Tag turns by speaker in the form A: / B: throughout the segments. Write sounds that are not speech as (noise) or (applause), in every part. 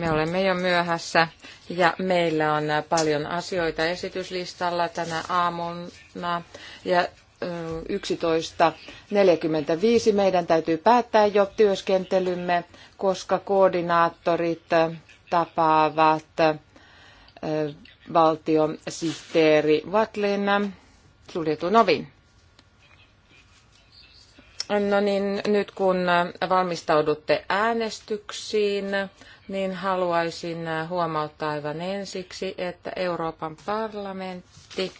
A: me olemme jo myöhässä ja meillä on paljon asioita esityslistalla tänä aamuna ja 11.45 meidän täytyy päättää jo työskentelymme, koska koordinaattorit tapaavat valtiosihteeri Vatlin suljetun ovin. No niin, nyt kun valmistaudutte äänestyksiin, niin haluaisin huomauttaa aivan ensiksi, että Euroopan parlamentti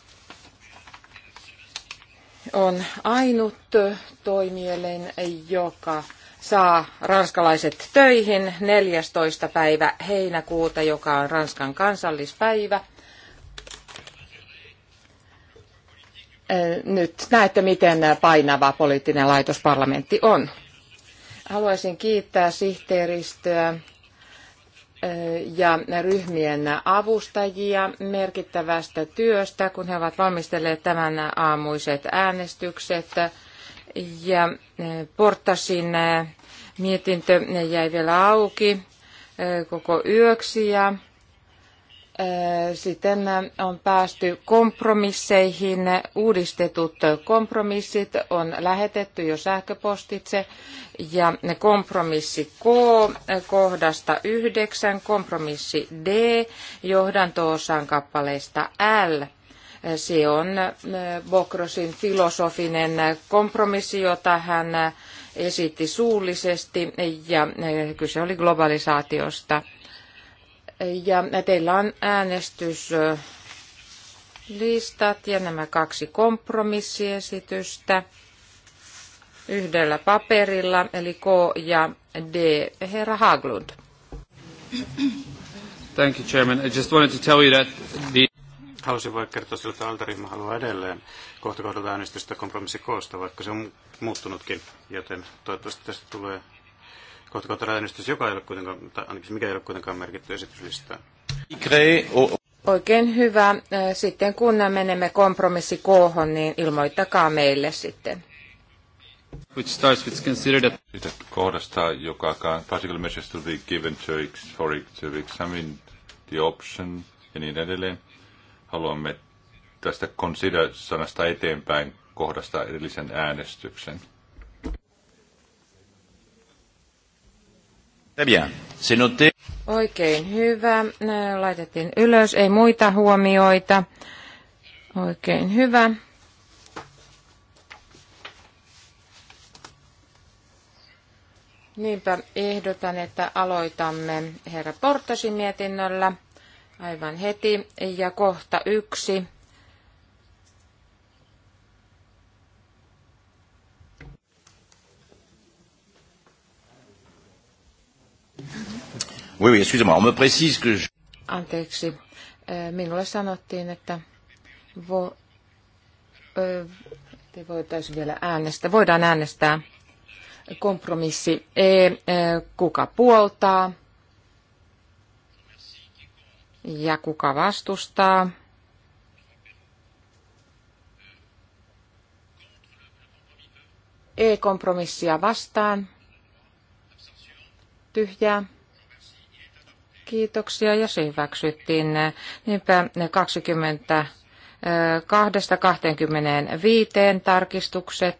A: on ainut toimielin, joka saa ranskalaiset töihin 14. päivä heinäkuuta, joka on Ranskan kansallispäivä. Nyt näette, miten painava poliittinen laitos parlamentti on. Haluaisin kiittää sihteeristöä ja ryhmien avustajia merkittävästä työstä, kun he ovat valmistelleet tämän aamuiset äänestykset. Ja Portasin mietintö jäi vielä auki koko yöksi ja sitten on päästy kompromisseihin. Uudistetut kompromissit on lähetetty jo sähköpostitse ja kompromissi K kohdasta 9, kompromissi D johdanto-osan kappaleesta L. Se on Bokrosin filosofinen kompromissi, jota hän esitti suullisesti ja kyse oli globalisaatiosta ja teillä on äänestyslistat ja nämä kaksi kompromissiesitystä yhdellä paperilla, eli K ja D. Herra Haglund.
B: Thank you, Chairman. I just wanted to tell you
C: that the... Halusin vain kertoa sille, että altaryhmä haluaa edelleen kohta kohdalta äänestystä kompromissikoosta, vaikka se on muuttunutkin, joten toivottavasti tästä tulee kohta kohta äänestys, joka ei ole kuitenkaan, tai ainakin mikä ei ole kuitenkaan merkitty esityslistaan.
A: Oikein hyvä. Sitten kun menemme kompromissi koohon, niin ilmoittakaa meille sitten.
B: Which starts with considered Sitä kohdasta, joka particle measures to be given to, for, to examine the option ja niin edelleen. Haluamme tästä consider-sanasta eteenpäin kohdasta edellisen äänestyksen.
A: Oikein hyvä. Laitettiin ylös. Ei muita huomioita. Oikein hyvä. Niinpä ehdotan, että aloitamme herra Portasin mietinnöllä aivan heti ja kohta yksi.
B: Oui, oui, excusez-moi, on me précise que... Je...
A: Anteeksi, minulle sanottiin, että vo, te voitaisiin vielä äänestää. Voidaan äänestää kompromissi E, kuka puoltaa ja kuka vastustaa. E-kompromissia vastaan. Tyhjää. Kiitoksia ja se hyväksyttiin. Niinpä 20 eh, kahdesta 25 tarkistukset.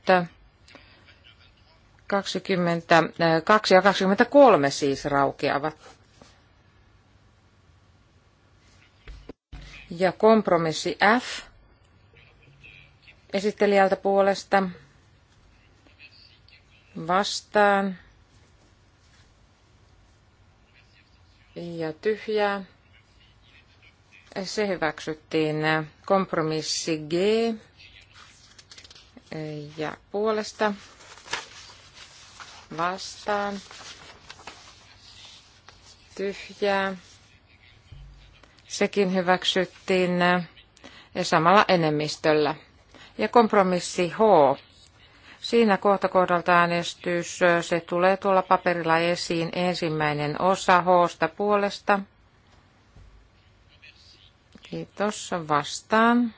A: 22 ja 23 siis raukeavat. Ja kompromissi F esittelijältä puolesta vastaan ja tyhjää. Se hyväksyttiin kompromissi G ja puolesta vastaan tyhjää. Sekin hyväksyttiin ja samalla enemmistöllä. Ja kompromissi H Siinä kohta kohdalta äänestys, se tulee tuolla paperilla esiin ensimmäinen osa hoosta puolesta. Kiitos vastaan.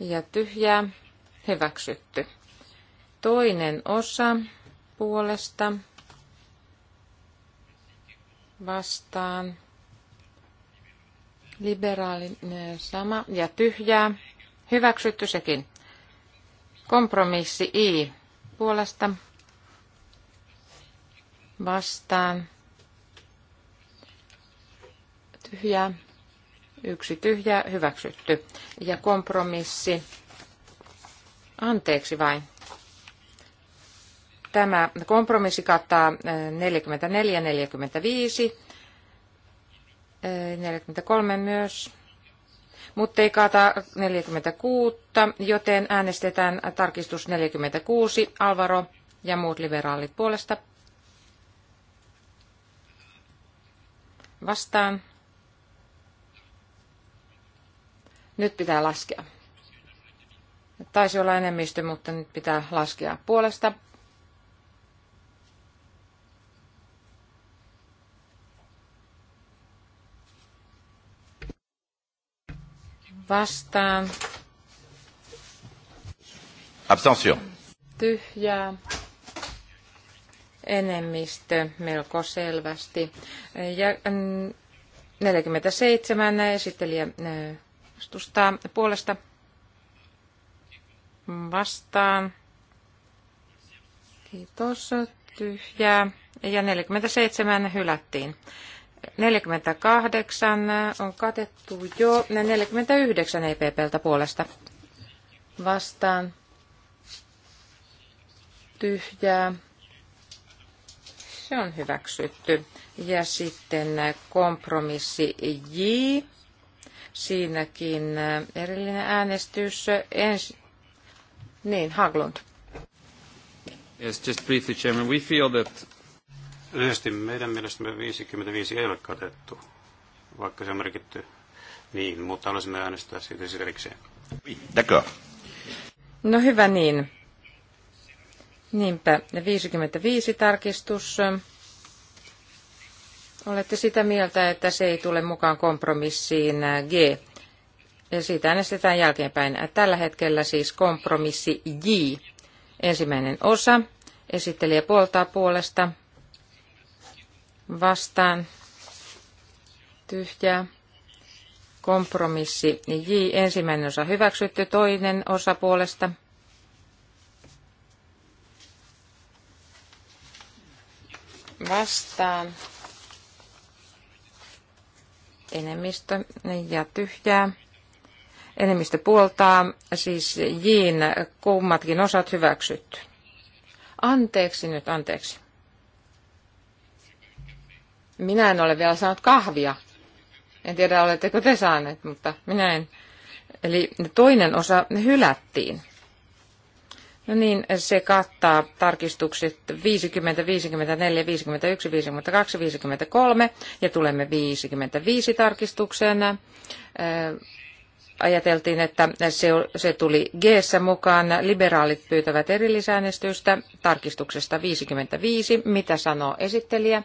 A: Ja tyhjää hyväksytty. Toinen osa puolesta vastaan. Liberaalinen sama ja tyhjää. Hyväksytty sekin. Kompromissi I puolesta vastaan. tyhjä Yksi tyhjä hyväksytty. Ja kompromissi. Anteeksi vain. Tämä kompromissi kattaa 44, 45, 43 myös mutta ei kaata 46, joten äänestetään tarkistus 46, Alvaro ja muut liberaalit puolesta. Vastaan. Nyt pitää laskea. Taisi olla enemmistö, mutta nyt pitää laskea puolesta Vastaan. Abstention. Tyhjää. Enemmistö melko selvästi. Ja 47 mm, esittelijä mm, vastustaa puolesta vastaan. Kiitos. Tyhjää. Ja 47 hylättiin. 48 on katettu jo. 49 EPPltä puolesta vastaan. Tyhjää. Se on hyväksytty. Ja sitten kompromissi J. Siinäkin erillinen äänestys. Ens... Niin, Haglund.
C: Yes, just briefly, Chairman. We feel that Lyhyesti meidän mielestämme 55 ei ole katettu, vaikka se on merkitty niin, mutta haluaisimme äänestää siitä siis erikseen.
A: No hyvä niin. Niinpä, 55 tarkistus. Olette sitä mieltä, että se ei tule mukaan kompromissiin G. Ja siitä äänestetään jälkeenpäin. Tällä hetkellä siis kompromissi J. Ensimmäinen osa. Esittelijä puoltaa puolesta vastaan tyhjää. Kompromissi J, ensimmäinen osa hyväksytty, toinen osa puolesta vastaan enemmistö ja tyhjää. Enemmistö puoltaa, siis Jin kummatkin osat hyväksytty. Anteeksi nyt, anteeksi. Minä en ole vielä saanut kahvia. En tiedä, oletteko te saaneet, mutta minä en. Eli toinen osa ne hylättiin. No niin, se kattaa tarkistukset 50, 54, 51, 52, 53 ja tulemme 55 tarkistukseen. Äh, ajateltiin, että se, se tuli g mukaan. Liberaalit pyytävät erillisäänestystä tarkistuksesta 55. Mitä sanoo esittelijä?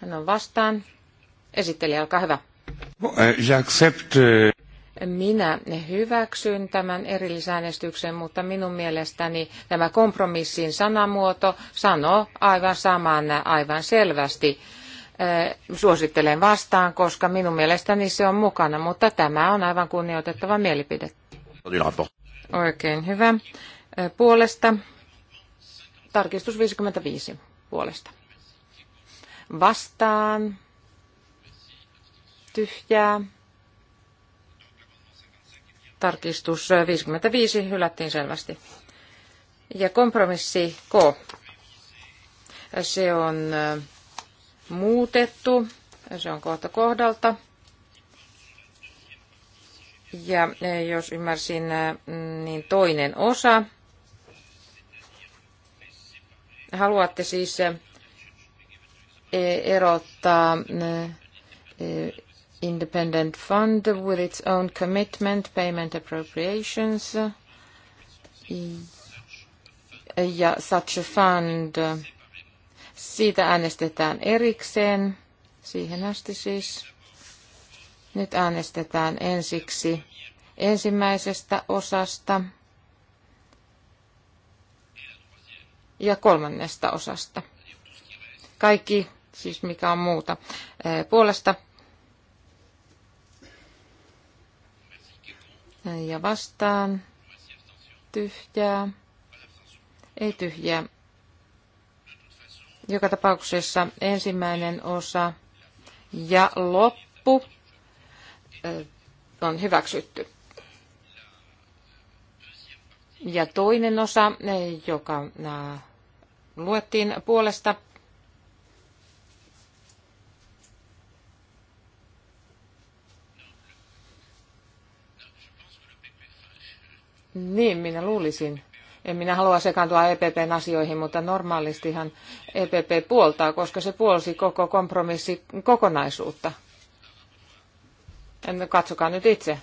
A: Hän on vastaan. Esittelijä, olkaa hyvä. Eh, eh, Minä hyväksyn tämän erillisäänestyksen, mutta minun mielestäni tämä kompromissin sanamuoto sanoo aivan saman aivan selvästi. Eh, suosittelen vastaan, koska minun mielestäni se on mukana, mutta tämä on aivan kunnioitettava mielipide. Oikein hyvä. Puolesta. Tarkistus 55 puolesta vastaan, tyhjää. Tarkistus 55 hylättiin selvästi. Ja kompromissi K. Se on muutettu. Se on kohta kohdalta. Ja jos ymmärsin, niin toinen osa. Haluatte siis E, erottaa e, e, independent fund with its own commitment payment appropriations ja such a fund. Siitä äänestetään erikseen, siihen asti siis. Nyt äänestetään ensiksi ensimmäisestä osasta ja kolmannesta osasta. Kaikki siis mikä on muuta eh, puolesta. Ja vastaan. Tyhjää. Ei tyhjää. Joka tapauksessa ensimmäinen osa ja loppu eh, on hyväksytty. Ja toinen osa, eh, joka luettiin puolesta Niin, minä luulisin. En minä halua sekaantua EPPn asioihin, mutta normaalistihan EPP puoltaa, koska se puolsi koko kompromissi kokonaisuutta. Katsokaa nyt itse.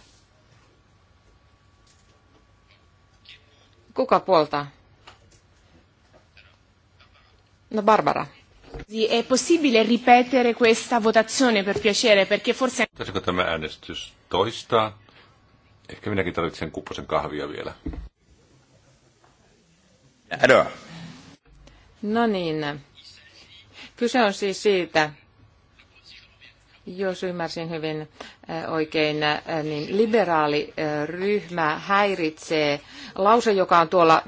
A: Kuka puoltaa? No Barbara. È possibile ripetere questa votazione per piacere, perché forse...
B: tämä äänestys toistaa? Ehkä minäkin tarvitsen kupposen kahvia vielä.
A: No niin. Kyse on siis siitä, jos ymmärsin hyvin oikein, niin liberaali ryhmä häiritsee lause, joka on tuolla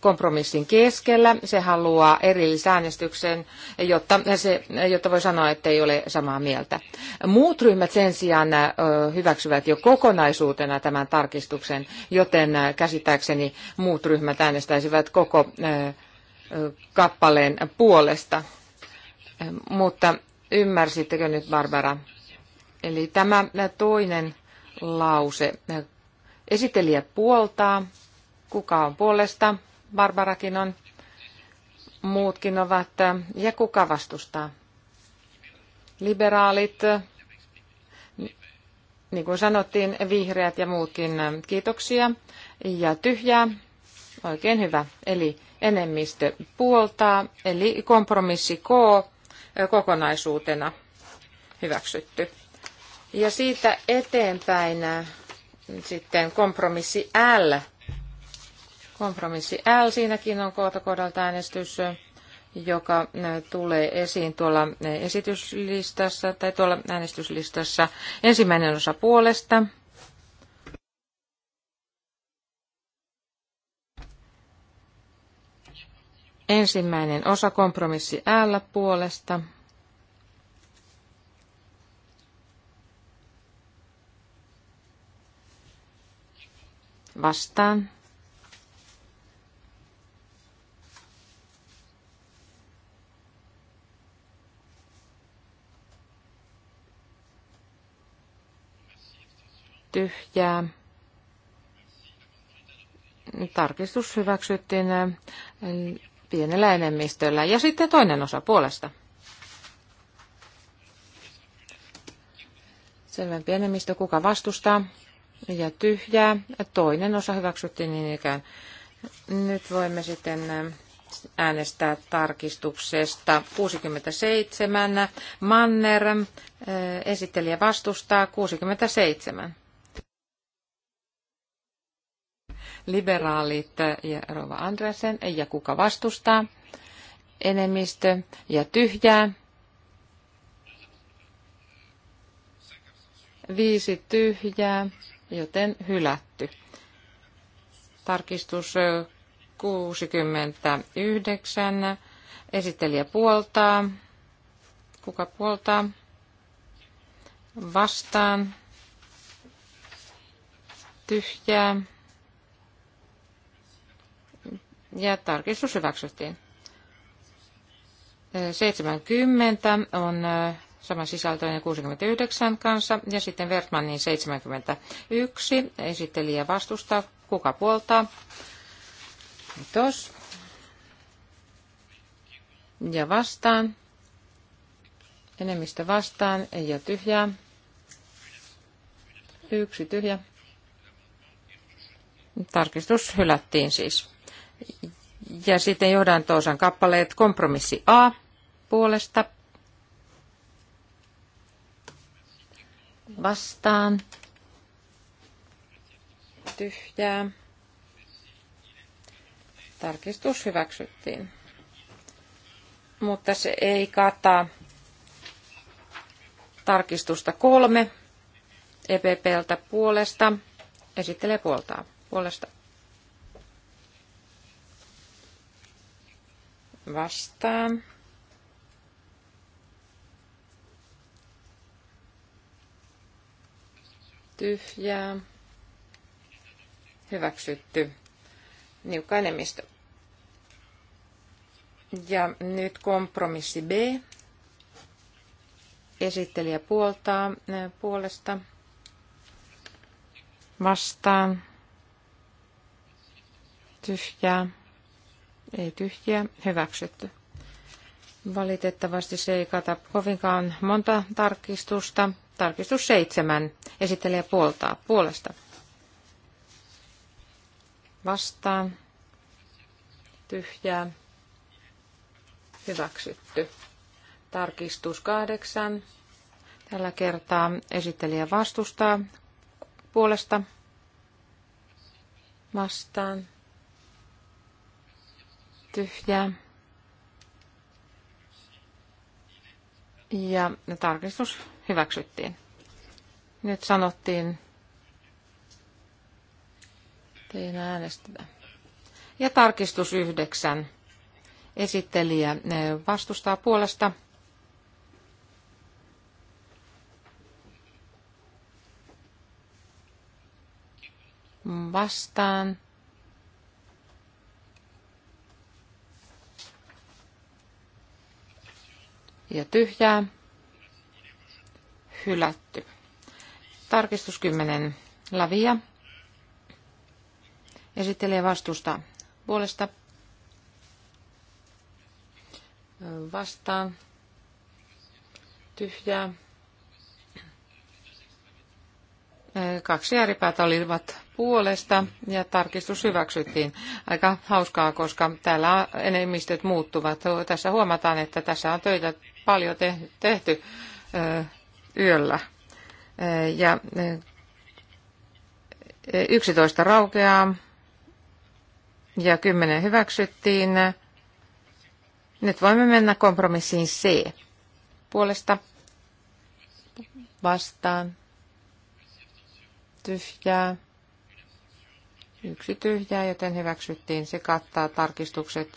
A: kompromissin keskellä. Se haluaa erillisäänestyksen, jotta, se, jotta voi sanoa, että ei ole samaa mieltä. Muut ryhmät sen sijaan hyväksyvät jo kokonaisuutena tämän tarkistuksen, joten käsittääkseni muut ryhmät äänestäisivät koko kappaleen puolesta mutta Ymmärsittekö nyt, Barbara? Eli tämä toinen lause. Esittelijä puoltaa. Kuka on puolesta? Barbarakin on. Muutkin ovat. Ja kuka vastustaa? Liberaalit, niin kuin sanottiin, vihreät ja muutkin. Kiitoksia. Ja tyhjää. Oikein hyvä. Eli enemmistö puoltaa. Eli kompromissi K kokonaisuutena hyväksytty. Ja siitä eteenpäin äh, sitten kompromissi L. Kompromissi L, siinäkin on kohta kohdalta äänestys, äh, joka äh, tulee esiin tuolla esityslistassa tai tuolla äänestyslistassa. Ensimmäinen osa puolesta Ensimmäinen osa kompromissi L puolesta. Vastaan. Tyhjää tarkistus hyväksyttiin pienellä enemmistöllä. Ja sitten toinen osa puolesta. Selvempi enemmistö, kuka vastustaa ja tyhjää. Toinen osa hyväksyttiin niin ikään. Nyt voimme sitten äh, äänestää tarkistuksesta 67. Manner äh, esittelijä vastustaa 67. liberaalit ja Rova Andresen ja kuka vastustaa, enemmistö ja tyhjää. Viisi tyhjää, joten hylätty. Tarkistus 69. Esittelijä puoltaa. Kuka puoltaa? Vastaan. Tyhjää ja tarkistus hyväksyttiin. 70 on sama sisältöinen 69 kanssa ja sitten Wertmanin 71 ja vastusta Kuka puoltaa? Kiitos. Ja vastaan. Enemmistö vastaan Ei ole tyhjää. Yksi tyhjä. Tarkistus hylättiin siis. Ja sitten johdantoosan kappaleet kompromissi A puolesta vastaan tyhjää. Tarkistus hyväksyttiin. Mutta se ei kata tarkistusta kolme EPPltä puolesta. Esittelee puoltaa puolesta vastaan. Tyhjää. Hyväksytty. Niukka enemmistö. Ja nyt kompromissi B. Esittelijä puoltaa puolesta vastaan tyhjää ei tyhjiä, hyväksytty. Valitettavasti se ei kata kovinkaan monta tarkistusta. Tarkistus seitsemän esittelee puoltaa puolesta. Vastaan. Tyhjää. Hyväksytty. Tarkistus kahdeksan. Tällä kertaa esittelijä vastustaa puolesta. Vastaan tyhjää. Ja tarkistus hyväksyttiin. Nyt sanottiin, tein äänestetä. Ja tarkistus yhdeksän. Esittelijä eh, vastustaa puolesta. Vastaan. ja tyhjää hylätty. Tarkistus 10 lavia. Esittelee vastusta puolesta vastaan tyhjää. Kaksi ääripäätä olivat puolesta ja tarkistus hyväksyttiin. Aika hauskaa, koska täällä enemmistöt muuttuvat. Tässä huomataan, että tässä on töitä paljon tehty yöllä. Ja 11 raukeaa ja 10 hyväksyttiin. Nyt voimme mennä kompromissiin C. Puolesta vastaan. Tyhjää. Yksi tyhjää, joten hyväksyttiin. Se kattaa tarkistukset 12.13,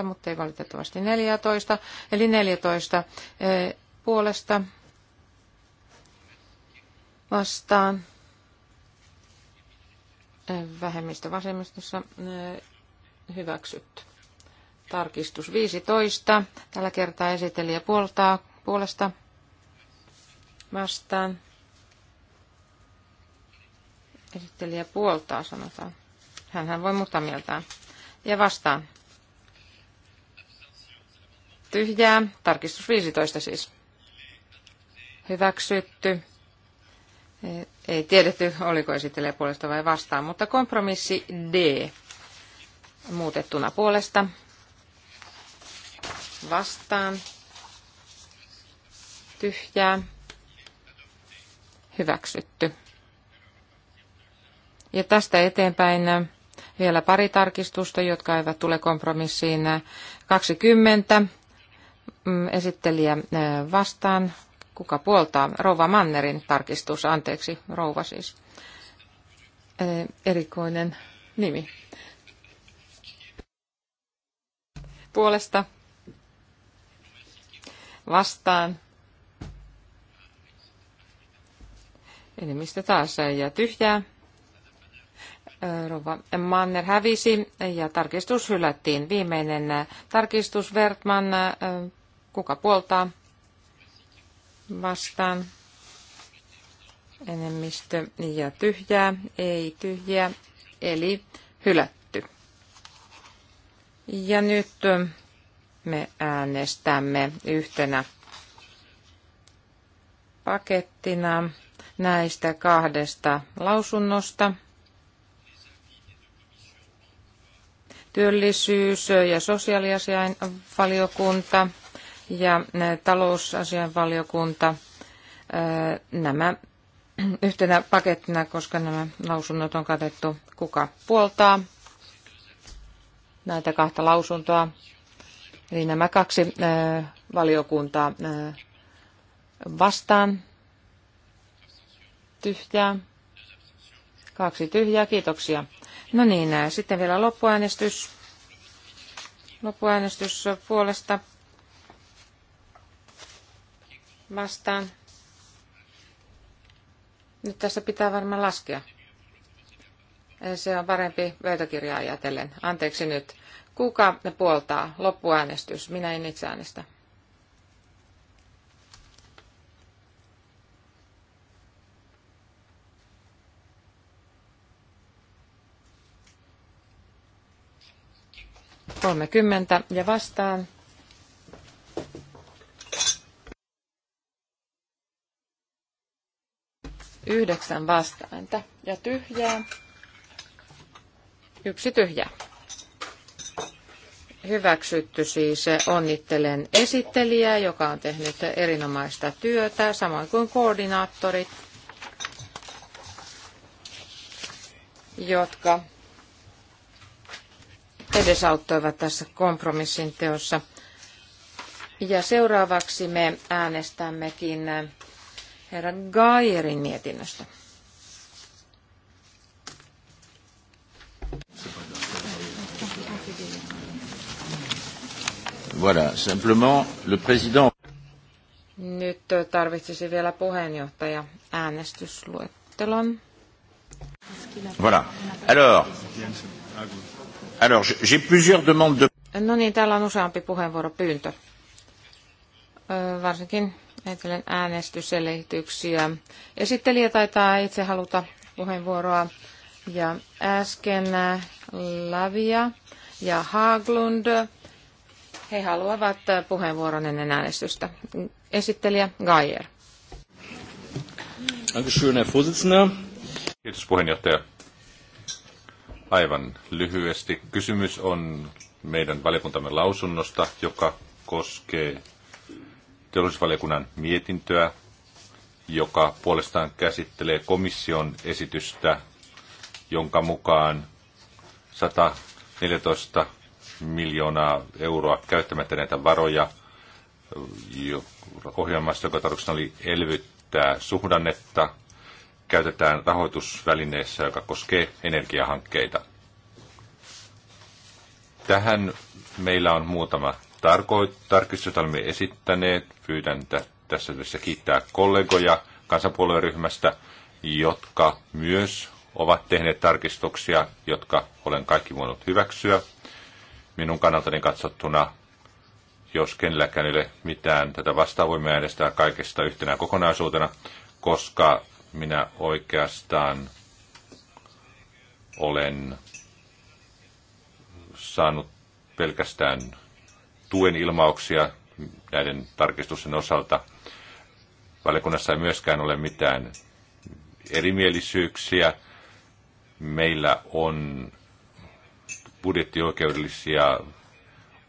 A: äh, mutta ei valitettavasti 14. Eli 14 äh, puolesta vastaan. Äh, vähemmistö vasemmistossa hyväksytty. Tarkistus 15. Tällä kertaa esitelijä puoltaa puolesta vastaan esittelijä puoltaa, sanotaan. Hänhän voi muuta mieltään. Ja vastaan. Tyhjää. Tarkistus 15 siis. Hyväksytty. E, ei tiedetty, oliko esittelijä puolesta vai vastaan, mutta kompromissi D muutettuna puolesta vastaan tyhjää hyväksytty. Ja tästä eteenpäin vielä pari tarkistusta, jotka eivät tule kompromissiin 20. Mm, esittelijä äh, vastaan. Kuka puoltaa? Rouva Mannerin tarkistus, anteeksi, rouva siis. Äh, erikoinen nimi. Puolesta vastaan. Enemmistö taas äh, ja tyhjää. Rova Manner hävisi ja tarkistus hylättiin. Viimeinen tarkistus Vertman, kuka puoltaa vastaan? Enemmistö ja tyhjää, ei tyhjää, eli hylätty. Ja nyt me äänestämme yhtenä pakettina näistä kahdesta lausunnosta. työllisyys- ja sosiaaliasiainvaliokunta ja talousasiainvaliokunta nämä (clears throat) yhtenä pakettina, koska nämä lausunnot on katettu kuka puoltaa näitä kahta lausuntoa. Eli nämä kaksi valiokuntaa vastaan tyhjää. Kaksi tyhjää, kiitoksia. No niin, äh, sitten vielä loppuäänestys. Loppuäänestys puolesta vastaan. Nyt tässä pitää varmaan laskea. Äh, se on parempi pöytäkirjaa ajatellen. Anteeksi nyt. Kuka puoltaa loppuäänestys? Minä en itse äänestä. 30 ja vastaan. Yhdeksän vastaanta ja tyhjää. Yksi tyhjä. Hyväksytty siis onnittelen esittelijää, joka on tehnyt erinomaista työtä, samoin kuin koordinaattorit, jotka edesauttoivat tässä kompromissin teossa. Ja seuraavaksi me äänestämmekin äh, herra Gairin mietinnöstä. Voilà, simplement le président. Nyt äh, tarvitsisi vielä puheenjohtaja äänestysluettelon. Voilà.
B: Alors, Alors, j'ai
A: plusieurs demandes de... No niin, täällä on useampi puheenvuoropyyntö. Varsinkin ajattelen äänestyselityksiä. Esittelijä taitaa itse haluta puheenvuoroa. Ja äsken äh, Lavia ja Haglund, he haluavat äh, puheenvuoron ennen äänestystä. Esittelijä Geier.
B: Kiitos puheenjohtaja. Aivan lyhyesti. Kysymys on meidän valiokuntamme lausunnosta, joka koskee teollisuusvaliokunnan mietintöä, joka puolestaan käsittelee komission esitystä, jonka mukaan 114 miljoonaa euroa käyttämättä näitä varoja ohjelmasta, joka tarkoituksena oli elvyttää suhdannetta käytetään rahoitusvälineessä, joka koskee energiahankkeita. Tähän meillä on muutama tarkoit- tarkistus, jota olemme esittäneet. Pyydän tässä yhdessä kiittää kollegoja kansanpuolueryhmästä, jotka myös ovat tehneet tarkistuksia, jotka olen kaikki voinut hyväksyä. Minun kannaltani katsottuna, jos kenelläkään ei ole mitään tätä vastaan, voimme äänestää kaikesta yhtenä kokonaisuutena, koska minä oikeastaan olen saanut pelkästään tuen ilmauksia näiden tarkistusten osalta. Valiokunnassa ei myöskään ole mitään erimielisyyksiä. Meillä on budjettioikeudellisia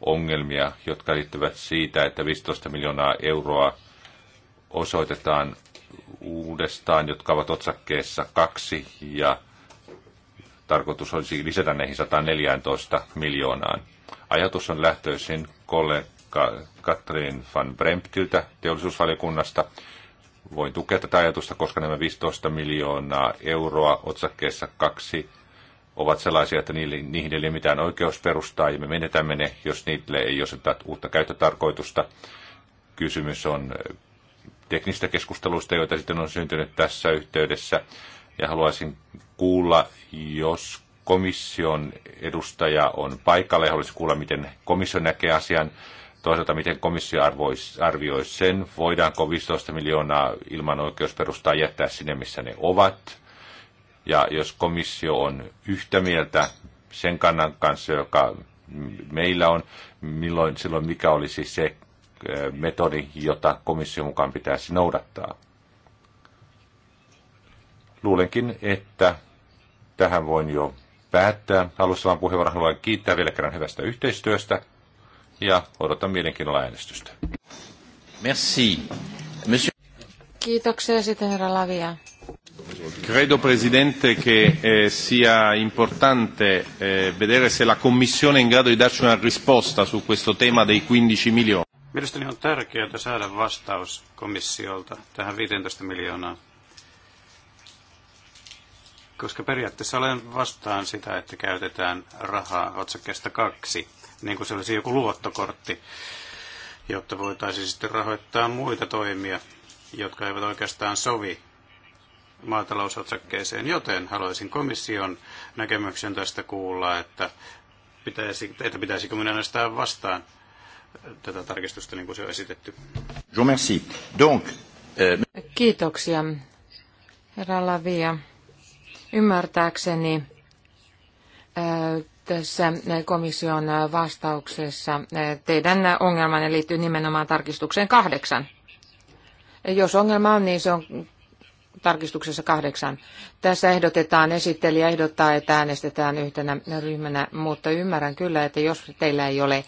B: ongelmia, jotka liittyvät siitä, että 15 miljoonaa euroa osoitetaan uudestaan, jotka ovat otsakkeessa kaksi ja tarkoitus olisi lisätä näihin 114 miljoonaan. Ajatus on lähtöisin kollega Katrin van Bremptiltä teollisuusvaliokunnasta. Voin tukea tätä ajatusta, koska nämä 15 miljoonaa euroa otsakkeessa kaksi ovat sellaisia, että niille, niihin ei ole mitään oikeusperustaa ja me menetämme ne, jos niille ei osata uutta käyttötarkoitusta. Kysymys on teknistä keskusteluista, joita sitten on syntynyt tässä yhteydessä. Ja haluaisin kuulla, jos komission edustaja on paikalla ja haluaisin kuulla, miten komissio näkee asian. Toisaalta, miten komissio arvioi sen, voidaanko 15 miljoonaa ilman oikeusperustaa jättää sinne, missä ne ovat. Ja jos komissio on yhtä mieltä sen kannan kanssa, joka meillä on, milloin, silloin mikä olisi se metodi, jota komission mukaan pitäisi noudattaa. Luulenkin, että tähän voin jo päättää. vaan puheenvuoron haluan kiittää vielä kerran hyvästä yhteistyöstä ja odotan mielenkiinnolla äänestystä. Merci. Monsieur...
A: Kiitoksia sitten herra Lavia.
B: Credo Presidente che eh, sia importante eh, vedere se la Commissione è in grado di darci una risposta su questo tema dei 15 milioni.
C: Mielestäni on tärkeää saada vastaus komissiolta tähän 15 miljoonaan. koska periaatteessa olen vastaan sitä, että käytetään rahaa otsakkeesta kaksi, niin kuin se olisi joku luottokortti, jotta voitaisiin sitten rahoittaa muita toimia, jotka eivät oikeastaan sovi maatalousotsakkeeseen, joten haluaisin komission näkemyksen tästä kuulla, että pitäisi, että pitäisikö minä näistä vastaan tätä tarkistusta niin kuin se on esitetty.
B: Euh,
A: Kiitoksia, herra Lavia. Ymmärtääkseni äh, tässä komission vastauksessa äh, teidän ongelmanne liittyy nimenomaan tarkistukseen kahdeksan. Jos ongelma on, niin se on tarkistuksessa kahdeksan. Tässä ehdotetaan, esittelijä ehdottaa, että äänestetään yhtenä ryhmänä, mutta ymmärrän kyllä, että jos teillä ei ole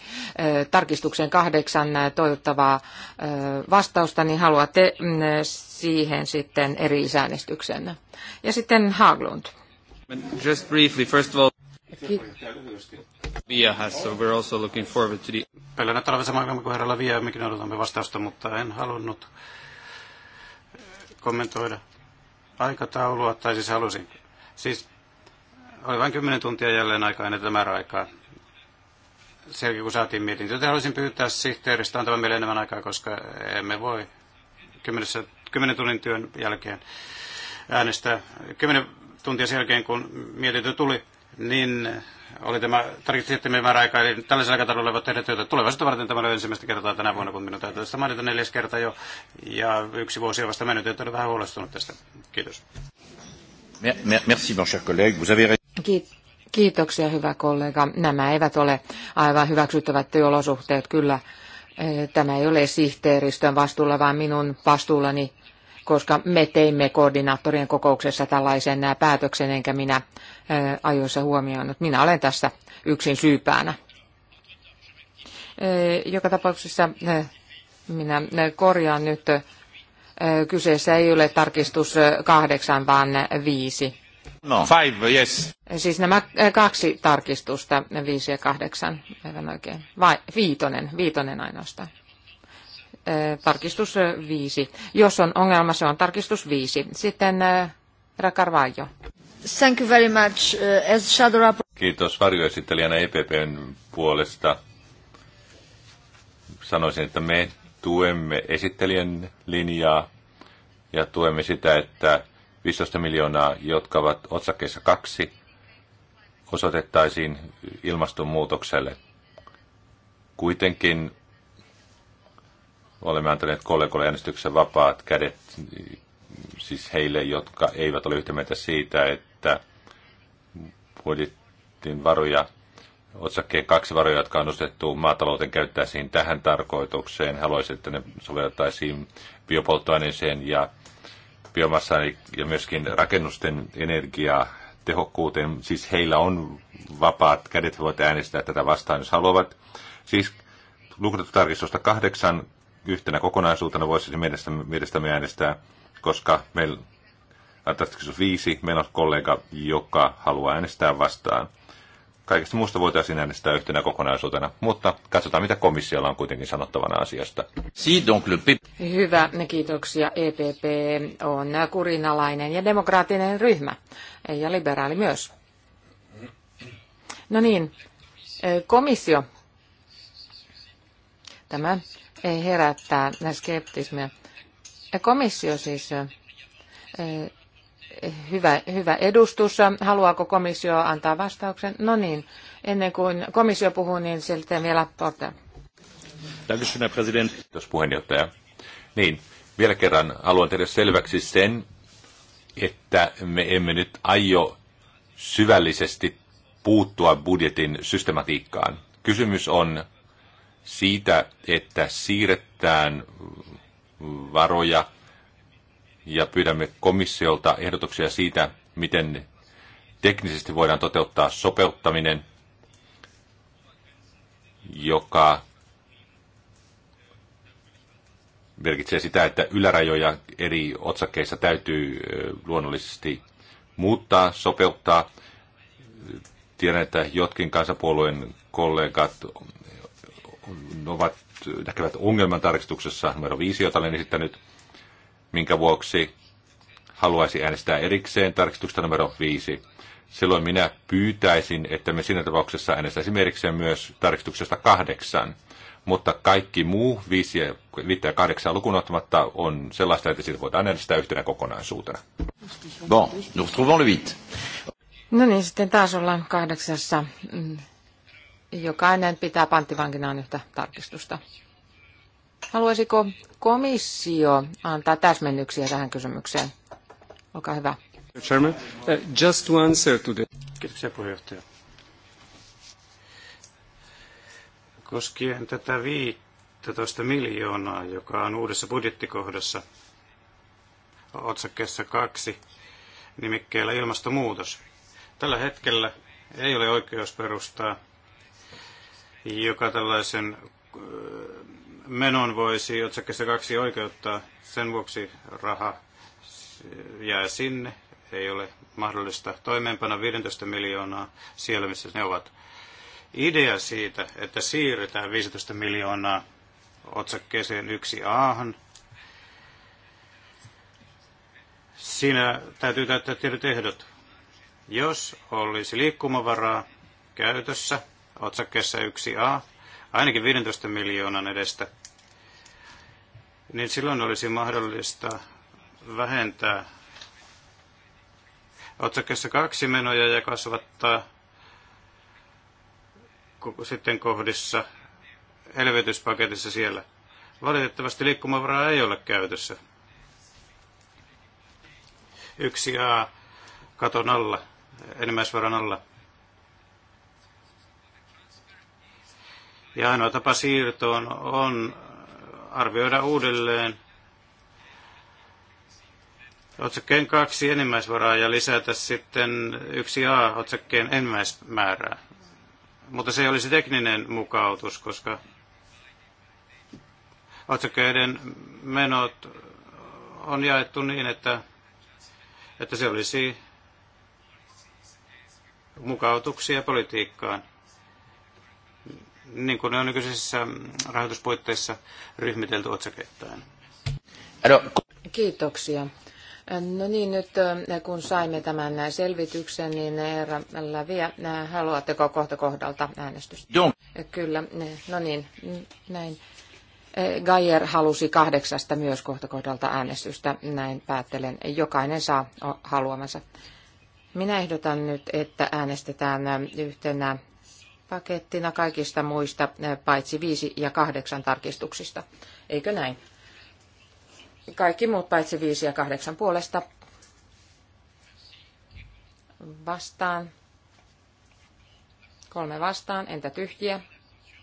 A: tarkistuksen kahdeksan toivottavaa vastausta, niin haluatte mm, siihen sitten erillisäänestyksen. Ja sitten Haglund.
C: Just briefly, first of all... Via has, so we're also looking forward to the... Meillä näyttää olevan sama kuin herralla Via, mekin odotamme vastausta, mutta en halunnut kommentoida aikataulua, tai siis halusin, siis oli vain kymmenen tuntia jälleen aikaa ennen tätä määräaikaa. Selkeä, kun saatiin mietintö, joten halusin pyytää sihteeristä antamaan meille enemmän aikaa, koska emme voi kymmenessä kymmenen tunnin työn jälkeen äänestää. kymmenen tuntia sen jälkeen, kun mietintö tuli, niin oli tämä tarkistettiin määräaika, eli tällaisella aikataululla voi tehdä työtä tulevaisuutta varten. Tämä oli ensimmäistä kertaa tänä vuonna, kun minun täytyy tästä mainita neljäs kerta jo, ja yksi vuosi on vasta mennyt, joten olen vähän huolestunut tästä. Kiitos.
B: Merci, mon cher collègue. Vous avez...
A: Kiitoksia, hyvä kollega. Nämä eivät ole aivan hyväksyttävät työolosuhteet, kyllä. Tämä ei ole sihteeristön vastuulla, vaan minun vastuullani koska me teimme koordinaattorien kokouksessa tällaisen äh, päätöksen, enkä minä äh, ajoissa huomioinut. Minä olen tässä yksin syypäänä. Äh, joka tapauksessa minä korjaan nyt, kyseessä ei ole tarkistus kahdeksan, vaan viisi. No,
B: five, yes.
A: Siis nämä kaksi tarkistusta, viisi ja kahdeksan, aivan oikein. Vai viitonen, viitonen ainoastaan tarkistus 5. Jos on ongelma, se on tarkistus 5. Sitten Rakarvaajo.
B: Thank you very much. Uh, as shadow Kiitos varjoesittelijänä EPPn puolesta. Sanoisin, että me tuemme esittelijän linjaa ja tuemme sitä, että 15 miljoonaa, jotka ovat otsakkeessa kaksi, osoitettaisiin ilmastonmuutokselle. Kuitenkin Olemme antaneet kollegoille äänestyksen vapaat kädet, siis heille, jotka eivät ole yhtä mieltä siitä, että budjettin varoja, otsakkeen kaksi varoja, jotka on nostettu maatalouteen, käyttäisiin tähän tarkoitukseen. Haluaisin, että ne sovellettaisiin biopolttoaineeseen ja biomassaan ja myöskin rakennusten energiaa tehokkuuteen. Siis heillä on vapaat kädet, he voivat äänestää tätä vastaan, jos haluavat. Siis lukutettu tarkistusta kahdeksan yhtenä kokonaisuutena voisi mielestämme, mielestämme äänestää, koska meillä on tarkistus viisi, meillä on kollega, joka haluaa äänestää vastaan. Kaikesta muusta voitaisiin äänestää yhtenä kokonaisuutena, mutta katsotaan, mitä komissiolla on kuitenkin sanottavana asiasta.
A: Hyvä, kiitoksia. EPP on kurinalainen ja demokraattinen ryhmä ja liberaali myös. No niin, e, komissio. Tämä herättää skeptismiä. Komissio siis eh, hyvä, hyvä edustus. Haluaako komissio antaa vastauksen? No niin, ennen kuin komissio puhuu, niin sitten vielä porta.
B: Kiitos puheenjohtaja. Niin, vielä kerran haluan tehdä selväksi sen, että me emme nyt aio syvällisesti puuttua budjetin systematiikkaan. Kysymys on siitä, että siirretään varoja ja pyydämme komissiolta ehdotuksia siitä, miten teknisesti voidaan toteuttaa sopeuttaminen, joka merkitsee sitä, että ylärajoja eri otsakkeissa täytyy luonnollisesti muuttaa, sopeuttaa. Tiedän, että jotkin kansapuolueen kollegat ovat, näkevät ongelman tarkistuksessa numero viisi jota olen esittänyt, minkä vuoksi haluaisi äänestää erikseen tarkistuksesta numero viisi. Silloin minä pyytäisin, että me siinä tapauksessa äänestäisimme erikseen myös tarkistuksesta kahdeksan. Mutta kaikki muu 5 ja 8 lukuun ottamatta on sellaista, että siitä voidaan äänestää yhtenä kokonaisuutena. Bon, nous trouvons le 8.
A: No niin, sitten taas ollaan kahdeksassa. Mm jokainen pitää panttivankinaan yhtä tarkistusta. Haluaisiko komissio antaa täsmennyksiä tähän kysymykseen? Olkaa hyvä. Chairman, uh,
C: just to answer to the... Kiitoksia puheenjohtaja. Koskien tätä 15 miljoonaa, joka on uudessa budjettikohdassa otsakkeessa kaksi nimikkeellä ilmastonmuutos. Tällä hetkellä ei ole oikeus perustaa joka tällaisen menon voisi otsakkeessa kaksi oikeuttaa. Sen vuoksi raha jää sinne. Ei ole mahdollista toimeenpana 15 miljoonaa siellä, missä ne ovat. Idea siitä, että siirretään 15 miljoonaa otsakkeeseen 1a, siinä täytyy täyttää tietyt ehdot. Jos olisi liikkumavaraa käytössä, otsakkeessa 1a ainakin 15 miljoonan edestä, niin silloin olisi mahdollista vähentää otsakkeessa kaksi menoja ja kasvattaa sitten kohdissa elvytyspaketissa siellä. Valitettavasti liikkumavaraa ei ole käytössä. Yksi A katon alla, enimmäisvaran alla. Ja ainoa tapa siirtoon on arvioida uudelleen otsakkeen kaksi enimmäisvaraa ja lisätä sitten yksi A otsakkeen enimmäismäärää. Mutta se olisi tekninen mukautus, koska otsakkeiden menot on jaettu niin, että, että se olisi mukautuksia politiikkaan niin kuin ne on nykyisissä rahoituspuitteissa ryhmitelty otsakeittain.
A: Kiitoksia. No niin, nyt äh, kun saimme tämän selvityksen, niin äh, herra Läviä, äh, haluatteko kohta kohdalta äänestystä? Joo. Kyllä, no niin, mm, näin. Gayer halusi kahdeksasta myös kohta kohdalta äänestystä, näin päättelen. Jokainen saa haluamansa. Minä ehdotan nyt, että äänestetään yhtenä pakettina kaikista muista, paitsi viisi ja kahdeksan tarkistuksista. Eikö näin? Kaikki muut paitsi viisi ja kahdeksan puolesta vastaan. Kolme vastaan, entä tyhjiä?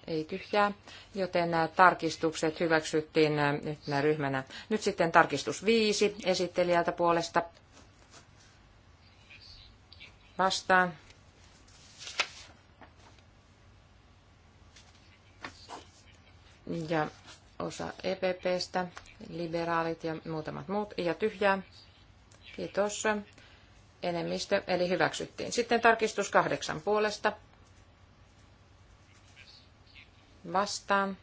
A: Ei tyhjää, joten nämä tarkistukset hyväksyttiin yhtenä ryhmänä. Nyt sitten tarkistus viisi esittelijältä puolesta vastaan ja osa EPPstä, liberaalit ja muutamat muut, ja tyhjää. Kiitos. Enemmistö, eli hyväksyttiin. Sitten tarkistus kahdeksan puolesta. Vastaan.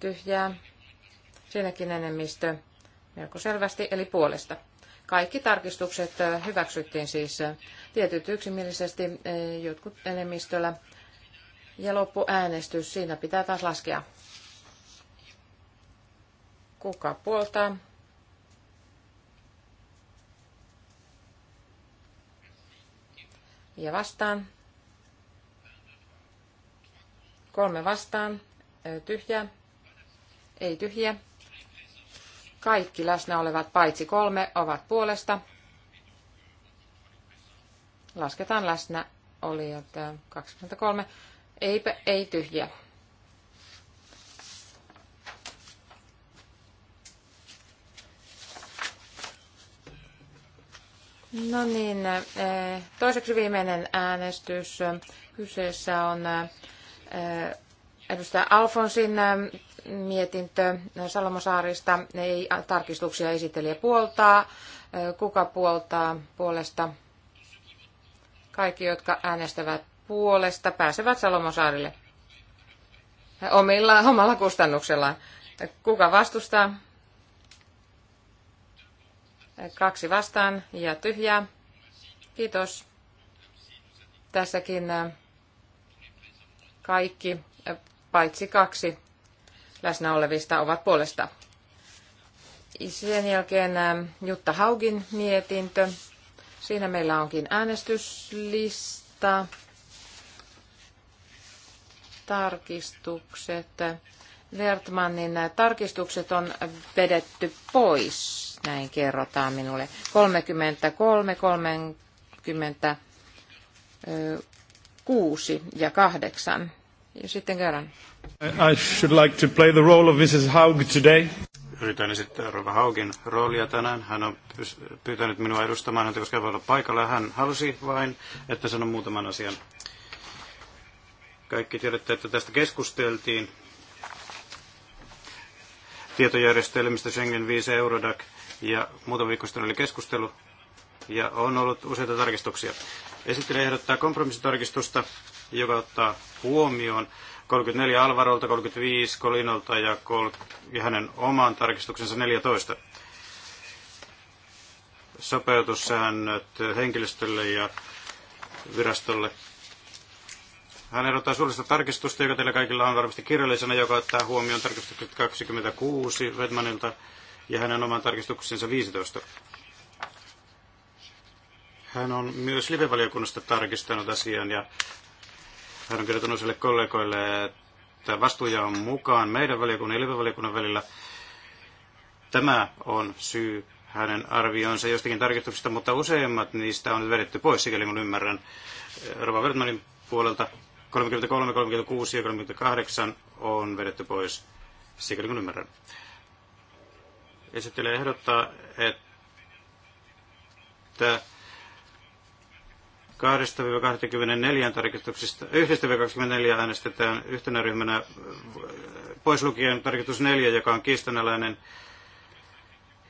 A: Tyhjää. Siinäkin enemmistö melko selvästi, eli puolesta. Kaikki tarkistukset hyväksyttiin siis tietyt yksimielisesti, jotkut enemmistöllä. Ja loppuäänestys, siinä pitää taas laskea. Kuka puoltaa? Ja vastaan. Kolme vastaan. Tyhjä. Ei tyhjä. Kaikki läsnä olevat paitsi kolme ovat puolesta. Lasketaan läsnä oli 23. Eipä, ei tyhjä. No niin, eh, toiseksi viimeinen äänestys. Kyseessä on eh, edustaja Alfonsin eh, mietintö Salomosaarista ei tarkistuksia esittelijä puoltaa. Kuka puoltaa puolesta? Kaikki, jotka äänestävät puolesta, pääsevät Salomosaarille omilla, omalla kustannuksellaan. Kuka vastustaa? Kaksi vastaan ja tyhjää. Kiitos. Tässäkin äh, kaikki, äh, paitsi kaksi läsnä olevista ovat puolesta. Sen jälkeen ähm, Jutta Haugin mietintö. Siinä meillä onkin äänestyslista, tarkistukset. Wertmannin tarkistukset on vedetty pois, näin kerrotaan minulle. 33, 36 ja 8. Ja sitten kerran.
C: I should like to play the role of Mrs. Haug today. Yritän esittää Rova Haugin roolia tänään. Hän on pyytänyt minua edustamaan häntä, koska ei voi olla paikalla. Hän halusi vain, että sanon muutaman asian. Kaikki tiedätte, että tästä keskusteltiin tietojärjestelmistä Schengen 5 Eurodac ja muutama viikko sitten oli keskustelu ja on ollut useita tarkistuksia. Esittelijä ehdottaa kompromissitarkistusta, joka ottaa huomioon 34 Alvarolta, 35 Kolinolta ja, kol- ja hänen omaan tarkistuksensa 14. Sopeutussäännöt henkilöstölle ja virastolle. Hän erottaa suullista tarkistusta, joka teillä kaikilla on varmasti kirjallisena, joka ottaa huomioon tarkistukset 26 Redmanilta ja hänen oman tarkistuksensa 15. Hän on myös live tarkistanut asian ja hän on kertonut sille kollegoille, että vastuuja on mukaan meidän valiokunnan ja live välillä. Tämä on syy hänen arvioonsa jostakin tarkistuksesta, mutta useimmat niistä on vedetty pois, sikäli kun ymmärrän. Rova Wertmanin puolelta 33, 36 ja 38 on vedetty pois, sikäli kun ymmärrän. Esittelijä ehdottaa, että 2-24 tarkistuksista, 1-24 äänestetään yhtenä ryhmänä pois lukien tarkistus 4, joka on kiistanalainen.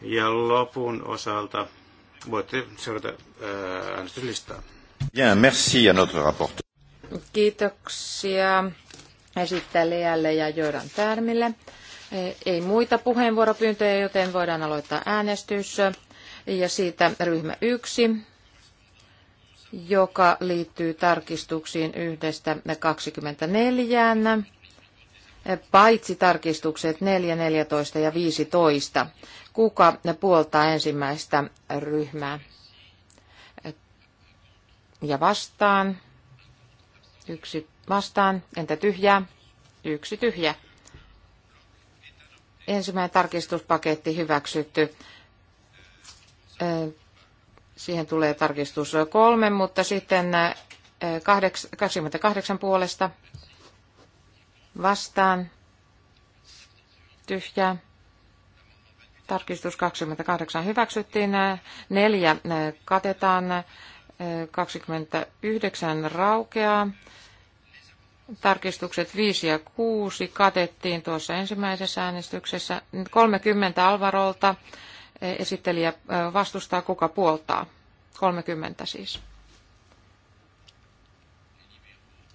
C: Ja lopun osalta voitte seurata äänestyslistaa.
B: Ja merci à notre rapporteur.
A: Kiitoksia esittelijälle ja Joran Tärmille. E, ei muita puheenvuoropyyntöjä, joten voidaan aloittaa äänestys. Ja siitä ryhmä yksi joka liittyy tarkistuksiin yhdestä 24, paitsi tarkistukset 4, 14 ja 15. Kuka puoltaa ensimmäistä ryhmää? Ja vastaan. Yksi vastaan. Entä tyhjää? Yksi tyhjä. Ensimmäinen tarkistuspaketti hyväksytty Siihen tulee tarkistus kolme, mutta sitten 28 äh, puolesta vastaan tyhjää. Tarkistus 28 hyväksyttiin. Äh, neljä äh, katetaan. 29 raukeaa. Tarkistukset 5 ja 6 katettiin tuossa ensimmäisessä äänestyksessä. 30 Alvarolta esittelijä vastustaa, kuka puoltaa. 30 siis.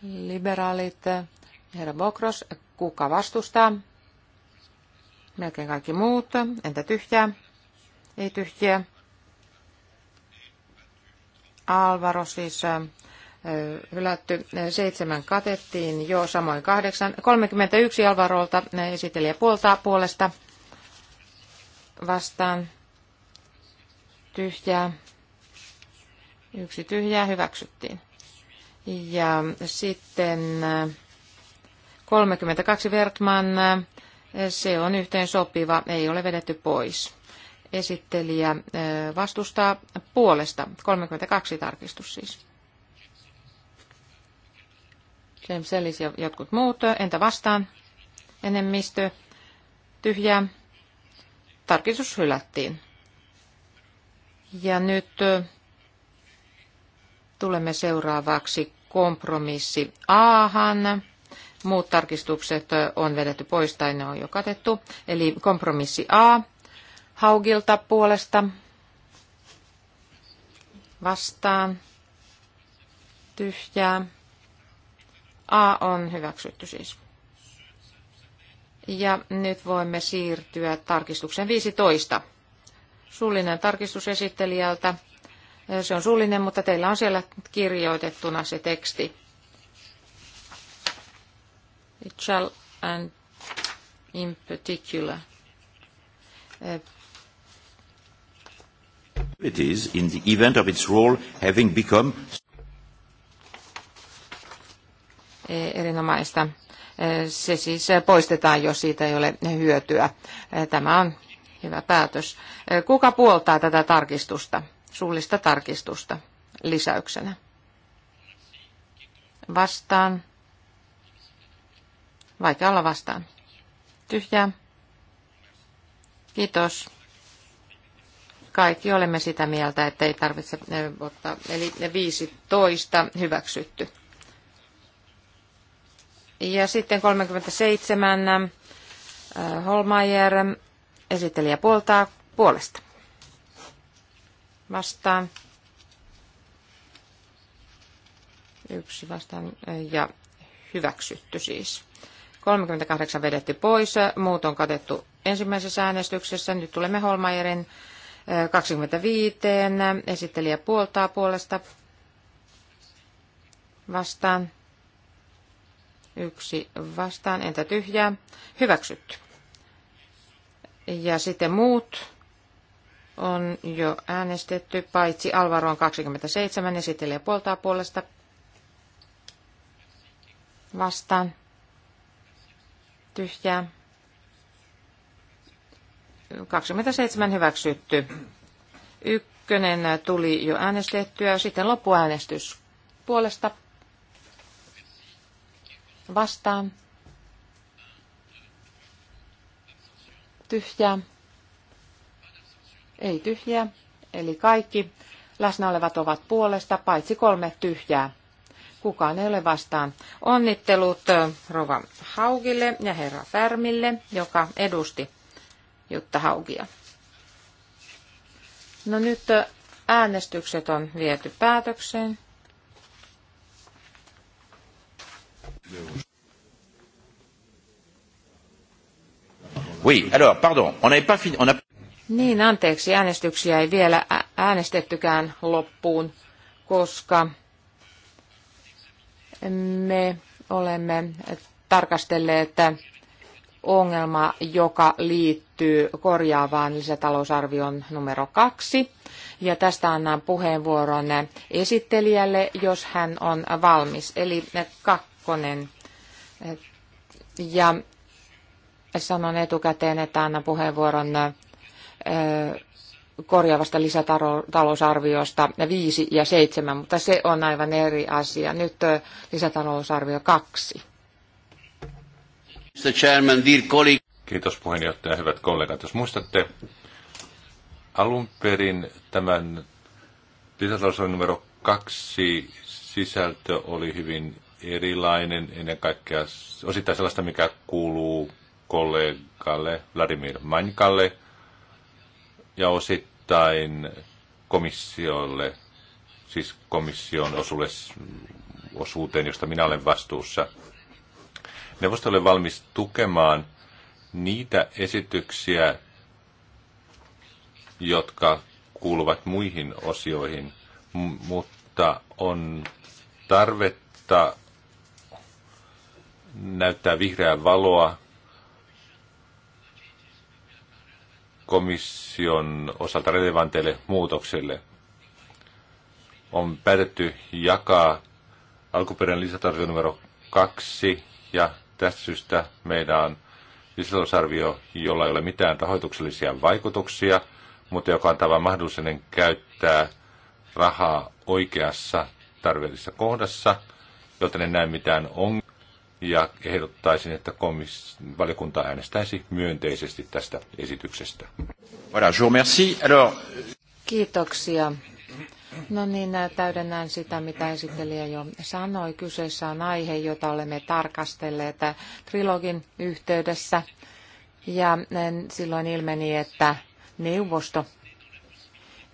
A: Liberaalit, herra Bokros, kuka vastustaa? Melkein kaikki muut. Entä tyhjää? Ei tyhjää. Alvaro siis hylätty. Seitsemän katettiin jo, samoin kahdeksan. 31 Alvarolta esittelijä puoltaa puolesta vastaan tyhjää. Yksi tyhjää hyväksyttiin. Ja sitten 32 äh, Vertman, äh, se on yhteen sopiva, ei ole vedetty pois. Esittelijä äh, vastustaa puolesta, 32 tarkistus siis. James Ellis ja jotkut muut, entä vastaan? Enemmistö, tyhjää, tarkistus hylättiin. Ja nyt tulemme seuraavaksi kompromissi Ahan. Muut tarkistukset on vedetty pois tai ne on jo katettu. Eli kompromissi A Haugilta puolesta vastaan tyhjää. A on hyväksytty siis. Ja nyt voimme siirtyä tarkistuksen 15. Suullinen tarkistus esittelijältä. Se on suullinen, mutta teillä on siellä kirjoitettuna se teksti. It shall and in particular.
B: It is in the event of its role having become
A: erinomaista se siis poistetaan, jos siitä ei ole hyötyä. Tämä on hyvä päätös. Kuka puoltaa tätä tarkistusta, suullista tarkistusta lisäyksenä? Vastaan. Vaikea olla vastaan. Tyhjää. Kiitos. Kaikki olemme sitä mieltä, että ei tarvitse eh, ottaa. Eli 15 hyväksytty. Ja sitten 37 äh, Holmeier esittelijä puoltaa puolesta. Vastaan. Yksi vastaan äh, ja hyväksytty siis. 38 vedetty pois, muut on katettu ensimmäisessä äänestyksessä. Nyt tulemme Holmajerin 25. Äh, esittelijä puoltaa puolesta vastaan. Yksi vastaan, entä tyhjää? Hyväksytty. Ja sitten muut on jo äänestetty, paitsi Alvaro on 27, esittelee puoltaa puolesta vastaan. Tyhjää. 27 hyväksytty. Ykkönen tuli jo äänestettyä, sitten loppuäänestys puolesta vastaan. Tyhjää. Ei tyhjää. Eli kaikki läsnä olevat ovat puolesta, paitsi kolme tyhjää. Kukaan ei ole vastaan. Onnittelut Rova Haugille ja herra Färmille, joka edusti Jutta Haugia. No nyt äänestykset on viety päätökseen.
B: Oui, alors, pardon, on n'avait pas fini, on a...
A: Niin, anteeksi, äänestyksiä ei vielä äänestettykään loppuun, koska me olemme tarkastelleet ongelma, joka liittyy korjaavaan lisätalousarvion numero kaksi. Ja tästä annan puheenvuoron esittelijälle, jos hän on valmis. Eli kakkonen. Ja sanon etukäteen, että annan puheenvuoron korjaavasta lisätalousarviosta viisi ja seitsemän, mutta se on aivan eri asia. Nyt lisätalousarvio kaksi.
B: Kiitos puheenjohtaja, hyvät kollegat. Jos muistatte, alun perin tämän lisätalousarvion numero kaksi sisältö oli hyvin erilainen, ennen kaikkea osittain sellaista, mikä kuuluu kollegalle Vladimir Mankalle ja osittain komissiolle, siis komission osulle, osuuteen, josta minä olen vastuussa. Neuvosto oli valmis tukemaan niitä esityksiä, jotka kuuluvat muihin osioihin, mutta on tarvetta näyttää vihreää valoa komission osalta relevanteille muutoksille. On päätetty jakaa alkuperäinen lisätarvio numero kaksi ja tästä syystä meidän on lisätalousarvio, jolla ei ole mitään rahoituksellisia vaikutuksia, mutta joka antaa vain mahdollisuuden käyttää rahaa oikeassa tarpeellisessa kohdassa, joten en näe mitään ongelmia ja ehdottaisin, että komis- valiokunta äänestäisi myönteisesti tästä esityksestä. Voilà, je Alors...
A: Kiitoksia. No niin, täydennän sitä, mitä esittelijä jo sanoi. Kyseessä on aihe, jota olemme tarkastelleet trilogin yhteydessä. Ja eh, silloin ilmeni, että neuvosto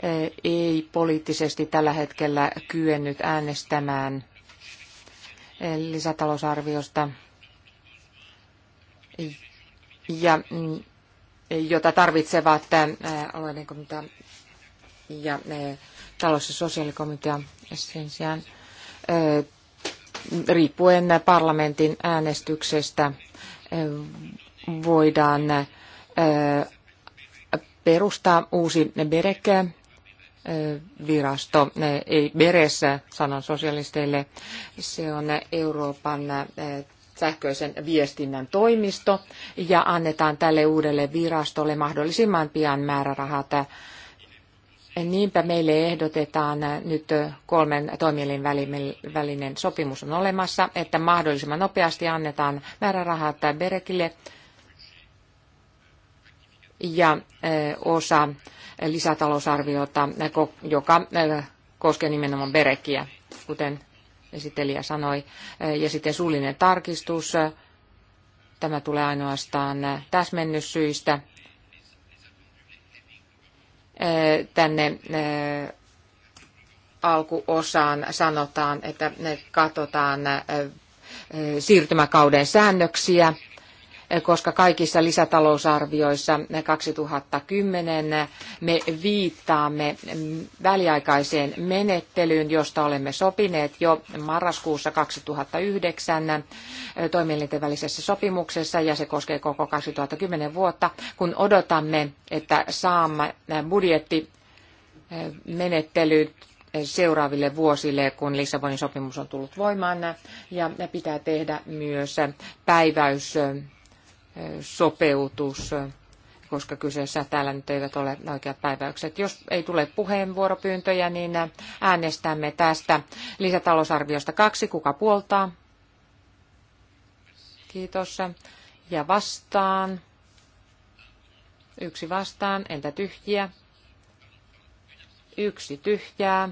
A: eh, ei poliittisesti tällä hetkellä kyennyt äänestämään lisätalousarviosta, ja, jota tarvitsevat alueiden komitea ja talous- ja sosiaalikomitea sen sijaan riippuen parlamentin äänestyksestä voidaan perustaa uusi BEREC Eh, virasto, eh, ei Beres, eh, sanon sosialisteille, se on Euroopan sähköisen viestinnän toimisto ja annetaan tälle uudelle virastolle mahdollisimman pian määrärahat. Niinpä meille ehdotetaan nyt kolmen toimielin välinen sopimus on olemassa, että mahdollisimman nopeasti annetaan määrärahat Berekille ja e, osa lisätalousarviota, joka e, koskee nimenomaan Berekiä, kuten esittelijä sanoi. E, ja sitten suullinen tarkistus. Tämä tulee ainoastaan täsmennyssyistä tänne alkuosaan sanotaan, että ne katsotaan siirtymäkauden säännöksiä koska kaikissa lisätalousarvioissa 2010 me viittaamme väliaikaiseen menettelyyn, josta olemme sopineet jo marraskuussa 2009 toimielinten välisessä sopimuksessa, ja se koskee koko 2010 vuotta, kun odotamme, että saamme budjettimenettelyt seuraaville vuosille, kun Lissabonin sopimus on tullut voimaan, ja pitää tehdä myös päiväys sopeutus, koska kyseessä täällä nyt eivät ole oikeat päiväykset. Jos ei tule puheenvuoropyyntöjä, niin äänestämme tästä lisätalousarviosta kaksi. Kuka puoltaa? Kiitos. Ja vastaan. Yksi vastaan. Entä tyhjiä? Yksi tyhjää.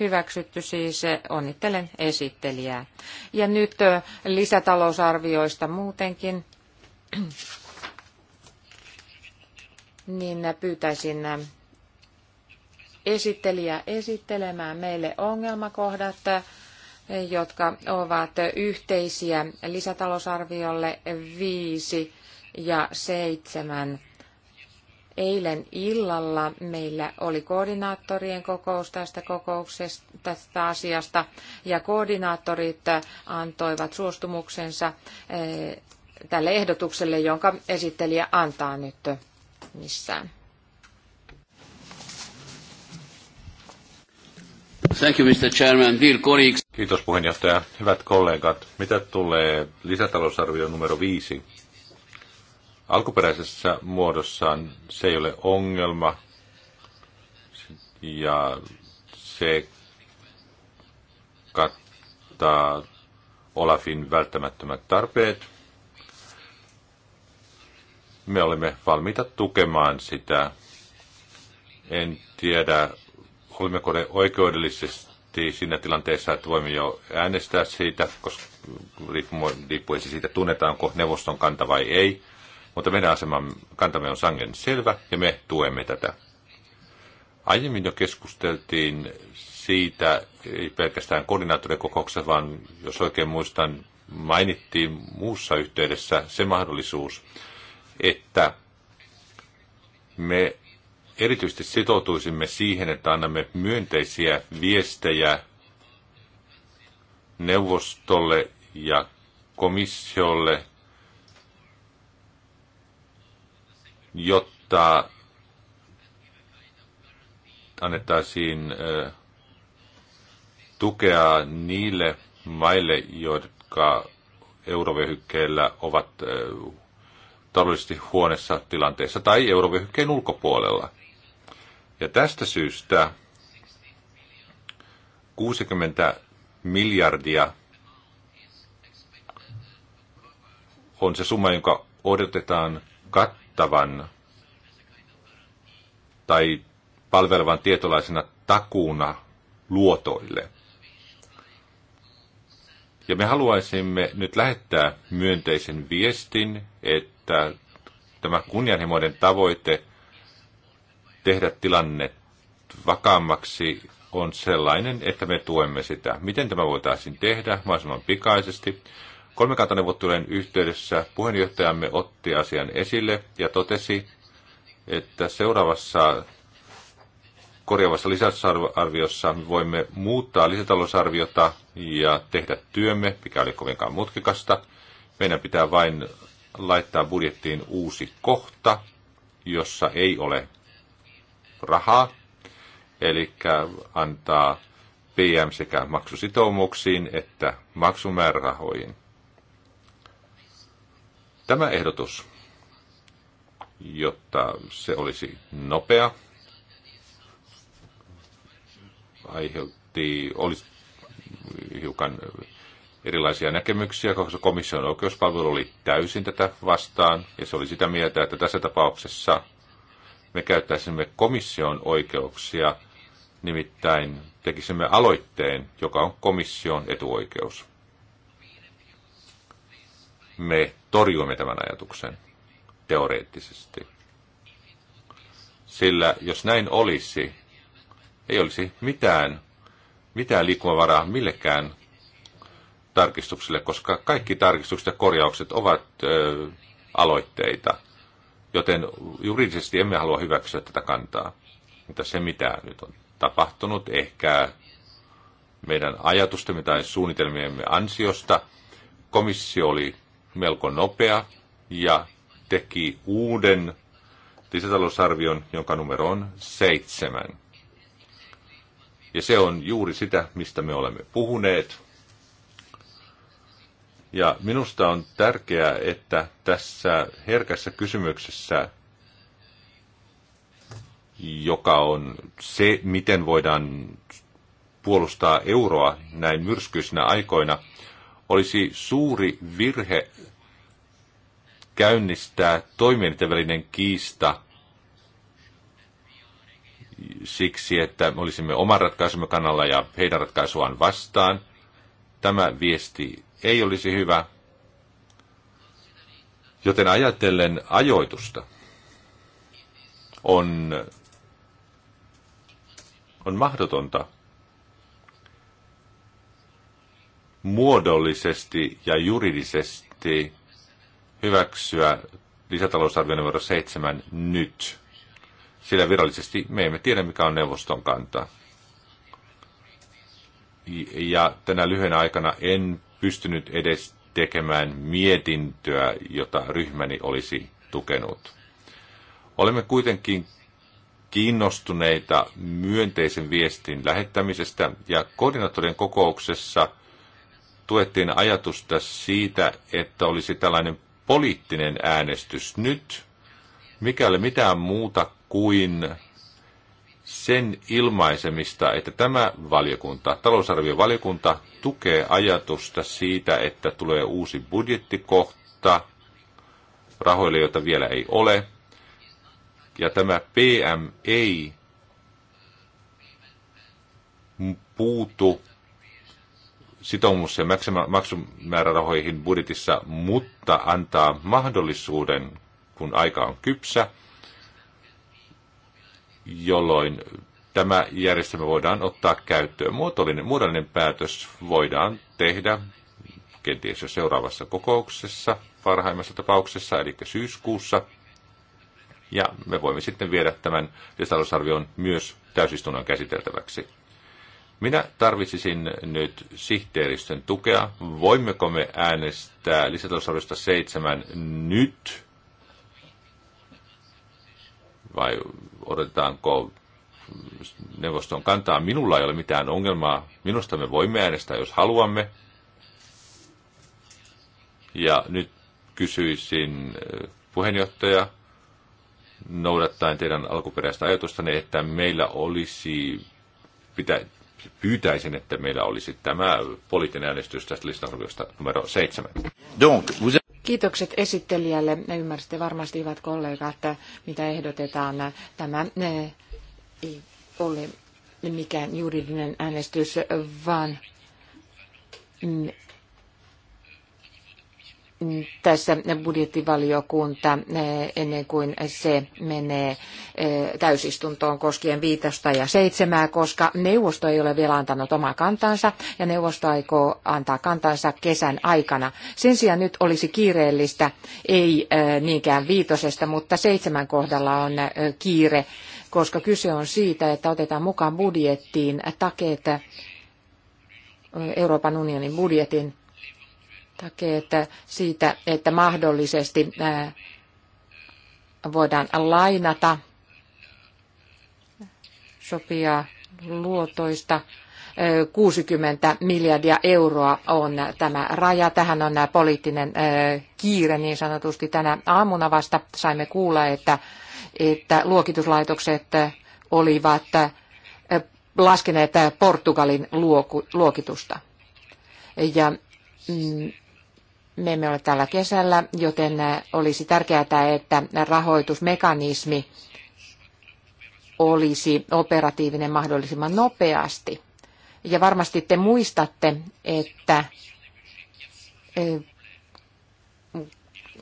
A: Hyväksytty siis. Onnittelen esittelijää. Ja nyt lisätalousarvioista muutenkin. (clears throat) niin pyytäisin esittelijä esittelemään meille ongelmakohdat, jotka ovat yhteisiä lisätalousarviolle viisi ja seitsemän. Eilen illalla meillä oli koordinaattorien kokous tästä kokouksesta tästä asiasta ja koordinaattorit antoivat suostumuksensa eh, tälle ehdotukselle, jonka esittelijä antaa nyt missään.
B: Thank you, Mr. Chairman. Dear colleagues. Kiitos puheenjohtaja. Hyvät kollegat, mitä tulee lisätalousarvio numero viisi? Alkuperäisessä muodossaan se ei ole ongelma ja se kattaa Olafin välttämättömät tarpeet me olemme valmiita tukemaan sitä. En tiedä, olemmeko ne oikeudellisesti siinä tilanteessa, että voimme jo äänestää siitä, koska riippuisi siitä, tunnetaanko neuvoston kanta vai ei. Mutta meidän aseman kantamme on sangen selvä ja me tuemme tätä. Aiemmin jo keskusteltiin siitä, ei pelkästään koordinaattorikokouksessa, vaan jos oikein muistan, mainittiin muussa yhteydessä se mahdollisuus, että me erityisesti sitoutuisimme siihen, että annamme myönteisiä viestejä neuvostolle ja komissiolle, jotta annettaisiin tukea niille maille, jotka eurovehykkeellä ovat taloudellisesti huonessa tilanteessa tai eurovyöhykkeen ulkopuolella. Ja tästä syystä 60 miljardia on se summa, jonka odotetaan kattavan tai palvelevan tietolaisena takuuna luotoille – ja me haluaisimme nyt lähettää myönteisen viestin, että tämä kunnianhimoinen tavoite tehdä tilanne vakaammaksi on sellainen, että me tuemme sitä. Miten tämä voitaisiin tehdä mahdollisimman pikaisesti? Kolmikantaneuvottelujen yhteydessä puheenjohtajamme otti asian esille ja totesi, että seuraavassa korjaavassa lisätalousarviossa voimme muuttaa lisätalousarviota ja tehdä työmme, mikä oli kovinkaan mutkikasta. Meidän pitää vain laittaa budjettiin uusi kohta, jossa ei ole rahaa, eli antaa PM sekä maksusitoumuksiin että maksumäärärahoihin. Tämä ehdotus, jotta se olisi nopea aiheutti, olisi hiukan erilaisia näkemyksiä, koska komission oikeuspalvelu oli täysin tätä vastaan, ja se oli sitä mieltä, että tässä tapauksessa me käyttäisimme komission oikeuksia, nimittäin tekisimme aloitteen, joka on komission etuoikeus. Me torjuimme tämän ajatuksen teoreettisesti. Sillä jos näin olisi, ei olisi mitään, mitään liikkumavaraa millekään tarkistuksille, koska kaikki tarkistukset ja korjaukset ovat ö, aloitteita. Joten juridisesti emme halua hyväksyä tätä kantaa. Mutta se, mitä nyt on tapahtunut, ehkä meidän ajatustemme tai suunnitelmiemme ansiosta, komissio oli melko nopea ja teki uuden lisätalousarvion, jonka numero on seitsemän. Ja se on juuri sitä, mistä me olemme puhuneet. Ja minusta on tärkeää, että tässä herkässä kysymyksessä, joka on se, miten voidaan puolustaa euroa näin myrskyisinä aikoina, olisi suuri virhe käynnistää toimintavälinen kiista – siksi, että olisimme oman ratkaisumme kannalla ja heidän ratkaisuaan vastaan. Tämä viesti ei olisi hyvä, joten ajatellen ajoitusta on, on mahdotonta muodollisesti ja juridisesti hyväksyä lisätalousarvio numero seitsemän nyt sillä virallisesti me emme tiedä, mikä on neuvoston kanta. Ja tänä lyhyen aikana en pystynyt edes tekemään mietintöä, jota ryhmäni olisi tukenut. Olemme kuitenkin kiinnostuneita myönteisen viestin lähettämisestä ja koordinaattorien kokouksessa tuettiin ajatusta siitä, että olisi tällainen poliittinen äänestys nyt, mikäli mitään muuta kuin sen ilmaisemista, että tämä valiokunta, talousarviovaliokunta, tukee ajatusta siitä, että tulee uusi budjettikohta rahoille, joita vielä ei ole. Ja tämä PM ei puutu sitoumus- ja maksumäärärahoihin budjetissa, mutta antaa mahdollisuuden, kun aika on kypsä – jolloin tämä järjestelmä voidaan ottaa käyttöön. Muotollinen, muodollinen päätös voidaan tehdä kenties jo seuraavassa kokouksessa, parhaimmassa tapauksessa, eli syyskuussa. Ja me voimme sitten viedä tämän lisätalousarvion myös täysistunnon käsiteltäväksi. Minä tarvitsisin nyt sihteeristön tukea. Voimmeko me äänestää lisätalousarviosta seitsemän nyt vai odotetaanko neuvoston kantaa. Minulla ei ole mitään ongelmaa. Minusta me voimme äänestää, jos haluamme. Ja nyt kysyisin eh, puheenjohtaja, noudattaen teidän alkuperäistä ajatustanne, että meillä olisi, pitä, pyytäisin, että meillä olisi tämä poliittinen äänestys tästä listan numero seitsemän. Donc, vous...
A: Kiitokset esittelijälle. Ymmärsitte varmasti, hyvät kollegat, mitä ehdotetaan. Tämä ei ole mikään juridinen äänestys, vaan mm, tässä budjettivaliokunta eh, ennen kuin se menee eh, täysistuntoon koskien viitosta ja seitsemää, koska neuvosto ei ole vielä antanut omaa kantansa ja neuvosto aikoo antaa kantansa kesän aikana. Sen sijaan nyt olisi kiireellistä, ei eh, niinkään viitosesta, mutta seitsemän kohdalla on kiire, koska kyse on siitä, että otetaan mukaan budjettiin takeet Euroopan unionin budjetin takeet siitä, että mahdollisesti voidaan lainata, sopia luotoista. 60 miljardia euroa on tämä raja. Tähän on poliittinen kiire niin sanotusti. Tänä aamuna vasta saimme kuulla, että, että luokituslaitokset olivat laskeneet Portugalin luokitusta. Ja mm, me emme ole tällä kesällä, joten olisi tärkeää, että rahoitusmekanismi olisi operatiivinen mahdollisimman nopeasti. Ja varmasti te muistatte, että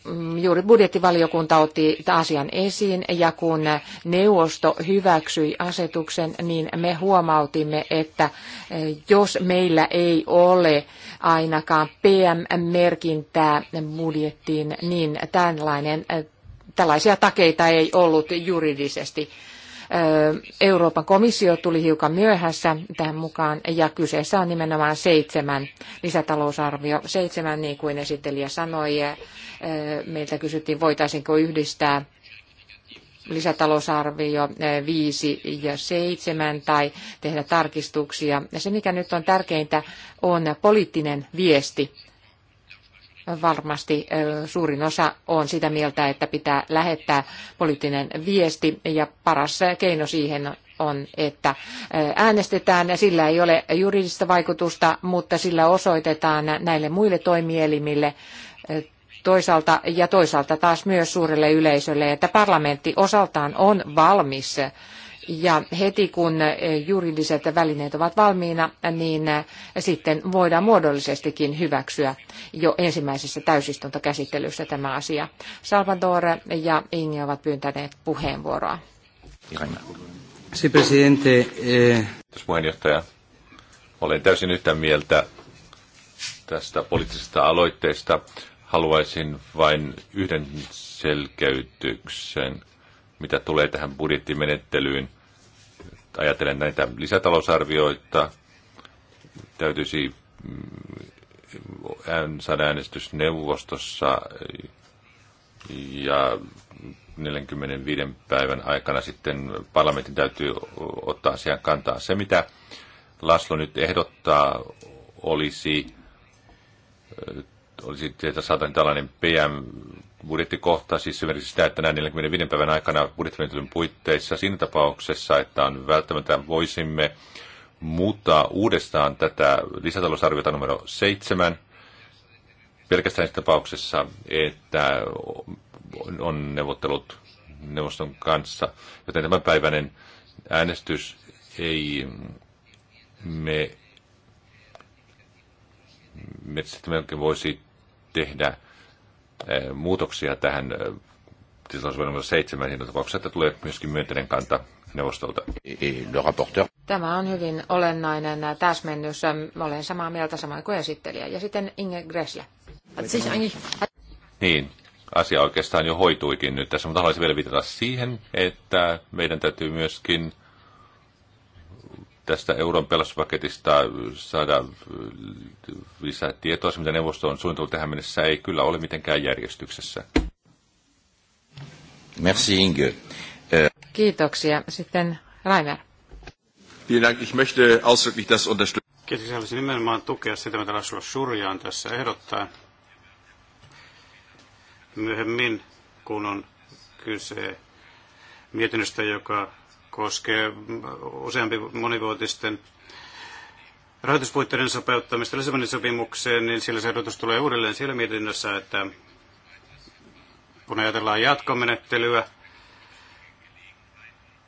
A: Mm, juuri budjettivaliokunta otti asian esiin ja kun neuvosto hyväksyi asetuksen, niin me huomautimme, että eh, jos meillä ei ole ainakaan PM-merkintää budjettiin, niin tällainen, eh, tällaisia takeita ei ollut juridisesti Euroopan komissio tuli hiukan myöhässä tähän mukaan ja kyseessä on nimenomaan seitsemän lisätalousarvio. Seitsemän, niin kuin esittelijä sanoi, meiltä kysyttiin, voitaisinko yhdistää lisätalousarvio viisi ja seitsemän tai tehdä tarkistuksia. Ja se, mikä nyt on tärkeintä, on poliittinen viesti varmasti suurin osa on sitä mieltä, että pitää lähettää poliittinen viesti ja paras keino siihen on, että äänestetään. Sillä ei ole juridista vaikutusta, mutta sillä osoitetaan näille muille toimielimille toisaalta ja toisaalta taas myös suurelle yleisölle, että parlamentti osaltaan on valmis ja heti kun eh, juridiset välineet ovat valmiina, niin eh, sitten voidaan muodollisestikin hyväksyä jo ensimmäisessä täysistuntokäsittelyssä tämä asia. Salvador ja Inge ovat pyyntäneet puheenvuoroa.
B: Si, presidente. Eh, Kiitos puheenjohtaja. Olen täysin yhtä mieltä tästä poliittisesta aloitteesta. Haluaisin vain yhden selkeytyksen mitä tulee tähän budjettimenettelyyn. Ajatellen näitä lisätalousarvioita, täytyisi mm, saada äänestys neuvostossa ja 45 päivän aikana sitten parlamentin täytyy ottaa asian kantaa. Se, mitä Laslo nyt ehdottaa, olisi, olisi että saataisiin tällainen PM budjettikohta, siis esimerkiksi sitä, että näin 45 päivän aikana budjettimenettelyn puitteissa siinä tapauksessa, että on välttämättä voisimme muuttaa uudestaan tätä lisätalousarviota numero 7 pelkästään siinä tapauksessa, että on neuvottelut neuvoston kanssa, joten tämänpäiväinen äänestys ei me, me sitten melkein voisi tehdä Eh, muutoksia tähän eh, tilaisuuden numero seitsemän, siinä tapauksessa, että tulee myöskin myönteinen kanta neuvostolta. No,
A: Tämä on hyvin olennainen täsmennys. Olen samaa mieltä samoin kuin esittelijä. Ja sitten Inge Gressle.
B: Niin, asia oikeastaan jo hoituikin nyt tässä, mutta haluaisin vielä viitata siihen, että meidän täytyy myöskin tästä euron pelastuspaketista saada äh, lisää tietoa. mitä neuvosto on suunnitellut tähän mennessä, ei kyllä ole mitenkään järjestyksessä. Merci Inge. Äh,
A: Kiitoksia. Sitten Rainer.
B: Vielen Ich möchte ausdrücklich das unterstützen.
C: Haluaisin nimenomaan tukea sitä, mitä Laszlo Surjaan tässä ehdottaa. Myöhemmin, kun on kyse mietinnöstä, joka koskee useampi monivuotisten rahoituspuitteiden sopeuttamista Lissabonin sopimukseen, niin sillä se ehdotus tulee uudelleen siellä mietinnössä, että kun ajatellaan jatkomenettelyä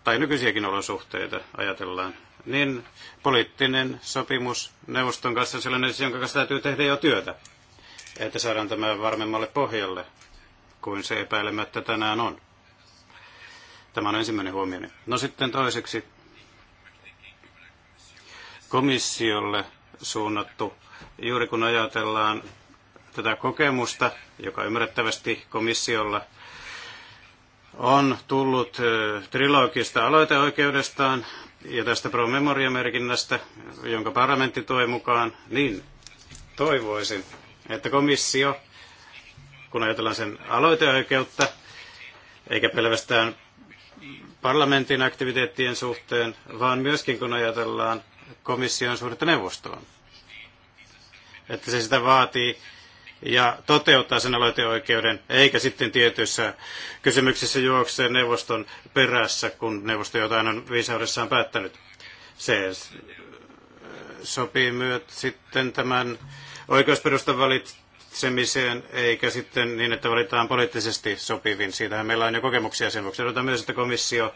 C: tai nykyisiäkin olosuhteita ajatellaan, niin poliittinen sopimus neuvoston kanssa on sellainen, jonka kanssa täytyy tehdä jo työtä, että saadaan tämä varmemmalle pohjalle kuin se epäilemättä tänään on. Tämä on ensimmäinen huomioni. No sitten toiseksi komissiolle suunnattu, juuri kun ajatellaan tätä kokemusta, joka ymmärrettävästi komissiolla on tullut trilogista aloiteoikeudestaan ja tästä pro memoria merkinnästä, jonka parlamentti toi mukaan, niin toivoisin, että komissio, kun ajatellaan sen aloiteoikeutta, eikä pelkästään parlamentin aktiviteettien suhteen, vaan myöskin kun ajatellaan komission suhdetta neuvostoon. Että se sitä vaatii ja toteuttaa sen aloiteoikeuden, eikä sitten tietyissä kysymyksissä juokse neuvoston perässä, kun neuvosto jotain on viisaudessaan päättänyt. Se sopii myös sitten tämän oikeusperustan valit valitsemiseen, eikä sitten niin, että valitaan poliittisesti sopivin. Siitähän meillä on jo kokemuksia sen vuoksi. Odotan myös, että komissio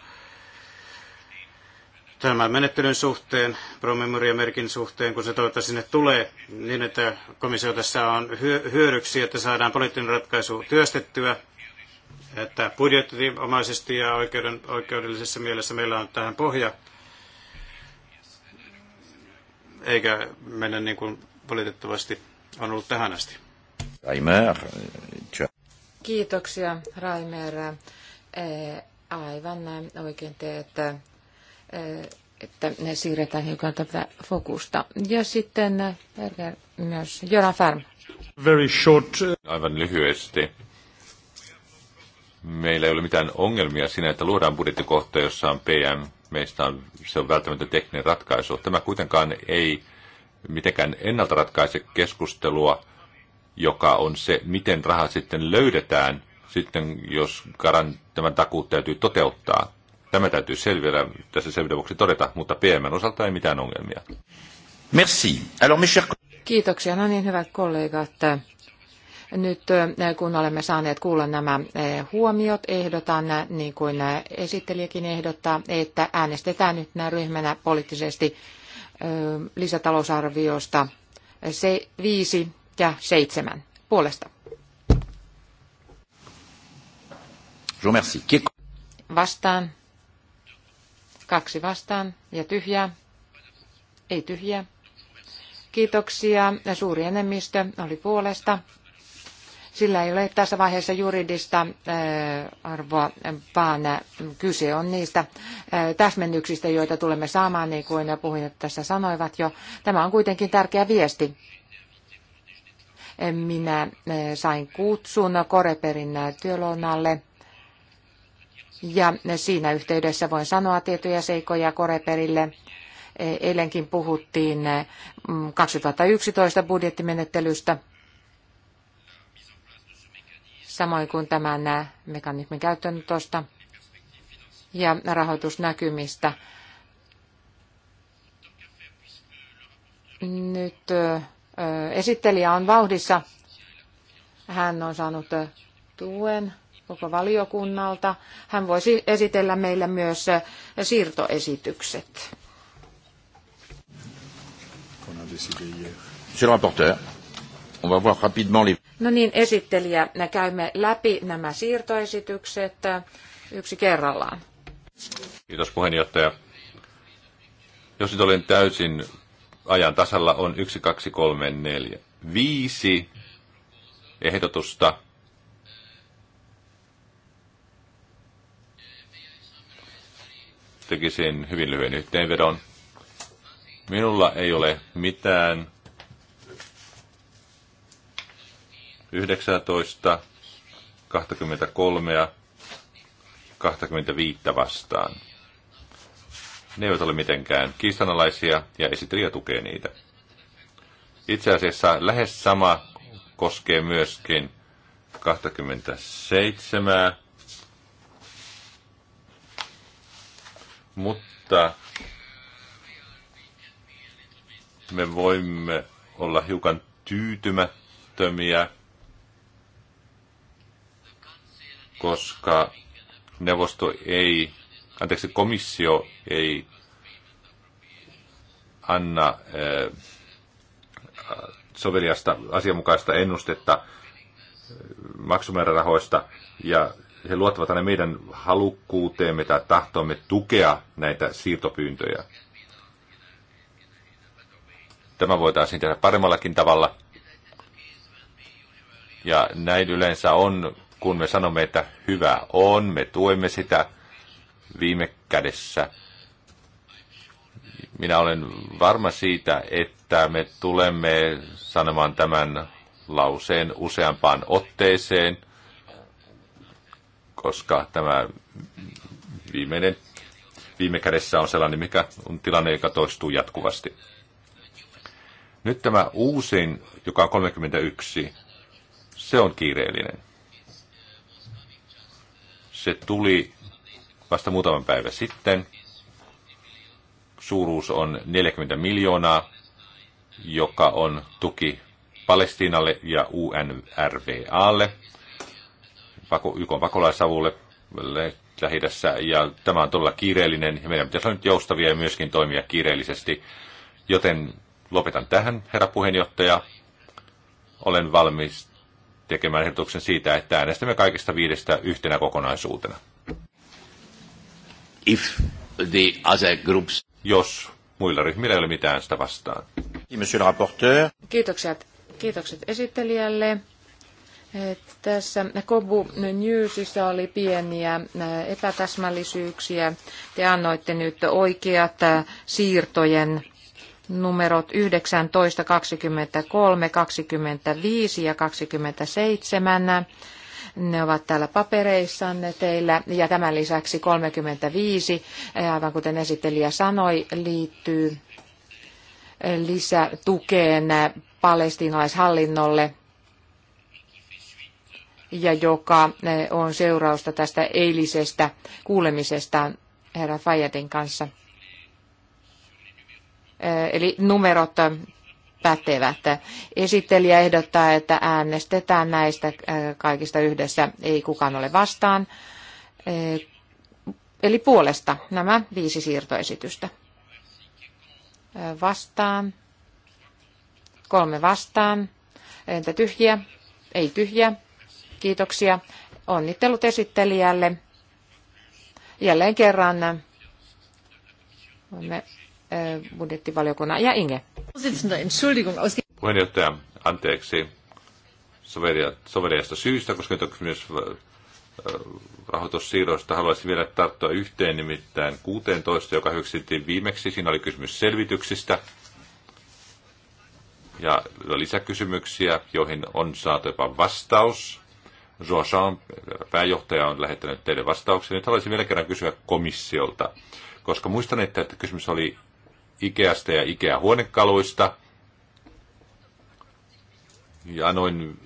C: tämän menettelyn suhteen, promemoriamerkin suhteen, kun se toivottavasti sinne tulee, niin että komissio tässä on hyödyksi, että saadaan poliittinen ratkaisu työstettyä, että budjettiomaisesti ja oikeuden, oikeudellisessa mielessä meillä on tähän pohja, eikä mennä niin kuin valitettavasti on ollut tähän asti.
B: Raimer.
A: Kiitoksia Raimer. E, aivan oikein te, että, e, että ne siirretään hiukan tätä fokusta. Ja sitten Berger myös. Joran Färm.
B: Very short. E, aivan lyhyesti. Meillä ei ole mitään ongelmia siinä, että luodaan budjettikohta, jossa on PM. Meistä on, se on välttämättä tekninen ratkaisu. Tämä kuitenkaan ei mitenkään ennalta ratkaise keskustelua joka on se, miten raha sitten löydetään, sitten jos karan, tämän takuut täytyy toteuttaa. Tämä täytyy selvitä, tässä selvitä vuoksi todeta, mutta PMn osalta ei mitään ongelmia. Merci. Alors, mes
A: chers... Kiitoksia. No niin, hyvät kollegat. Nyt eh, kun olemme saaneet kuulla nämä eh, huomiot, ehdotan, eh, niin kuin esittelijäkin ehdottaa, että äänestetään nyt nämä ryhmänä poliittisesti lisätalousarviosta se viisi ja seitsemän puolesta. Vastaan. Kaksi vastaan ja tyhjää. Ei tyhjää. Kiitoksia. Suuri enemmistö oli puolesta. Sillä ei ole tässä vaiheessa juridista äh, arvoa, vaan äh, kyse on niistä äh, täsmennyksistä, joita tulemme saamaan, niin kuin puhujat tässä sanoivat jo. Tämä on kuitenkin tärkeä viesti minä eh, sain kutsun Koreperin eh, työlounalle. Ja eh, siinä yhteydessä voin sanoa tietoja seikkoja Koreperille. Eilenkin puhuttiin 2011 mm, budjettimenettelystä, samoin kuin tämän mekanismin käyttöönotosta ja rahoitusnäkymistä. Nyt Esittelijä on vauhdissa. Hän on saanut tuen koko valiokunnalta. Hän voisi esitellä meille myös siirtoesitykset.
B: Monsieur le rapporteur, on va voir rapidement les...
A: No niin, esittelijä, käymme läpi nämä siirtoesitykset yksi kerrallaan.
B: Kiitos puheenjohtaja. Jos nyt olen täysin ajan tasalla on 1, 2, 3, 4, 5 ehdotusta. Tekisin hyvin lyhyen yhteenvedon. Minulla ei ole mitään 19, 23, 25 vastaan. Ne eivät ole mitenkään kiistanalaisia ja esittelijä tukee niitä. Itse asiassa lähes sama koskee myöskin 27. Mutta me voimme olla hiukan tyytymättömiä, koska neuvosto ei anteeksi, komissio ei anna äh, soveliasta asianmukaista ennustetta äh, maksumäärärahoista ja he luottavat aina meidän halukkuuteemme tai tahtomme tukea näitä siirtopyyntöjä. Tämä voitaisiin tehdä paremmallakin tavalla. Ja näin yleensä on, kun me sanomme, että hyvä on, me tuemme sitä, viime kädessä. Minä olen varma siitä, että me tulemme sanomaan tämän lauseen useampaan otteeseen, koska tämä viimeinen, viime kädessä on sellainen, mikä on tilanne, joka toistuu jatkuvasti. Nyt tämä uusin, joka on 31, se on kiireellinen. Se tuli vasta muutaman päivän sitten. Suuruus on 40 miljoonaa, joka on tuki Palestiinalle ja UNRWAlle, YK pakolaisavulle lähi ja tämä on todella kiireellinen, ja meidän pitäisi olla nyt joustavia ja myöskin toimia kiireellisesti. Joten lopetan tähän, herra puheenjohtaja. Olen valmis tekemään ehdotuksen siitä, että äänestämme kaikista viidestä yhtenä kokonaisuutena if the other groups... Jos muilla ryhmillä ei ole mitään sitä vastaan.
A: Kiitokset, kiitokset esittelijälle. Tässä Kobu Newsissa oli pieniä äh, epätäsmällisyyksiä. Te annoitte nyt oikeat äh, siirtojen numerot 19, 23, 25 ja 27. Ne ovat täällä papereissanne teillä ja tämän lisäksi 35, eh, aivan kuten esittelijä sanoi, liittyy eh, lisätukeen eh, palestiinalaishallinnolle ja joka on seurausta tästä eilisestä kuulemisesta herra Fayetin kanssa. Eli numerot pätevät. Esittelijä ehdottaa, että äänestetään näistä äh, kaikista yhdessä, ei kukaan ole vastaan. Äh, eli puolesta nämä viisi siirtoesitystä. Äh, vastaan. Kolme vastaan. Entä tyhjiä? Ei tyhjiä. Kiitoksia. Onnittelut esittelijälle. Jälleen kerran me budjettivaliokunnan ja Inge.
B: Puheenjohtaja, anteeksi soveliasta syystä, koska nyt on kysymys äh, rahoitussiirroista. Haluaisin vielä tarttua yhteen nimittäin 16, joka hyväksyttiin viimeksi. Siinä oli kysymys selvityksistä ja lisäkysymyksiä, joihin on saatu jopa vastaus. Jean, pääjohtaja, on lähettänyt teille vastauksen. Nyt haluaisin vielä kerran kysyä komissiolta, koska muistan, että kysymys oli Ikeasta ja Ikea-huonekaluista. Ja noin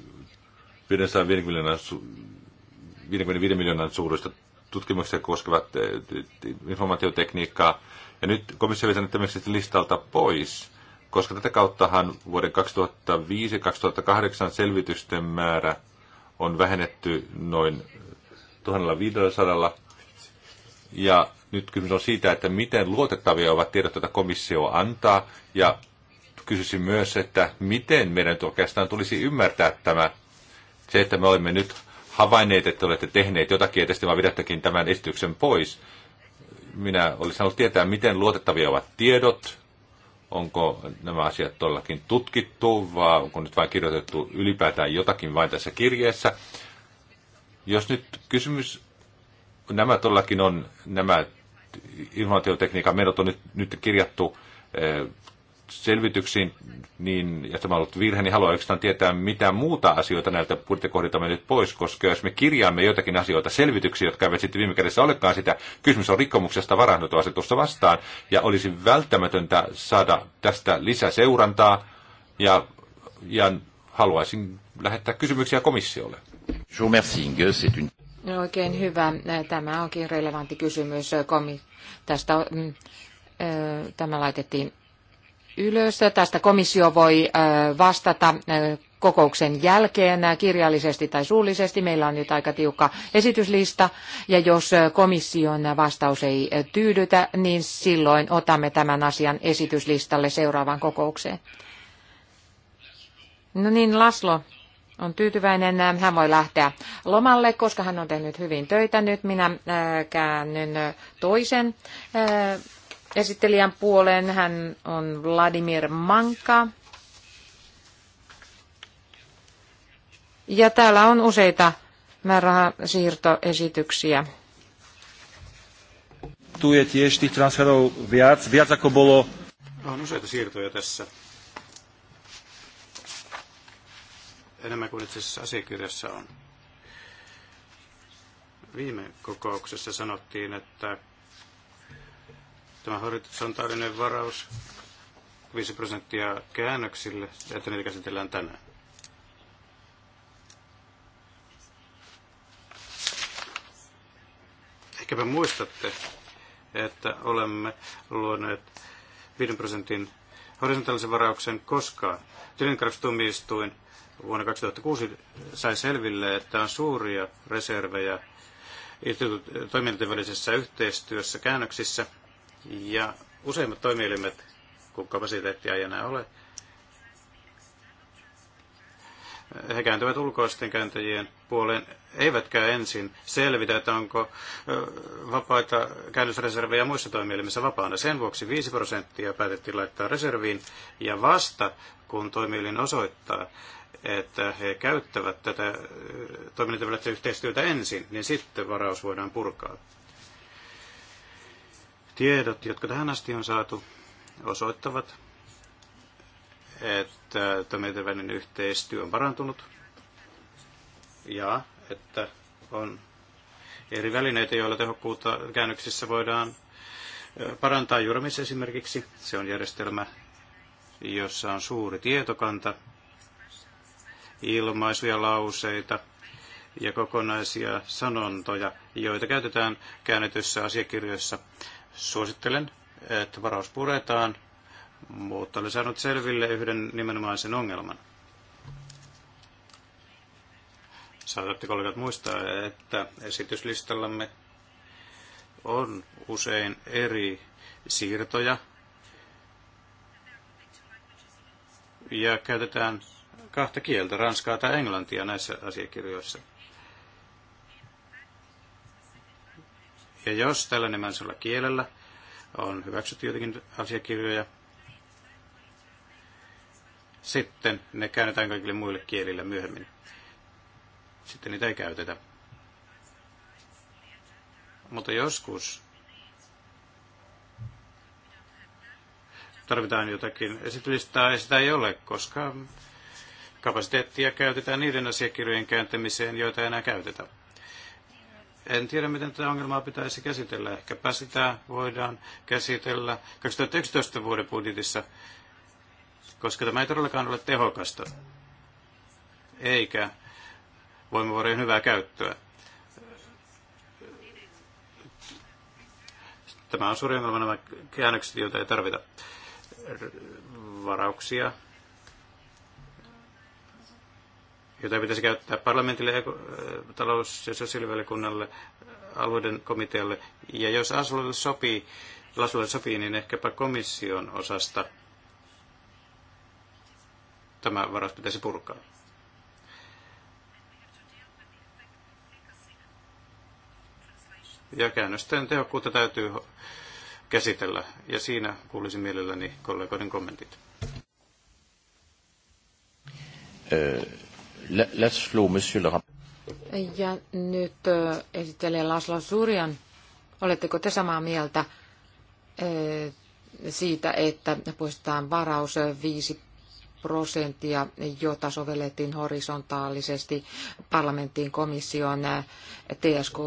B: 55 miljoonan suuruista tutkimuksia koskevat eh, informaatiotekniikkaa. Ja nyt komissio on vetänyt listalta pois, koska tätä kauttahan vuoden 2005-2008 selvitysten määrä on vähennetty noin 1500 ja nyt kysymys on siitä, että miten luotettavia ovat tiedot, joita komissio antaa, ja kysyisin myös, että miten meidän oikeastaan tulisi ymmärtää tämä, se, että me olemme nyt havainneet, että olette tehneet jotakin, ja tietysti vaan tämän esityksen pois. Minä olisin halunnut tietää, miten luotettavia ovat tiedot, onko nämä asiat todellakin tutkittu, vai onko nyt vain kirjoitettu ylipäätään jotakin vain tässä kirjeessä. Jos nyt kysymys, nämä todellakin on nämä informaatiotekniikan menot on nyt, nyt kirjattu eh, selvityksiin, niin, ja tämä on ollut virhe, niin haluan oikeastaan tietää, mitä muuta asioita näiltä budjettikohdilta me nyt pois, koska jos me kirjaamme jotakin asioita selvityksiin, jotka eivät sitten viime kädessä olekaan sitä, kysymys on rikkomuksesta varainhoitoasetusta vastaan, ja olisi välttämätöntä saada tästä lisäseurantaa, ja, ja haluaisin lähettää kysymyksiä komissiolle.
A: Oikein hyvä. Tämä onkin relevantti kysymys. tästä, mm, tämä laitettiin ylös. Tästä komissio voi vastata kokouksen jälkeen kirjallisesti tai suullisesti. Meillä on nyt aika tiukka esityslista ja jos komission vastaus ei tyydytä, niin silloin otamme tämän asian esityslistalle seuraavaan kokoukseen. No niin, Laslo, on tyytyväinen. Äh, hän voi lähteä lomalle, koska hän on tehnyt hyvin töitä. Nyt minä äh, käännyn äh, toisen esittelijän puoleen. Hän on Vladimir Manka. Ja täällä on useita määrärahasiirtoesityksiä.
B: Tu je tiež tých transferov viac, viac ako bolo.
C: On useita siirtoja tässä enemmän kuin itse asiassa asiakirjassa on. Viime kokouksessa sanottiin, että tämä horisontaalinen varaus 5 prosenttia käännöksille, että niitä käsitellään tänään. Ehkäpä muistatte, että olemme luoneet 5 prosentin horisontaalisen varauksen, koska tilintarkastustuomioistuin vuonna 2006 sai selville, että on suuria reservejä toimijoiden välisessä yhteistyössä käännöksissä ja useimmat toimielimet, kun kapasiteettia ei enää ole, he kääntyvät ulkoisten kääntäjien puoleen, eivätkä ensin selvitä, että onko vapaita käännösreservejä muissa toimielimissä vapaana. Sen vuoksi 5 prosenttia päätettiin laittaa reserviin, ja vasta kun toimielin osoittaa, että he käyttävät tätä toimintavälistä yhteistyötä ensin, niin sitten varaus voidaan purkaa. Tiedot, jotka tähän asti on saatu, osoittavat, että toimintavälinen yhteistyö on parantunut ja että on eri välineitä, joilla tehokkuutta käännöksissä voidaan parantaa. juuri esimerkiksi, se on järjestelmä, jossa on suuri tietokanta, ilmaisuja, lauseita ja kokonaisia sanontoja, joita käytetään käännetyssä asiakirjoissa. Suosittelen, että varaus puretaan, mutta olen saanut selville yhden nimenomaisen ongelman. Saatatte kollegat muistaa, että esityslistallamme on usein eri siirtoja ja käytetään kahta kieltä, ranskaa tai englantia näissä asiakirjoissa. Ja jos tällä nimensellä kielellä on hyväksytty jotakin asiakirjoja, sitten ne käännetään kaikille muille kielille myöhemmin. Sitten niitä ei käytetä. Mutta joskus tarvitaan jotakin esityslistaa ja sitä ei ole, koska Kapasiteettia käytetään niiden asiakirjojen kääntämiseen, joita enää käytetä. En tiedä, miten tätä ongelmaa pitäisi käsitellä. Ehkäpä sitä voidaan käsitellä 2011 vuoden budjetissa, koska tämä ei todellakaan ole tehokasta, eikä voimavarojen hyvää käyttöä. Tämä on suuri ongelma nämä käännökset, joita ei tarvita. Varauksia jota pitäisi käyttää parlamentille, äh, talous- ja sosiaalivaliokunnalle, alueiden komitealle. Ja jos Asulle sopii, Lasulle sopii, niin ehkäpä komission osasta tämä varas pitäisi purkaa. Ja käännösten tehokkuutta täytyy käsitellä, ja siinä kuulisin mielelläni kollegoiden kommentit.
B: Öö monsieur le
A: Ja nyt esittelee Laszlo Surjan, oletteko te samaa mieltä siitä, että poistetaan varaus 5 prosenttia, jota sovellettiin horisontaalisesti parlamenttiin, komission, TSK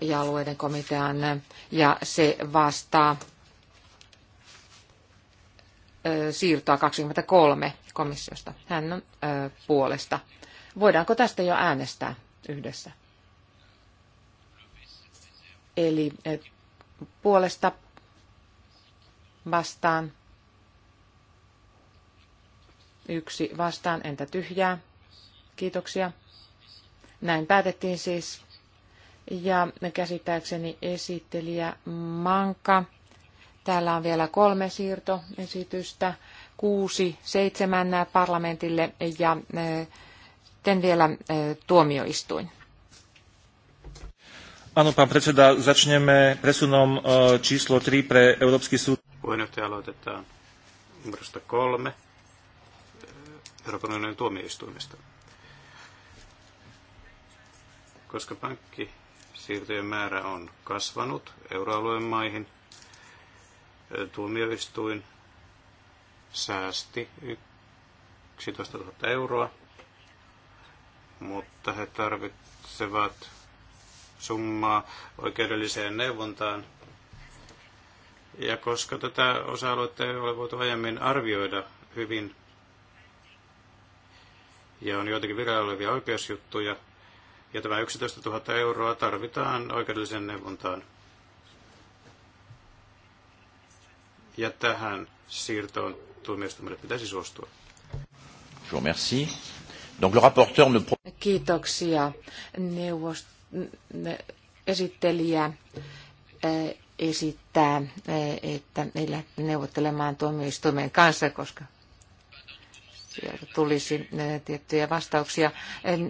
A: ja alueiden komitean, ja se vastaa siirtoa 23 komissiosta. Hän on puolesta. Voidaanko tästä jo äänestää yhdessä? Eli e, puolesta vastaan. Yksi vastaan, entä tyhjää? Kiitoksia. Näin päätettiin siis. Ja käsittääkseni esittelijä Manka. Täällä on vielä kolme siirtoesitystä, kuusi seitsemän parlamentille ja e, sitten vielä e, tuomioistuin.
B: Ano, pan predseda, začneme presunom e, číslo 3 pre Európsky súd.
C: Puheenjohtaja aloitetaan numerosta 3. E, Euroopan unionin tuomioistuimesta. Koska pankkisiirtojen määrä on kasvanut euroalueen maihin, tuomioistuin säästi 11 000 euroa mutta he tarvitsevat summaa oikeudelliseen neuvontaan. Ja koska tätä osa-aluetta ei ole voitu aiemmin arvioida hyvin, ja on joitakin vireillä olevia oikeusjuttuja, ja tämä 11 000 euroa tarvitaan oikeudelliseen neuvontaan. Ja tähän siirtoon tuomioistuimelle pitäisi suostua.
A: Je vous remercie. Donc le rapporteur ne... Kiitoksia neuvost... esittelijä esittää, että niillä neuvottelemaan tuomioistuimen kanssa, koska sieltä tulisi tiettyjä vastauksia.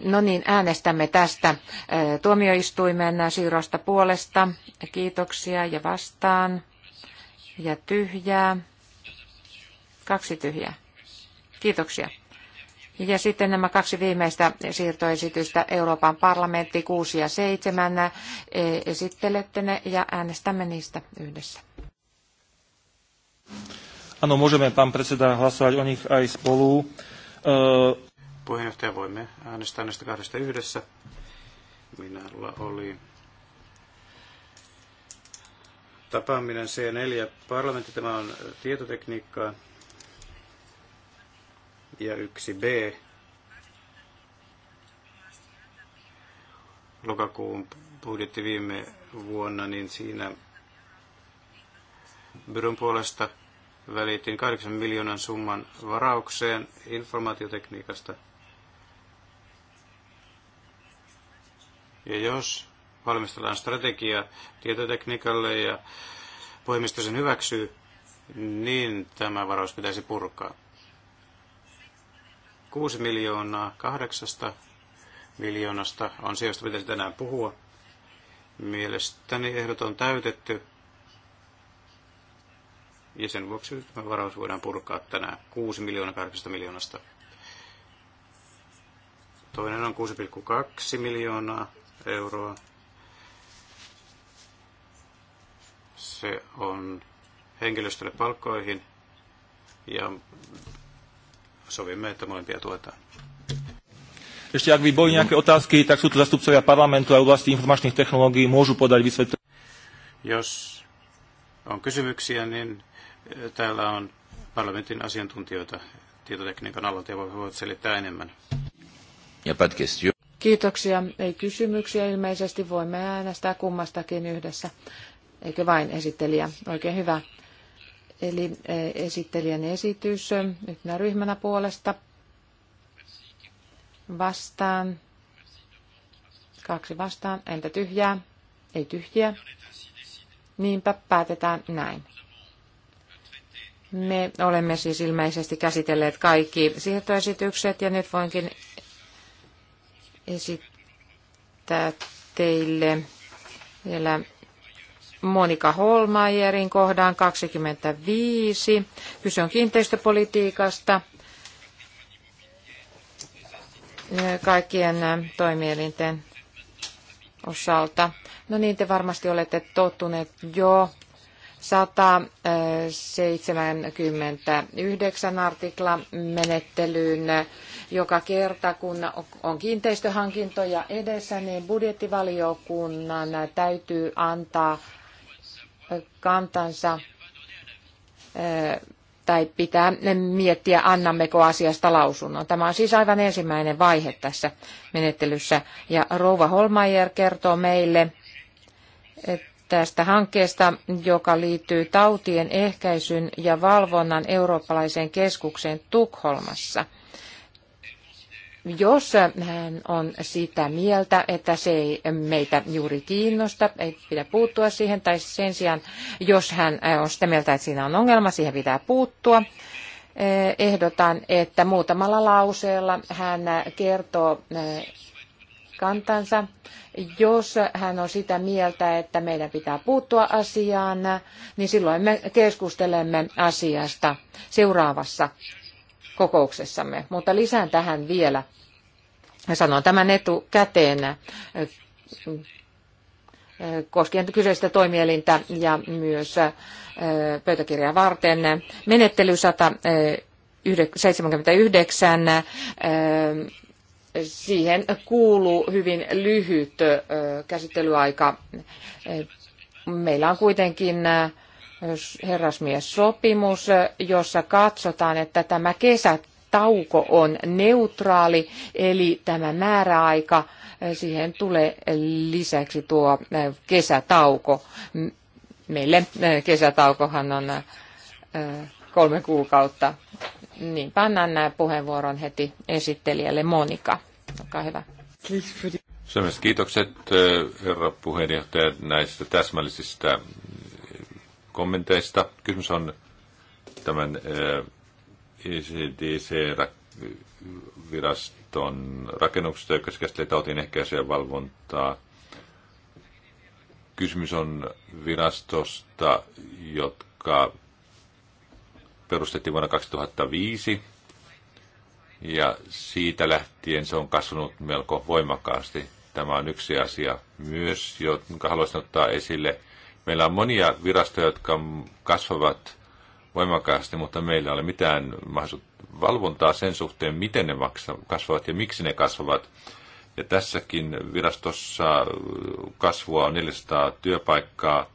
A: No niin, äänestämme tästä tuomioistuimen siirrosta puolesta. Kiitoksia ja vastaan. Ja tyhjää. Kaksi tyhjää. Kiitoksia. Ja sitten nämä kaksi viimeistä siirtoesitystä Euroopan parlamentti 6 ja 7. E, esittelette ne ja äänestämme niistä yhdessä.
B: Ano, môžeme, pán predseda, hlasovať o nich aj spolu.
C: Uh... Puheenjohtaja, voimme äänestää näistä kahdesta yhdessä. Minulla oli tapaaminen C4 parlamentti, tämä on tietotekniikkaa ja yksi b lokakuun budjetti viime vuonna, niin siinä byron puolesta välitin 8 miljoonan summan varaukseen informaatiotekniikasta. Ja jos valmistellaan strategia tietotekniikalle ja puhemisto sen hyväksyy, niin tämä varaus pitäisi purkaa. 6 miljoonaa kahdeksasta miljoonasta on se, josta pitäisi tänään puhua. Mielestäni ehdot on täytetty ja sen vuoksi varaus voidaan purkaa tänään 6 miljoonaa 8 miljoonasta. Toinen on 6,2 miljoonaa euroa. Se on henkilöstölle palkkoihin ja sovimme, että molempia tuetaan.
B: Ešte ak by boli nejaké otázky, tak sú tu zastupcovia parlamentu a oblasti informačných technológií, môžu podať vysvetlenie.
C: Jos on kysymyksiä, niin e, täällä on parlamentin asiantuntijoita tietotekniikan alalta ja voivat selittää enemmän.
B: Ja pätkästi.
A: Kiitoksia. Ei kysymyksiä. Ilmeisesti voimme äänestää kummastakin yhdessä. Eikö vain esittelijä? Oikein hyvä. Eli e, esittelijän esitys e, yhtenä ryhmänä puolesta vastaan. Kaksi vastaan, entä tyhjää? Ei tyhjiä. Niinpä päätetään näin. Me olemme siis ilmeisesti käsitelleet kaikki siirtoesitykset ja nyt voinkin esittää teille vielä Monika Holmajerin kohdan 25. Kyse on kiinteistöpolitiikasta kaikkien äh, toimielinten osalta. No niin, te varmasti olette tottuneet jo 179 artikla menettelyyn. Joka kerta, kun on kiinteistöhankintoja edessä, niin budjettivaliokunnan täytyy antaa kantansa eh, tai pitää miettiä, annammeko asiasta lausunnon. Tämä on siis aivan ensimmäinen vaihe tässä menettelyssä. Ja Rouva Holmeier kertoo meille eh, tästä hankkeesta, joka liittyy tautien ehkäisyn ja valvonnan eurooppalaiseen keskukseen Tukholmassa – jos hän on sitä mieltä, että se ei meitä juuri kiinnosta, ei pidä puuttua siihen, tai sen sijaan, jos hän on sitä mieltä, että siinä on ongelma, siihen pitää puuttua, eh, ehdotan, että muutamalla lauseella hän kertoo eh, kantansa. Jos hän on sitä mieltä, että meidän pitää puuttua asiaan, niin silloin me keskustelemme asiasta seuraavassa kokouksessamme. Mutta lisään tähän vielä, sanon tämän etukäteen, äh, koskien kyseistä toimielintä ja myös äh, pöytäkirjaa varten. Menettely 179, äh, siihen kuuluu hyvin lyhyt käsittelyaika. Meillä on kuitenkin herrasmies-sopimus, jossa katsotaan, että tämä kesätauko on neutraali, eli tämä määräaika, eh, siihen tulee lisäksi tuo eh, kesätauko. Meille eh, kesätaukohan on kolme kuukautta. Niin, pannaan nämä puheenvuoron heti esittelijälle Monika. Olkaa hyvä.
B: Kiitokset herra puheenjohtaja näistä täsmällisistä kommenteista. Kysymys on tämän ECDC-viraston eh, rakennuksesta, joka käsittelee tautien ehkäisyä ja valvontaa. Kysymys on virastosta, jotka perustettiin vuonna 2005 ja siitä lähtien se on kasvanut melko voimakkaasti. Tämä on yksi asia myös, jonka haluaisin ottaa esille. Meillä on monia virastoja, jotka kasvavat voimakkaasti, mutta meillä ei ole mitään valvontaa sen suhteen, miten ne kasvavat ja miksi ne kasvavat. Ja tässäkin virastossa kasvua on 400 työpaikkaa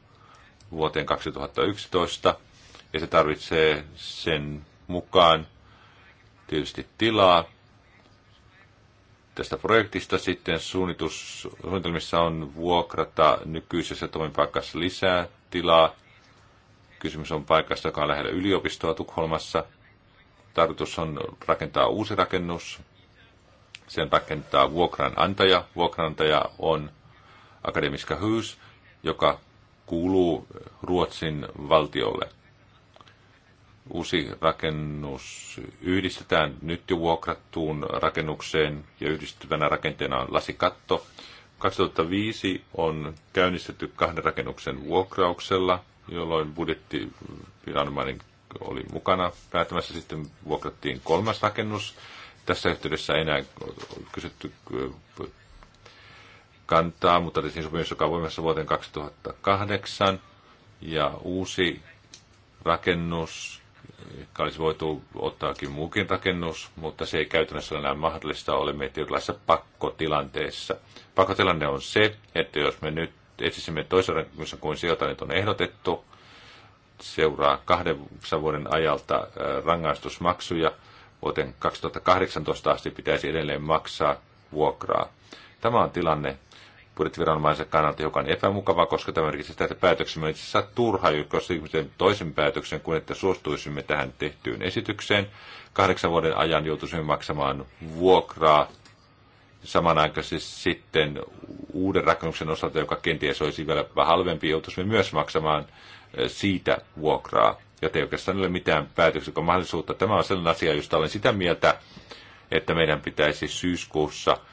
B: vuoteen 2011, ja se tarvitsee sen mukaan tietysti tilaa, tästä projektista sitten suunnitus, suunnitelmissa on vuokrata nykyisessä toimipaikassa lisää tilaa. Kysymys on paikasta, joka on lähellä yliopistoa Tukholmassa. Tarkoitus on rakentaa uusi rakennus. Sen rakentaa vuokranantaja. Vuokranantaja on Akademiska Hys, joka kuuluu Ruotsin valtiolle. Uusi rakennus yhdistetään nyt jo vuokrattuun rakennukseen ja yhdistyvänä rakenteena on lasikatto. 2005 on käynnistetty kahden rakennuksen vuokrauksella, jolloin budjettiviranomainen oli mukana päätämässä. Sitten vuokrattiin kolmas rakennus. Tässä yhteydessä ei enää kysytty äh, kantaa, mutta tehtiin siis sopimus, joka on voimassa vuoteen 2008. Ja uusi rakennus jotka olisi voitu ottaakin muukin rakennus, mutta se ei käytännössä ole enää mahdollista. Olemme tietynlaisessa pakkotilanteessa. Pakkotilanne on se, että jos me nyt etsisimme toisen rakennuksen kuin sieltä nyt on ehdotettu, seuraa kahden vuoden ajalta rangaistusmaksuja, vuoteen 2018 asti pitäisi edelleen maksaa vuokraa. Tämä on tilanne, budjettiviranomaisen kannalta hiukan epämukavaa, koska tämä merkitsee sitä, että päätöksemme on itse asiassa turha, jos ihmisten toisen päätöksen kuin että suostuisimme tähän tehtyyn esitykseen. Kahdeksan vuoden ajan joutuisimme maksamaan vuokraa samanaikaisesti sitten uuden rakennuksen osalta, joka kenties olisi vielä halvempi, joutuisimme myös maksamaan eh, siitä vuokraa. Joten ei oikeastaan ole mitään päätöksiä, mahdollisuutta. Tämä on sellainen asia, josta olen sitä mieltä, että meidän pitäisi syyskuussa –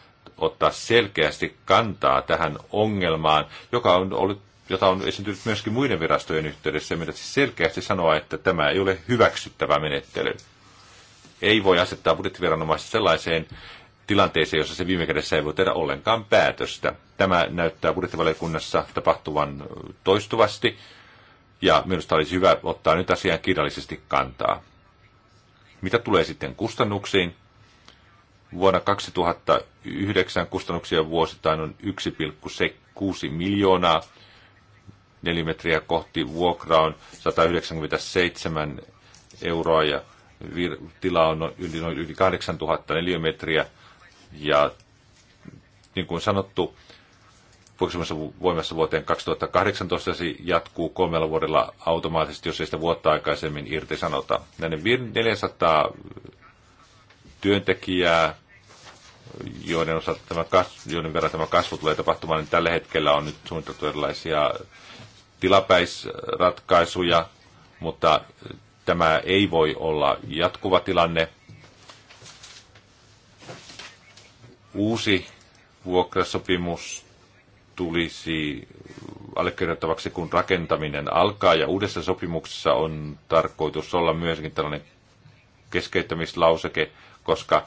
B: ottaa selkeästi kantaa tähän ongelmaan, joka on ollut, jota on esiintynyt myöskin muiden virastojen yhteydessä, mitä siis selkeästi sanoa, että tämä ei ole hyväksyttävä menettely. Ei voi asettaa budjettiviranomaista sellaiseen tilanteeseen, jossa se viime kädessä ei voi tehdä ollenkaan päätöstä. Tämä näyttää budjettivaliokunnassa tapahtuvan toistuvasti, ja minusta olisi hyvä ottaa nyt asiaan kirjallisesti kantaa. Mitä tulee sitten kustannuksiin, Vuonna 2009 kustannuksia vuosittain on 1,6 miljoonaa nelimetriä kohti. Vuokra on 197 euroa ja tila on yli, noin yli 8000 neliömetriä. Ja niin kuin sanottu, voimassa vuoteen 2018 se jatkuu kolmella vuodella automaattisesti, jos ei sitä vuotta aikaisemmin sanota. Näiden 400 työntekijää, joiden, osalta tämä kasvu, joiden verran tämä kasvu tulee tapahtumaan, niin tällä hetkellä on nyt suunniteltu erilaisia tilapäisratkaisuja, mutta tämä ei voi olla jatkuva tilanne. Uusi vuokrasopimus tulisi allekirjoittavaksi, kun rakentaminen alkaa, ja uudessa sopimuksessa on tarkoitus olla myöskin tällainen keskeyttämislauseke, koska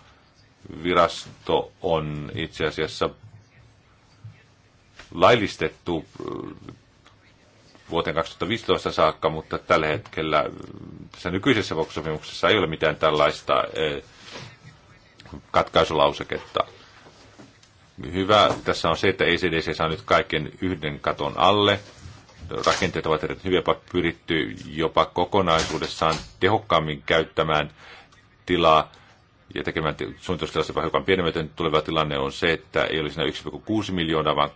B: virasto on itse asiassa laillistettu äh, vuoteen 2015 saakka, mutta tällä hetkellä äh, tässä nykyisessä sopimuksessa ei ole mitään tällaista äh, katkaisulauseketta. Hyvä tässä on se, että ECDC saa nyt kaiken yhden katon alle. Rakenteet ovat erittäin hyviä, pyritty jopa kokonaisuudessaan tehokkaammin käyttämään tilaa ja tekemään vähän hiukan pienemmötön tuleva tilanne on se, että ei olisi 1,6 miljoonaa, vaan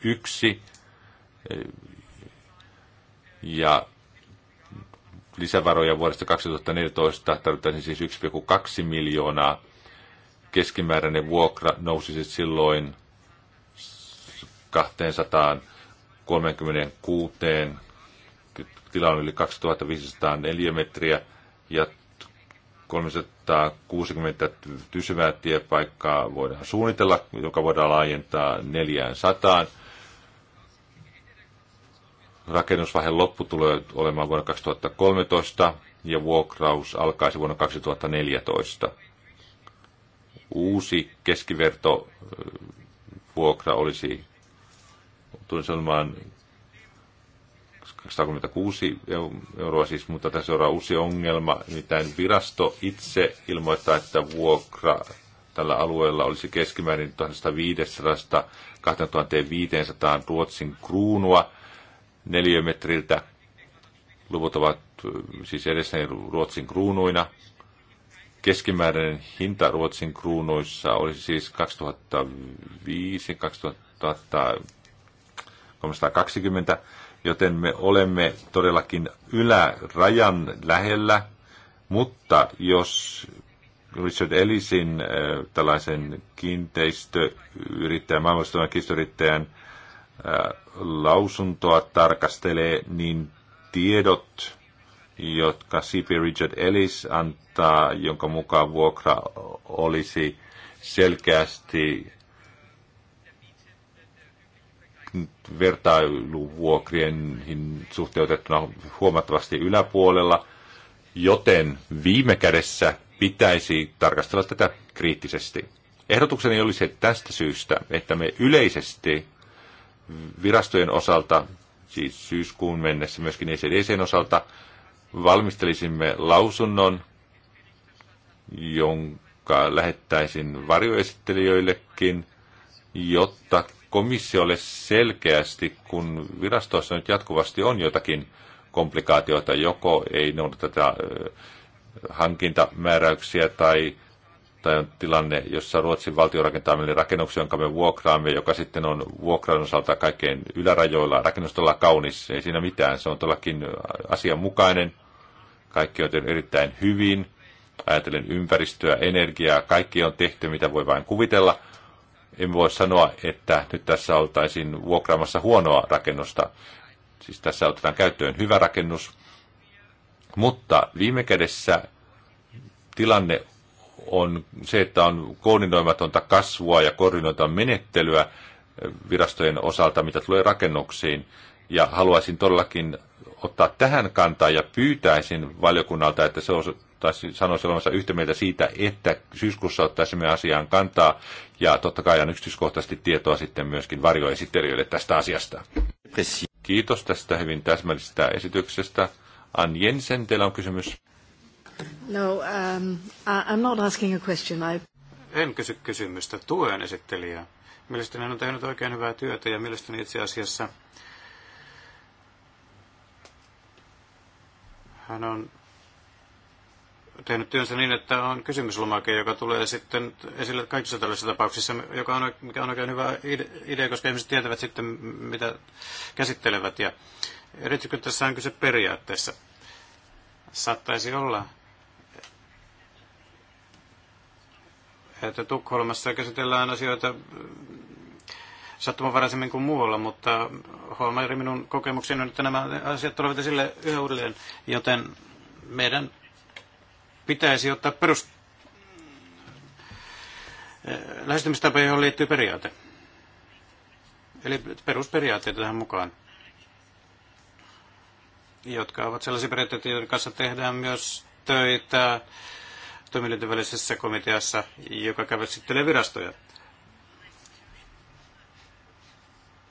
B: 2,91. Ja lisävaroja vuodesta 2014 tarvittaisiin siis 1,2 miljoonaa. Keskimääräinen vuokra nousi siis silloin 236. Tila on yli 2504 metriä ja 360 tysyvää tiepaikkaa voidaan suunnitella, joka voidaan laajentaa 400. Rakennusvaiheen loppu tulee olemaan vuonna 2013 ja vuokraus alkaisi vuonna 2014. Uusi keskiverto vuokra olisi tulisi olemaan 136 euroa siis, mutta tässä on uusi ongelma. Nimittäin virasto itse ilmoittaa, että vuokra tällä alueella olisi keskimäärin 1500-2500 Ruotsin kruunua neliömetriltä. Luvut ovat äh, siis edessäni niin Ruotsin kruunuina. Keskimääräinen hinta Ruotsin kruunuissa olisi siis 2005-2320 joten me olemme todellakin ylärajan lähellä, mutta jos Richard Ellisin äh, tällaisen kiinteistöyrittäjän, maailmanlistojen kiinteistöyrittäjän äh, lausuntoa tarkastelee, niin tiedot, jotka C.P. Richard Ellis antaa, jonka mukaan vuokra olisi selkeästi vertailuvuokrien suhteutettuna huomattavasti yläpuolella, joten viime kädessä pitäisi tarkastella tätä kriittisesti. Ehdotukseni oli se tästä syystä, että me yleisesti virastojen osalta, siis syyskuun mennessä myöskin ECDCn osalta, valmistelisimme lausunnon, jonka lähettäisin varjoesittelijöillekin, jotta komissiolle selkeästi, kun virastoissa nyt jatkuvasti on jotakin komplikaatioita, joko ei noudateta hankintamääräyksiä tai, tai on tilanne, jossa Ruotsin valtio rakentaa meille rakennuksia, jonka me vuokraamme, joka sitten on vuokran osalta kaikkein ylärajoilla. Rakennus on kaunis, ei siinä mitään, se on todellakin asianmukainen. Kaikki on tehnyt erittäin hyvin. Ajatellen ympäristöä, energiaa, kaikki on tehty, mitä voi vain kuvitella – emme voi sanoa, että nyt tässä oltaisiin vuokraamassa huonoa rakennusta. Siis tässä otetaan käyttöön hyvä rakennus. Mutta viime kädessä tilanne on se, että on koordinoimatonta kasvua ja koordinoimatonta menettelyä eh, virastojen osalta, mitä tulee rakennuksiin. Ja haluaisin todellakin ottaa tähän kantaa ja pyytäisin valiokunnalta, että se ottaisi, sanoisi olevansa yhtä mieltä siitä, että syyskuussa ottaisimme asiaan kantaa ja totta kai on yksityiskohtaisesti tietoa sitten myöskin varjoesittelijöille tästä asiasta. Kiitos tästä hyvin täsmällisestä esityksestä. Ann Jensen, teillä on kysymys.
A: No, um, I'm not asking a question. I...
C: En kysy kysymystä, tuen esittelijää. Mielestäni hän on tehnyt oikein hyvää työtä ja mielestäni itse asiassa hän on tehnyt työnsä niin, että on kysymyslomake, joka tulee sitten esille kaikissa tällaisissa tapauksissa, joka on, mikä on oikein hyvä idea, koska ihmiset tietävät sitten, mitä käsittelevät. Ja erityisesti tässä on kyse periaatteessa, saattaisi olla, että Tukholmassa käsitellään asioita sattumanvaraisemmin kuin muualla, mutta huomaa minun kokemukseni on, että nämä asiat tulevat esille yhä uudelleen, joten meidän pitäisi ottaa perus lähestymistapa, johon liittyy periaate. Eli perusperiaatteita tähän mukaan, jotka ovat sellaisia periaatteita, joiden kanssa tehdään myös töitä toimijoiden välisessä komiteassa, joka käsittelee virastoja.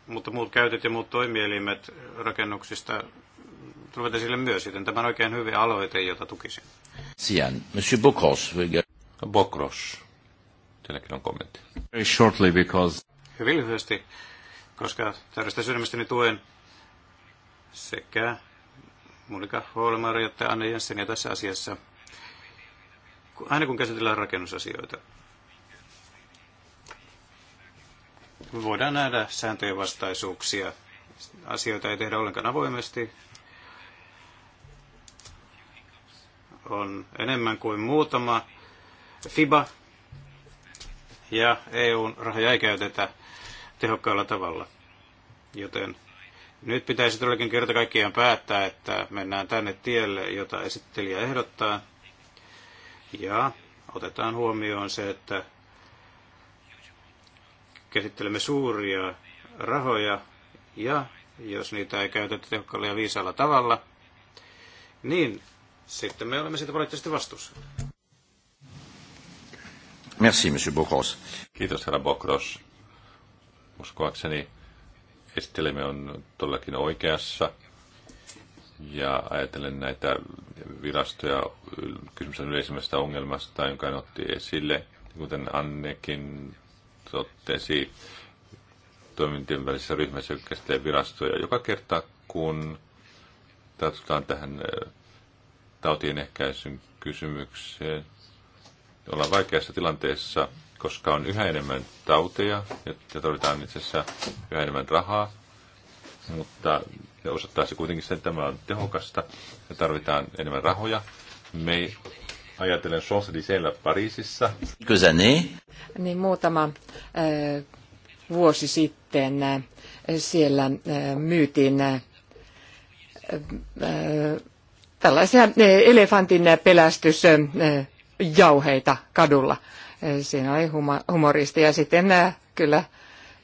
C: Mutta muut käytöt ja muut toimielimet rakennuksista tulivat esille myös, joten tämä on oikein hyvin aloite, jota tukisin.
B: Sian, Monsieur Bokros. Bokros, teilläkin on kommentti. Very shortly because...
C: Hyvin lyhyesti, koska täydestä sydämestäni tuen sekä Monika Holmaria että Anne Jensseniä tässä asiassa, aina kun käsitellään rakennusasioita. Voidaan nähdä sääntöjen vastaisuuksia. Asioita ei tehdä ollenkaan avoimesti, on enemmän kuin muutama FIBA ja EUn rahoja ei käytetä tehokkaalla tavalla. Joten nyt pitäisi todellakin kerta kaikkiaan päättää, että mennään tänne tielle, jota esittelijä ehdottaa. Ja otetaan huomioon se, että käsittelemme suuria rahoja ja jos niitä ei käytetä tehokkaalla ja viisaalla tavalla, niin sitten me olemme siitä poliittisesti vastuussa.
B: Merci, monsieur Bokros. Kiitos, herra Bokros. Uskoakseni esittelemme on todellakin oikeassa. Ja ajatellen näitä virastoja, kysymys on yleisimmästä ongelmasta, jonka hän otti esille, kuten Annekin totesi toimintien välisessä ryhmässä, joka virastoja. Joka kerta, kun tartutaan tähän tautien ehkäisyn kysymykseen. Ollaan vaikeassa tilanteessa, koska on yhä enemmän tauteja ja tarvitaan itse asiassa yhä enemmän rahaa, mutta ja osoittaa se kuitenkin sen, että tämä on tehokasta ja tarvitaan enemmän rahoja. Me ajatellen Champs-Élysées Pariisissa.
A: Niin muutama äh, vuosi sitten äh, siellä äh, myytiin äh, tällaisia eh, elefantin pelästysjauheita eh, kadulla. Eh, siinä oli humoristi ja sitten kyllä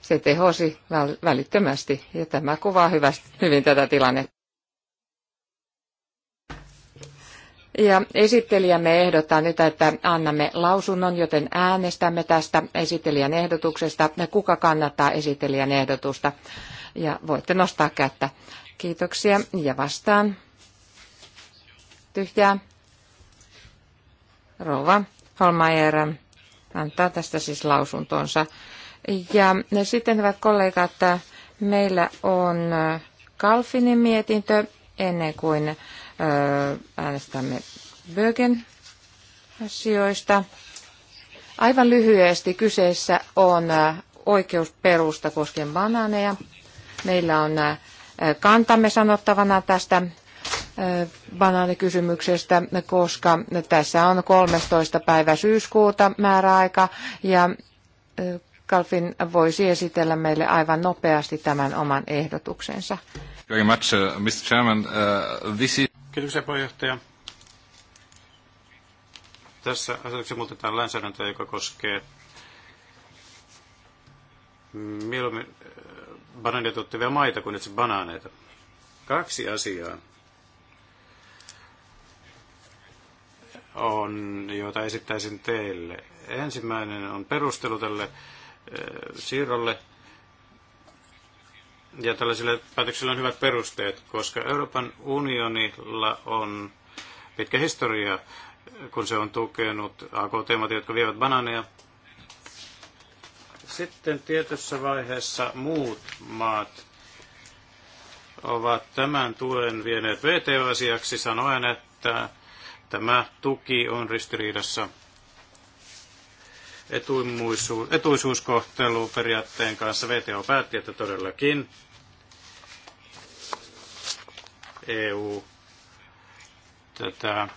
A: se tehosi välittömästi ja tämä kuvaa hyvästi, hyvin tätä tilannetta. Ja esittelijämme ehdottaa nyt, että annamme lausunnon, joten äänestämme tästä esittelijän ehdotuksesta. Kuka kannattaa esittelijän ehdotusta? Ja voitte nostaa kättä. Kiitoksia ja vastaan tyhjää. Rova Holmaier antaa tästä siis lausuntonsa. Ja sitten, hyvät kollegat, meillä on Kalfinin mietintö ennen kuin äänestämme Bögen asioista. Aivan lyhyesti kyseessä on oikeusperusta koskien banaaneja. Meillä on kantamme sanottavana tästä banaanikysymyksestä, koska tässä on 13. päivä syyskuuta määräaika ja Kalfin voisi esitellä meille aivan nopeasti tämän oman ehdotuksensa.
B: Very much, uh, Mr. Chairman. Uh, this is... Kiitoksia puheenjohtaja.
C: Tässä asetuksessa muutetaan lainsäädäntöä, joka koskee mieluummin banaania tuottavia maita kuin itse banaaneita. Kaksi asiaa on, joita esittäisin teille. Ensimmäinen on perustelu tälle eh, siirrolle. Ja tällaisille päätöksillä on hyvät perusteet, koska Euroopan unionilla on pitkä historia, kun se on tukenut AKT-maita, jotka vievät banaaneja. Sitten tietyssä vaiheessa muut maat ovat tämän tuen vieneet VTO-asiaksi sanoen, että Tämä tuki on ristiriidassa periaatteen kanssa. VTO päätti, että todellakin EU tätä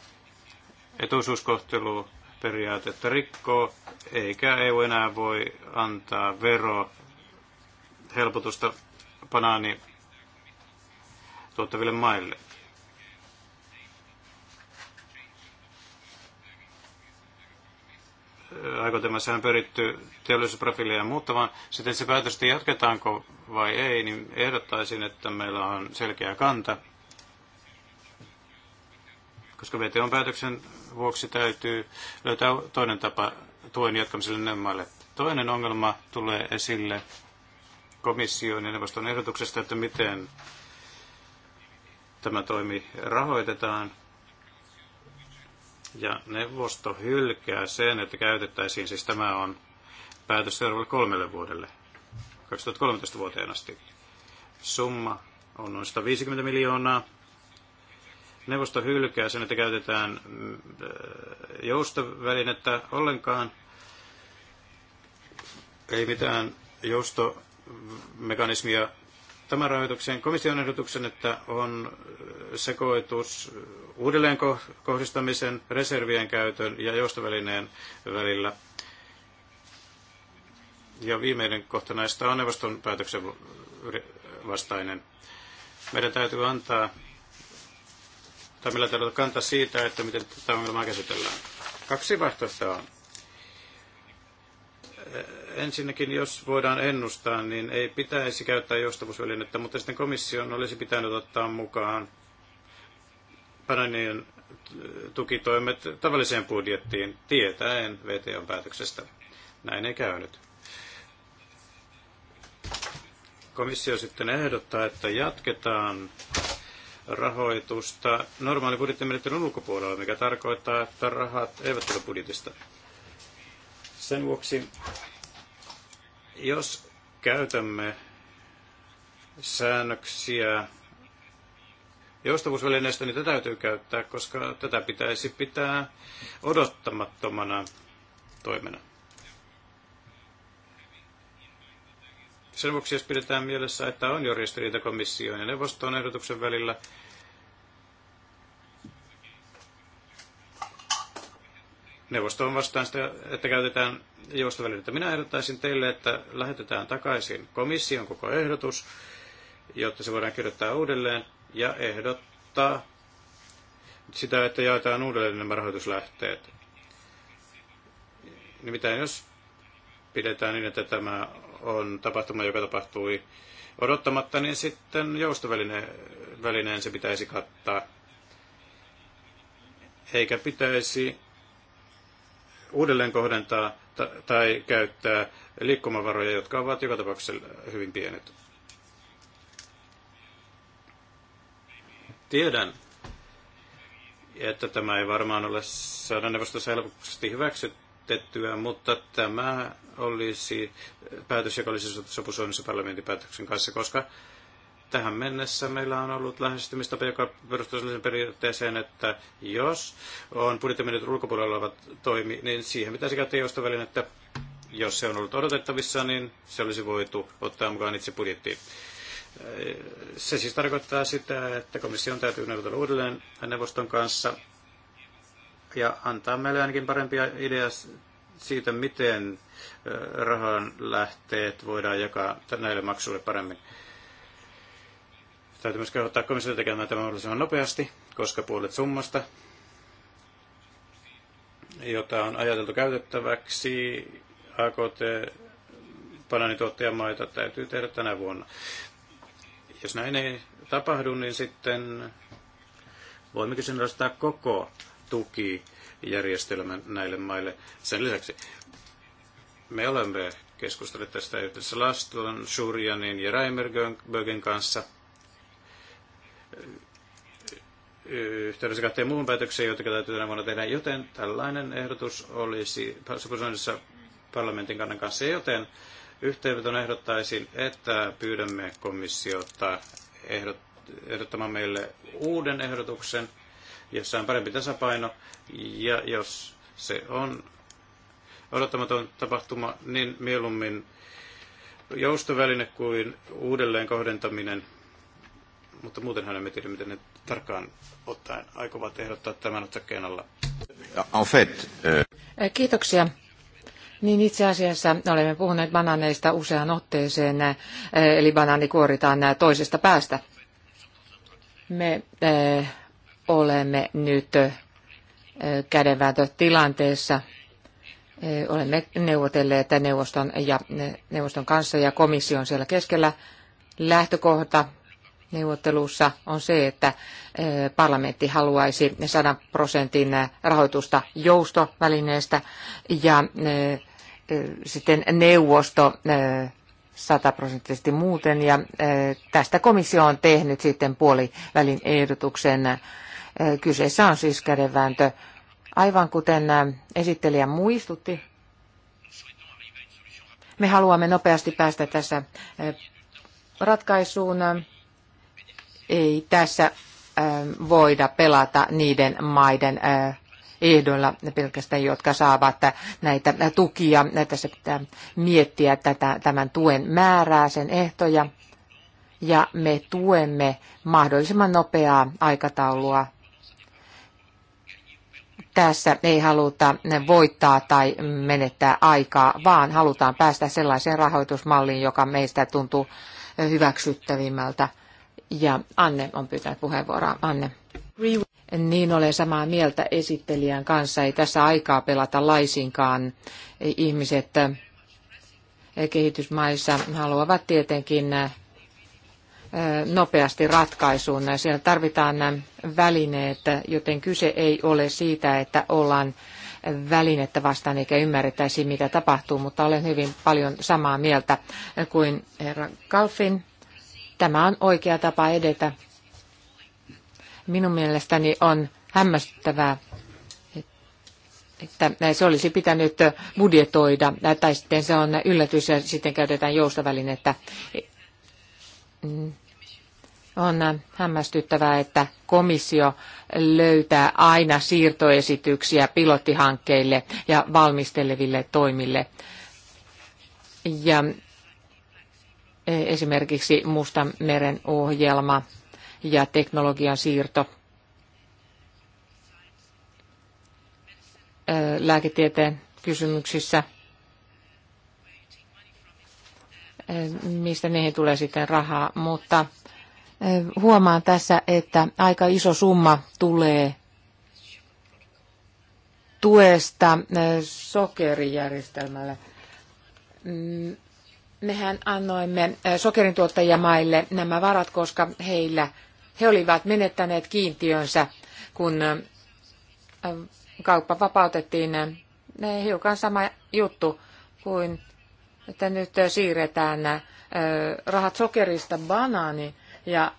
C: periaatetta rikkoo, eikä EU enää voi antaa vero helpotusta banaani tuottaville maille. on pyritty teollisuusprofiilia muuttamaan. Sitten se että jatketaanko vai ei, niin ehdottaisin, että meillä on selkeä kanta. Koska VTOn päätöksen vuoksi täytyy löytää toinen tapa tuen jatkamiselle nämmälle. Toinen ongelma tulee esille komission ja neuvoston ehdotuksesta, että miten tämä toimi rahoitetaan – ja neuvosto hylkää sen, että käytettäisiin, siis tämä on päätös seuraavalle kolmelle vuodelle, 2013 vuoteen asti. Summa on noin 150 miljoonaa. Neuvosto hylkää sen, että käytetään äh, joustovälinettä ollenkaan. Ei mitään joustomekanismia tämän rahoituksen komission ehdotuksen, että on äh, sekoitus äh, uudelleen kohdistamisen, reservien käytön ja joustovälineen välillä. Ja viimeinen kohta näistä on neuvoston päätöksen vastainen. Meidän täytyy antaa, tai meillä täytyy kantaa siitä, että miten tätä ongelmaa käsitellään. Kaksi vaihtoehtoa on äh, Ensinnäkin, jos voidaan ennustaa, niin ei pitäisi käyttää joustavuusvälinettä, mutta sitten komission olisi pitänyt ottaa mukaan Pananien tukitoimet tavalliseen budjettiin tietäen VTOn päätöksestä. Näin ei käynyt. Komissio sitten ehdottaa, että jatketaan rahoitusta normaali budjettimenettelyn ulkopuolella, mikä tarkoittaa, että rahat eivät tule budjetista. Sen vuoksi jos käytämme säännöksiä joustavuusvälineestä, niitä täytyy käyttää, koska tätä pitäisi pitää odottamattomana toimena. Sen vuoksi, jos pidetään mielessä, että on jo ristiriita komission ja neuvoston ehdotuksen välillä, neuvosto on vastaan sitä, että käytetään joustovälinettä. Minä ehdottaisin teille, että lähetetään takaisin komission koko ehdotus, jotta se voidaan kirjoittaa uudelleen ja ehdottaa sitä, että jaetaan uudelleen nämä rahoituslähteet. Nimittäin jos pidetään niin, että tämä on tapahtuma, joka tapahtui odottamatta, niin sitten joustovälineen se pitäisi kattaa. Eikä pitäisi uudelleen kohdentaa tai käyttää liikkumavaroja, jotka ovat joka tapauksessa hyvin pienet. Tiedän, että tämä ei varmaan ole saada neuvostossa helposti hyväksytettyä, mutta tämä olisi päätös, joka olisi sopusoinnissa parlamentin päätöksen kanssa, koska Tähän mennessä meillä on ollut lähestymistapa, joka perustuu sellaisen periaatteeseen, että jos on budjettimenetön ulkopuolella oleva toimi, niin siihen pitäisi käyttää että Jos se on ollut odotettavissa, niin se olisi voitu ottaa mukaan itse budjettiin. Se siis tarkoittaa sitä, että komission täytyy neuvotella uudelleen neuvoston kanssa ja antaa meille ainakin parempia ideoita siitä, miten rahan lähteet voidaan jakaa näille maksuille paremmin. Täytyy myös kehottaa komissiota tekemään tämä mahdollisimman nopeasti, koska puolet summasta, jota on ajateltu käytettäväksi AKT bananituottajamaita täytyy tehdä tänä vuonna. Jos näin ei tapahdu, niin sitten voimme kyseenalaistaa koko tukijärjestelmän näille maille. Sen lisäksi me olemme keskustelleet tästä yhdessä Laston, Shurjanin ja Reimer kanssa – yhteydessä kahteen muuhun päätökseen, joita täytyy tänä vuonna tehdä, joten tällainen ehdotus olisi sopusoinnissa parlamentin kannan kanssa, joten yhteenveton ehdottaisin, että pyydämme komissiota ehdot, ehdottamaan meille uuden ehdotuksen, jossa on parempi tasapaino, ja jos se on odottamaton tapahtuma, niin mieluummin joustoväline kuin uudelleen kohdentaminen, mutta muutenhan emme tiedä, miten ne tarkkaan ottaen aikovat ehdottaa tämän otsakkeen alla?
B: En fait, euh,
A: Kiitoksia. Niin itse asiassa olemme puhuneet banaaneista useaan otteeseen, eli banaani kuoritaan toisesta päästä. Me olemme nyt kädenvääntötilanteessa. Olemme neuvotelleet neuvoston, ja, neuvoston kanssa ja komission siellä keskellä lähtökohta neuvottelussa on se, että eh, parlamentti haluaisi 100 prosentin eh, rahoitusta joustovälineestä ja eh, sitten neuvosto sataprosenttisesti muuten. Ja tästä komissio on tehnyt sitten puolivälin ehdotuksen. Kyseessä on siis kädenvääntö. Aivan kuten esittelijä muistutti, me haluamme nopeasti päästä tässä ratkaisuun ei tässä voida pelata niiden maiden ehdoilla pelkästään, jotka saavat näitä tukia. Tässä pitää miettiä tätä, tämän tuen määrää, sen ehtoja. Ja me tuemme mahdollisimman nopeaa aikataulua. Tässä ei haluta voittaa tai menettää aikaa, vaan halutaan päästä sellaiseen rahoitusmalliin, joka meistä tuntuu hyväksyttävimmältä – ja Anne on pyytänyt puheenvuoroa. Anne. Niin olen samaa mieltä esittelijän kanssa. Ei tässä aikaa pelata laisinkaan. Ihmiset kehitysmaissa haluavat tietenkin nopeasti ratkaisuun. Siellä tarvitaan välineet, joten kyse ei ole siitä, että ollaan välinettä vastaan eikä ymmärrettäisi, mitä tapahtuu, mutta olen hyvin paljon samaa mieltä kuin herra Kalfin Tämä on oikea tapa edetä. Minun mielestäni on hämmästyttävää, että se olisi pitänyt budjetoida, tai sitten se on yllätys ja sitten käytetään joustavälinettä. On hämmästyttävää, että komissio löytää aina siirtoesityksiä pilottihankkeille ja valmisteleville toimille. Ja esimerkiksi Mustan meren ohjelma ja teknologian siirto lääketieteen kysymyksissä, mistä niihin tulee sitten rahaa, mutta huomaan tässä, että aika iso summa tulee tuesta sokerijärjestelmälle. Mm, mehän annoimme sokerintuottajamaille nämä varat, koska heillä, he olivat menettäneet kiintiönsä, kun kauppa vapautettiin. Hiukan sama juttu kuin, että nyt siirretään rahat sokerista banaani ja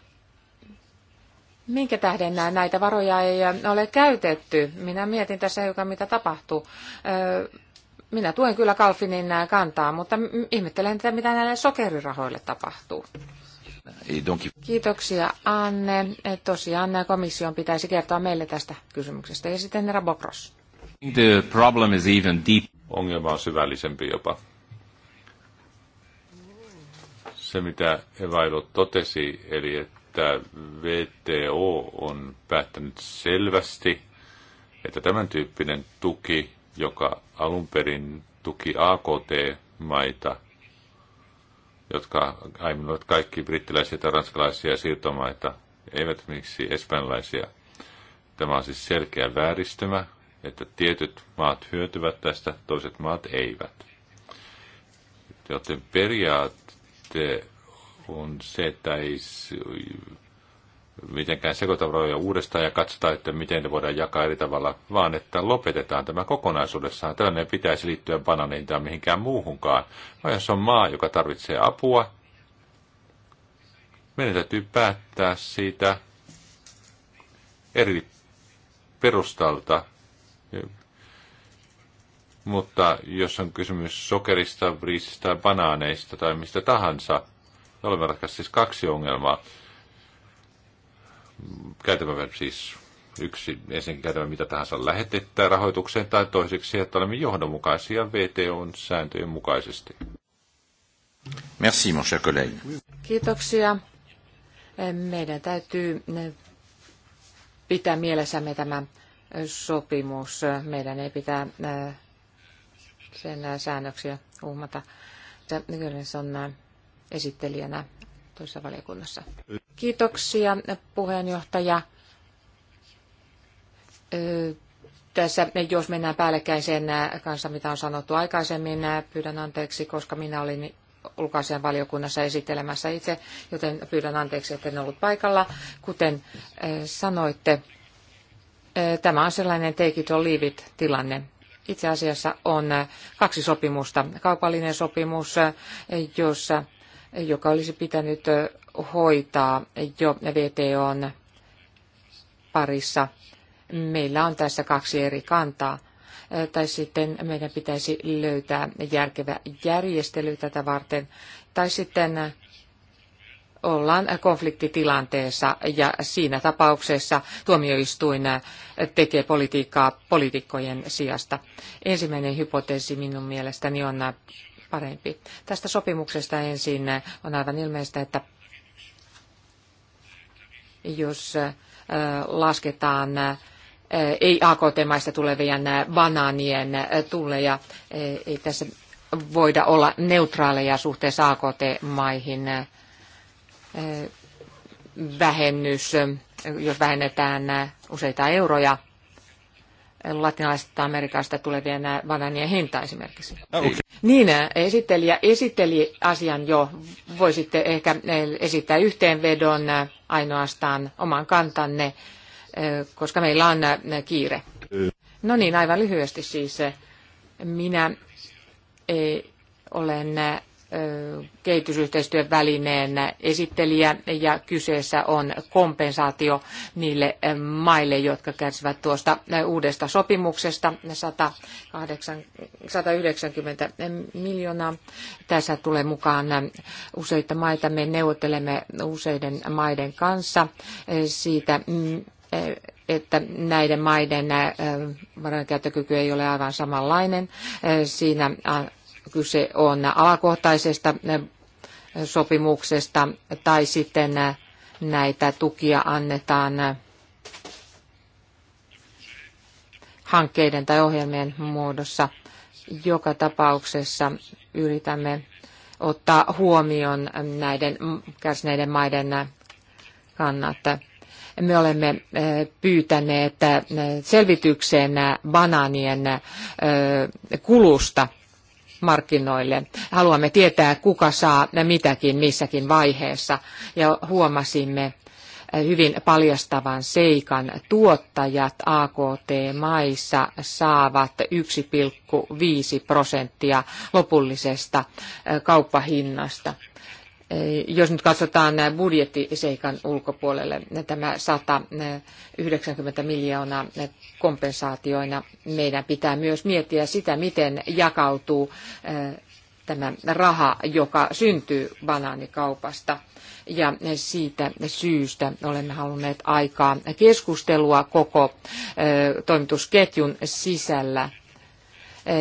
A: Minkä tähden näitä varoja ei ole käytetty? Minä mietin tässä hiukan, mitä tapahtuu minä tuen kyllä Kalfinin kantaa, mutta ihmettelen, että mitä näille sokerirahoille tapahtuu. Kiitoksia Anne. Tosiaan komission pitäisi kertoa meille tästä kysymyksestä. Ja sitten herra Bokros.
B: The problem is even deep. Ongelma on syvällisempi jopa. Se, mitä Evailo totesi, eli että VTO on päättänyt selvästi, että tämän tyyppinen tuki joka alun perin tuki AKT-maita, jotka aiemmin kaikki brittiläisiä tai ranskalaisia siirtomaita, eivät miksi espanjalaisia. Tämä on siis selkeä vääristymä, että tietyt maat hyötyvät tästä, toiset maat eivät. Joten periaatte on se, että ei mitenkään sekoitavaroja uudestaan ja katsotaan, että miten ne voidaan jakaa eri tavalla, vaan että lopetetaan tämä kokonaisuudessaan. Tällainen pitäisi liittyä bananeihin tai mihinkään muuhunkaan. Vai no, jos on maa, joka tarvitsee apua, meidän täytyy päättää siitä eri perustalta. Mutta jos on kysymys sokerista, riisistä, banaaneista tai mistä tahansa, olemme ratkaisseet siis kaksi ongelmaa käytävä siis yksi ensin käytävä mitä tahansa lähetettä rahoitukseen tai toiseksi, että olemme johdonmukaisia VTOn sääntöjen mukaisesti. Merci, mon cher collègue.
A: Kiitoksia. Meidän täytyy pitää mielessämme tämä sopimus. Meidän ei pitää äh, sen säännöksiä uhmata. Kyllä se on esittelijänä toisessa valiokunnassa. Kiitoksia puheenjohtaja. Tässä, jos mennään päällekkäiseen kanssa, mitä on sanottu aikaisemmin, pyydän anteeksi, koska minä olin ulkoasian valiokunnassa esittelemässä itse, joten pyydän anteeksi, että en ollut paikalla. Kuten sanoitte, tämä on sellainen take it or leave it tilanne. Itse asiassa on kaksi sopimusta. Kaupallinen sopimus, jossa joka olisi pitänyt hoitaa jo VTOn parissa. Meillä on tässä kaksi eri kantaa. Tai sitten meidän pitäisi löytää järkevä järjestely tätä varten. Tai sitten ollaan konfliktitilanteessa ja siinä tapauksessa tuomioistuin tekee politiikkaa poliitikkojen sijasta. Ensimmäinen hypoteesi minun mielestäni on parempi. Tästä sopimuksesta ensin on aivan ilmeistä, että jos lasketaan ei AKT-maista tulevien banaanien tulleja, e, ei tässä voida olla neutraaleja suhteessa AKT-maihin vähennys, jos vähennetään useita euroja latinalaisesta Amerikasta nämä bananien hinta esimerkiksi. Okay. Niin, esittelijä esitteli asian jo. Voisitte ehkä esittää yhteenvedon ainoastaan oman kantanne, koska meillä on kiire. No niin, aivan lyhyesti siis. Minä olen kehitysyhteistyön välineen esittelijä ja kyseessä on kompensaatio niille maille, jotka kärsivät tuosta uudesta sopimuksesta 190 miljoonaa. Tässä tulee mukaan useita maita. Me neuvottelemme useiden maiden kanssa siitä, mm, että näiden maiden varankäyttökyky ei ole aivan samanlainen. Siinä Kyse on alakohtaisesta sopimuksesta tai sitten näitä tukia annetaan hankkeiden tai ohjelmien muodossa. Joka tapauksessa yritämme ottaa huomioon näiden kärsineiden maiden kannat. Me olemme eh, pyytäneet eh, selvitykseen banaanien eh, kulusta markkinoille. Haluamme tietää, kuka saa mitäkin missäkin vaiheessa. Ja huomasimme eh, hyvin paljastavan seikan. Tuottajat AKT-maissa saavat 1,5 prosenttia lopullisesta eh, kauppahinnasta jos nyt katsotaan budjettiseikan ulkopuolelle, tämä 190 miljoonaa kompensaatioina, meidän pitää myös miettiä sitä, miten jakautuu tämä raha, joka syntyy banaanikaupasta. Ja siitä syystä olemme halunneet aikaa keskustelua koko toimitusketjun sisällä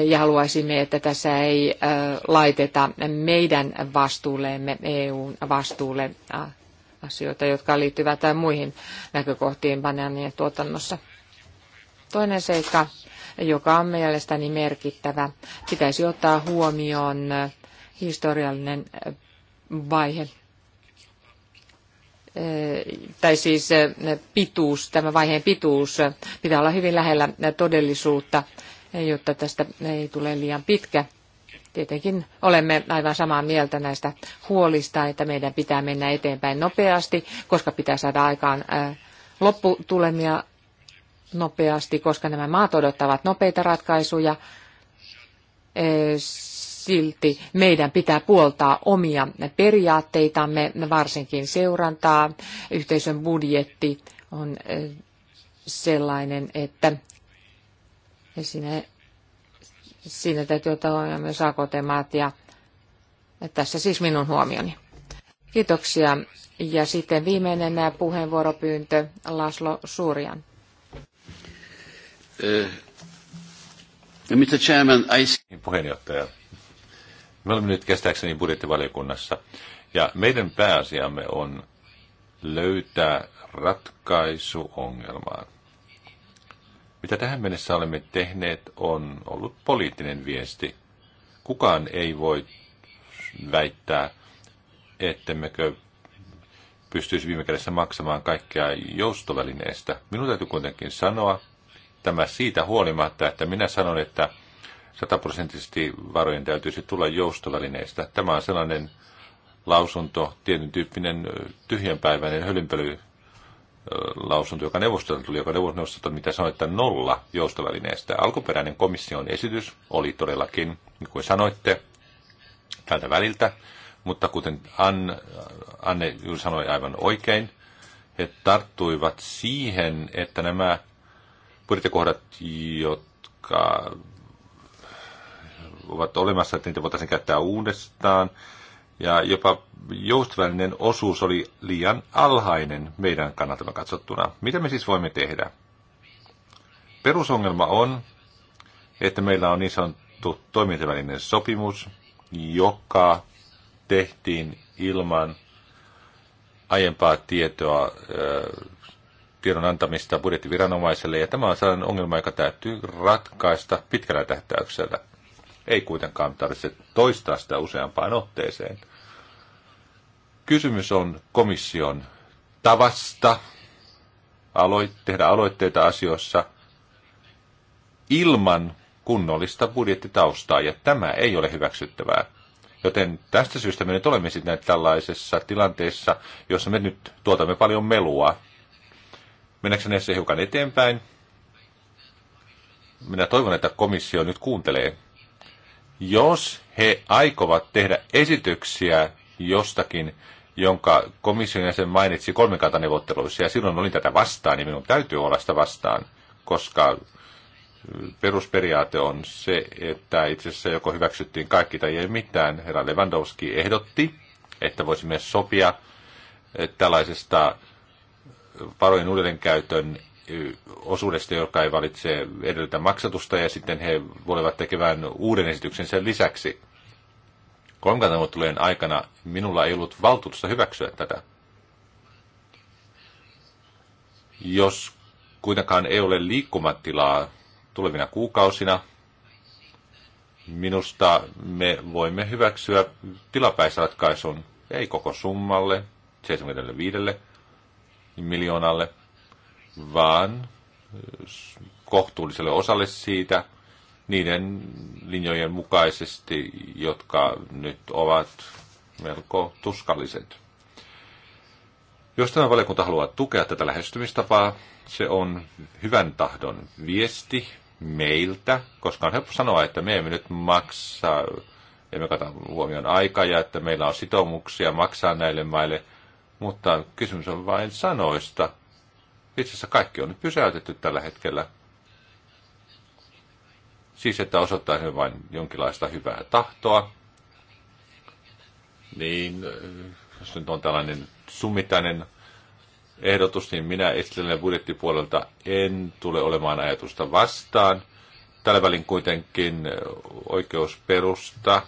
A: ja haluaisimme, että tässä ei laiteta meidän vastuullemme, EUn vastuulle asioita, jotka liittyvät muihin näkökohtiin banaanien tuotannossa. Toinen seikka, joka on mielestäni merkittävä, pitäisi ottaa huomioon historiallinen vaihe tai siis pituus, tämä vaiheen pituus pitää olla hyvin lähellä todellisuutta jotta tästä ei tule liian pitkä. Tietenkin olemme aivan samaa mieltä näistä huolista, että meidän pitää mennä eteenpäin nopeasti, koska pitää saada aikaan lopputulemia nopeasti, koska nämä maat odottavat nopeita ratkaisuja. Silti meidän pitää puoltaa omia periaatteitamme, varsinkin seurantaa. Yhteisön budjetti on sellainen, että ja siinä, siinä täytyy ottaa huomioon myös AKT-maat ja tässä siis minun huomioni. Kiitoksia. Ja sitten viimeinen puheenvuoropyyntö Laslo Suurian.
B: Mr. Chairman, I... Niin, puheenjohtaja, me olemme nyt kestääkseni budjettivaliokunnassa ja meidän pääasiamme on löytää ratkaisu ongelmaan. Mitä tähän mennessä olemme tehneet, on ollut poliittinen viesti. Kukaan ei voi väittää, ettemmekö pystyisi viime kädessä maksamaan kaikkea joustovälineestä. Minun täytyy kuitenkin sanoa tämä siitä huolimatta, että minä sanon, että sataprosenttisesti varojen täytyisi tulla joustovälineistä. Tämä on sellainen lausunto, tietyn tyyppinen tyhjänpäiväinen hölynpöly, lausunto, joka neuvostolta tuli, joka neuvostolta, mitä sanoi, että nolla joustovälineestä. Alkuperäinen komission esitys oli todellakin, niin kuin sanoitte, tältä väliltä, mutta kuten Anne, juuri sanoi aivan oikein, he tarttuivat siihen, että nämä budjettikohdat, jotka ovat olemassa, että niitä voitaisiin käyttää uudestaan, ja jopa joustavälinen osuus oli liian alhainen meidän kannaltamme katsottuna. Mitä me siis voimme tehdä? Perusongelma on, että meillä on niin sanottu toimintavälinen sopimus, joka tehtiin ilman aiempaa tietoa, tiedon antamista budjettiviranomaiselle, ja tämä on sellainen ongelma, joka täytyy ratkaista pitkällä tähtäyksellä. Ei kuitenkaan tarvitse toistaa sitä useampaan otteeseen – Kysymys on komission tavasta aloit- tehdä aloitteita asioissa ilman kunnollista budjettitaustaa, ja tämä ei ole hyväksyttävää. Joten tästä syystä me nyt olemme sitten tällaisessa tilanteessa, jossa me nyt tuotamme paljon melua. Mennäänkö näissä hiukan eteenpäin? Minä toivon, että komissio nyt kuuntelee. Jos he aikovat tehdä esityksiä, jostakin, jonka komission jäsen mainitsi kolmikantaneuvotteluissa, ja silloin olin tätä vastaan, niin minun täytyy olla sitä vastaan, koska perusperiaate on se, että itse asiassa joko hyväksyttiin kaikki tai ei mitään. Herra Lewandowski ehdotti, että voisimme sopia tällaisesta varojen uudelleenkäytön osuudesta, joka ei valitse edellytä maksatusta, ja sitten he voivat tekemään uuden esityksen sen lisäksi kolmikantaneuvottelujen aikana minulla ei ollut valtuutusta hyväksyä tätä. Jos kuitenkaan ei ole liikkumattilaa tulevina kuukausina, minusta me voimme hyväksyä tilapäisratkaisun, ei koko summalle, 75 miljoonalle, vaan kohtuulliselle osalle siitä – niiden linjojen mukaisesti, jotka nyt ovat melko tuskalliset. Jos tämä valiokunta haluaa tukea tätä lähestymistapaa, se on hyvän tahdon viesti meiltä, koska on helppo sanoa, että me emme nyt maksa, emme kata huomioon aikaa ja että meillä on sitoumuksia maksaa näille maille, mutta kysymys on vain sanoista. Itse asiassa kaikki on nyt pysäytetty tällä hetkellä. Siis, että osoittaisimme vain jonkinlaista hyvää tahtoa, niin äh, jos nyt on tällainen summittainen ehdotus, niin minä esitellen budjettipuolelta en tule olemaan ajatusta vastaan. Tällä välin kuitenkin oikeusperusta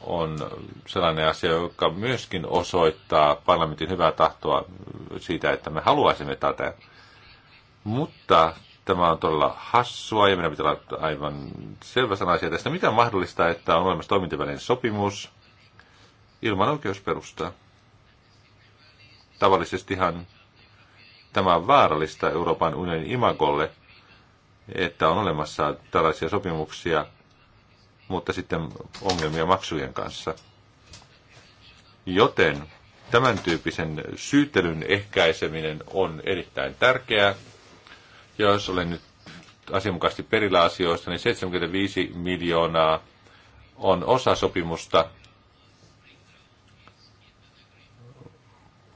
B: on sellainen asia, joka myöskin osoittaa parlamentin hyvää tahtoa siitä, että me haluaisimme tätä. Mutta Tämä on todella hassua ja meidän pitää olla aivan asia tästä. Mitä on mahdollista, että on olemassa toimintavälinen sopimus ilman oikeusperustaa? Tavallisestihan tämä on vaarallista Euroopan unionin imagolle, että on olemassa tällaisia sopimuksia, mutta sitten ongelmia maksujen kanssa. Joten tämän tyyppisen syyttelyn ehkäiseminen on erittäin tärkeää, ja jos olen nyt asianmukaisesti perillä asioista, niin 75 miljoonaa on osa sopimusta.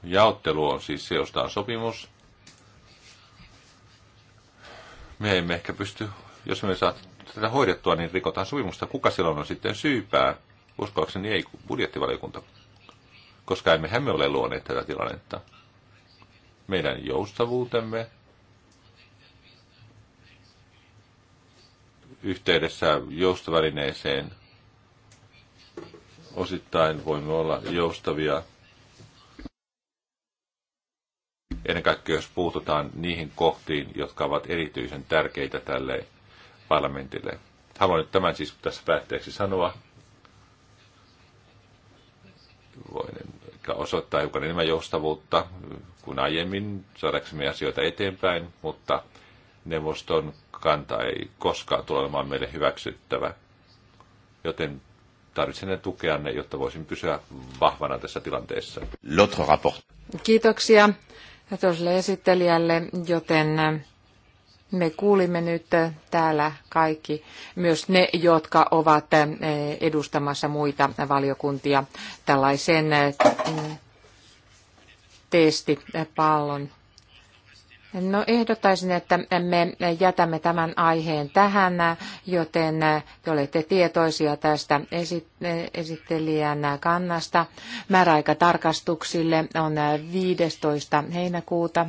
B: Jaottelu on siis se, josta on sopimus. Me emme ehkä pysty, jos me saa tätä hoidettua, niin rikotaan sopimusta. Kuka silloin on sitten syypää? Uskoakseni ei, budjettivaliokunta. Koska emme me ole luoneet tätä tilannetta. Meidän joustavuutemme yhteydessä joustovälineeseen. Osittain voimme olla joustavia ennen kaikkea jos puututaan niihin kohtiin, jotka ovat erityisen tärkeitä tälle parlamentille. Haluan nyt tämän siis tässä päätteeksi sanoa. Voin osoittaa hiukan enemmän joustavuutta kuin aiemmin, saadaksemme asioita eteenpäin, mutta neuvoston kanta ei koskaan tule olemaan meille hyväksyttävä. Joten tarvitsemme tukeanne, jotta voisin pysyä vahvana tässä tilanteessa.
A: Kiitoksia tuolle esittelijälle, joten äh, me kuulimme nyt äh, täällä kaikki, myös ne, jotka ovat äh, edustamassa muita valiokuntia tällaisen mm, testipallon No ehdottaisin, että me jätämme tämän aiheen tähän, joten te olette tietoisia tästä esittelijän kannasta. Määräaika tarkastuksille on 15. heinäkuuta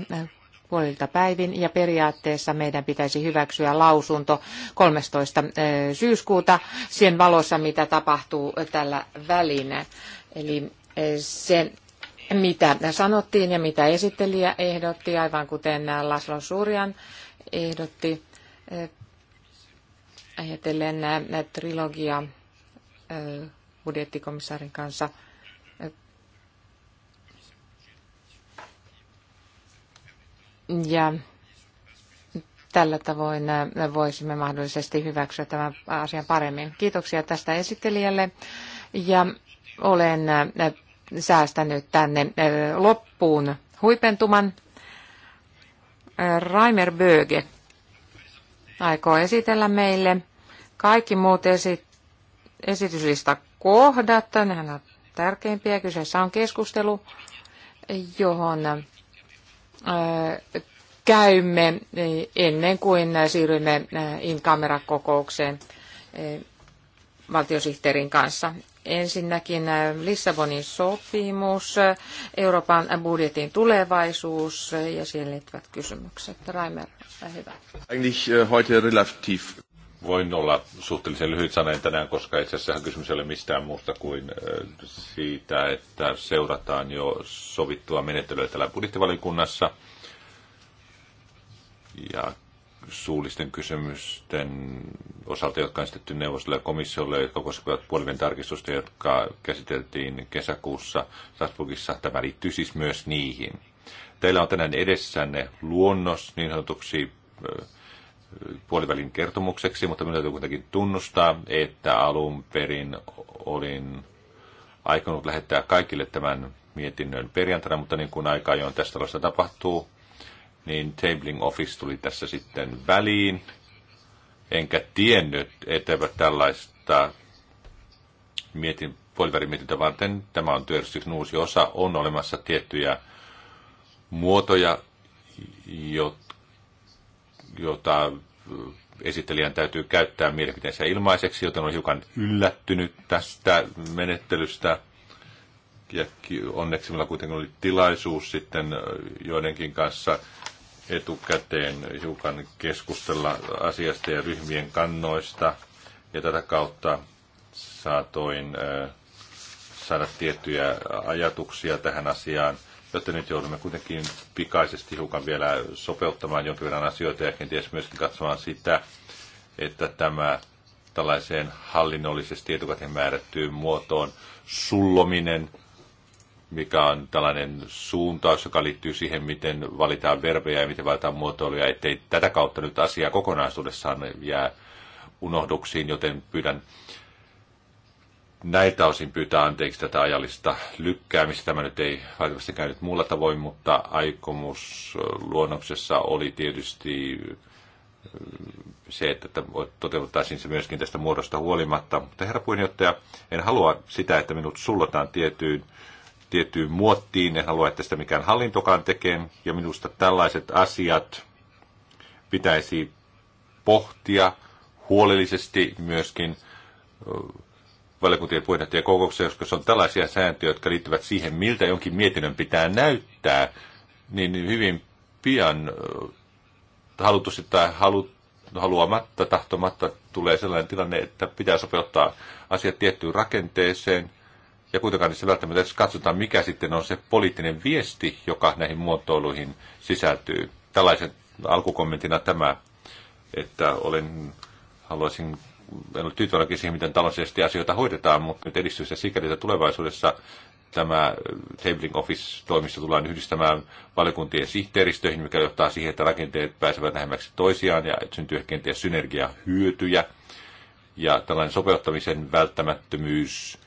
A: puolilta päivin ja periaatteessa meidän pitäisi hyväksyä lausunto 13. syyskuuta sen valossa, mitä tapahtuu tällä välinä. Eli se mitä sanottiin ja mitä esittelijä ehdotti, aivan kuten Laslo Surjan ehdotti eh, ajatellen näitä eh, trilogia eh, budjettikomissaarin kanssa. Ja tällä tavoin voisimme mahdollisesti hyväksyä tämän asian paremmin. Kiitoksia tästä esittelijälle ja olen säästänyt tänne loppuun huipentuman. Raimer Böge aikoo esitellä meille kaikki muut esi- esityslista kohdat. Nehän on tärkeimpiä. Kyseessä on keskustelu, johon käymme ennen kuin siirrymme in kamerakokoukseen kokoukseen valtiosihteerin kanssa. Ensinnäkin äh, Lissabonin sopimus, äh, Euroopan budjetin tulevaisuus äh, ja siihen liittyvät kysymykset. Raimer, hyvä.
B: voin olla suhteellisen lyhyt sanoen tänään, koska itse asiassa kysymys ei ole mistään muusta kuin siitä, että seurataan jo sovittua menettelyä täällä budjettivaliokunnassa. Ja suullisten kysymysten osalta, jotka on esitetty neuvostolle ja komissiolle, jotka koskevat puolivien tarkistusta, jotka käsiteltiin kesäkuussa Strasbourgissa. Tämä liittyy siis myös niihin. Teillä on tänään edessänne luonnos niin sanotuksi puolivälin kertomukseksi, mutta minun täytyy kuitenkin tunnustaa, että alun perin olin aikonut lähettää kaikille tämän mietinnön perjantaina, mutta niin kuin aika ajoin tästä talosta tapahtuu, niin Tabling Office tuli tässä sitten väliin. Enkä tiennyt, että tällaista mietin, puolivälimietintö varten, tämä on työjärjestyksen uusi osa, on olemassa tiettyjä muotoja, joita esittelijän täytyy käyttää mielipiteensä ilmaiseksi, joten olen hiukan yllättynyt tästä menettelystä. Ja onneksi meillä kuitenkin oli tilaisuus sitten joidenkin kanssa etukäteen hiukan keskustella asiasta ja ryhmien kannoista. Ja tätä kautta saatoin saada tiettyjä ajatuksia tähän asiaan, joten nyt joudumme kuitenkin pikaisesti hiukan vielä sopeuttamaan jonkin verran asioita ja kenties myöskin katsomaan sitä, että tämä tällaiseen hallinnollisesti etukäteen määrättyyn muotoon sullominen – mikä on tällainen suuntaus, joka liittyy siihen, miten valitaan verbejä ja miten valitaan muotoiluja, ettei tätä kautta nyt asiaa kokonaisuudessaan jää unohduksiin, joten pyydän näiltä osin pyytää anteeksi tätä ajallista lykkäämistä. Tämä nyt ei valitettavasti käynyt muulla tavoin, mutta aikomus luonnoksessa oli tietysti se, että toteutettaisiin se myöskin tästä muodosta huolimatta. Mutta herra puheenjohtaja, en halua sitä, että minut sullotaan tietyyn tiettyyn muottiin. En halua, että sitä mikään hallintokaan tekee. Ja minusta tällaiset asiat pitäisi pohtia huolellisesti myöskin valiokuntien puheenjohtajien kokouksessa, koska se on tällaisia sääntöjä, jotka liittyvät siihen, miltä jonkin mietinnön pitää näyttää, niin hyvin pian halutusti tai halut, haluamatta, tahtomatta tulee sellainen tilanne, että pitää sopeuttaa asiat tiettyyn rakenteeseen, ja kuitenkaan niissä välttämättä edes katsotaan, mikä sitten on se poliittinen viesti, joka näihin muotoiluihin sisältyy. Tällaisen alkukommentina tämä, että olen, haluaisin, en ole tyytyväinenkin siihen, miten taloudellisesti asioita hoidetaan, mutta nyt ja sikäli, että tulevaisuudessa tämä eh, Tabling Office-toimisto tullaan yhdistämään valiokuntien sihteeristöihin, mikä johtaa siihen, että rakenteet pääsevät lähemmäksi toisiaan ja syntyy kenties synergiahyötyjä. Ja tällainen sopeuttamisen välttämättömyys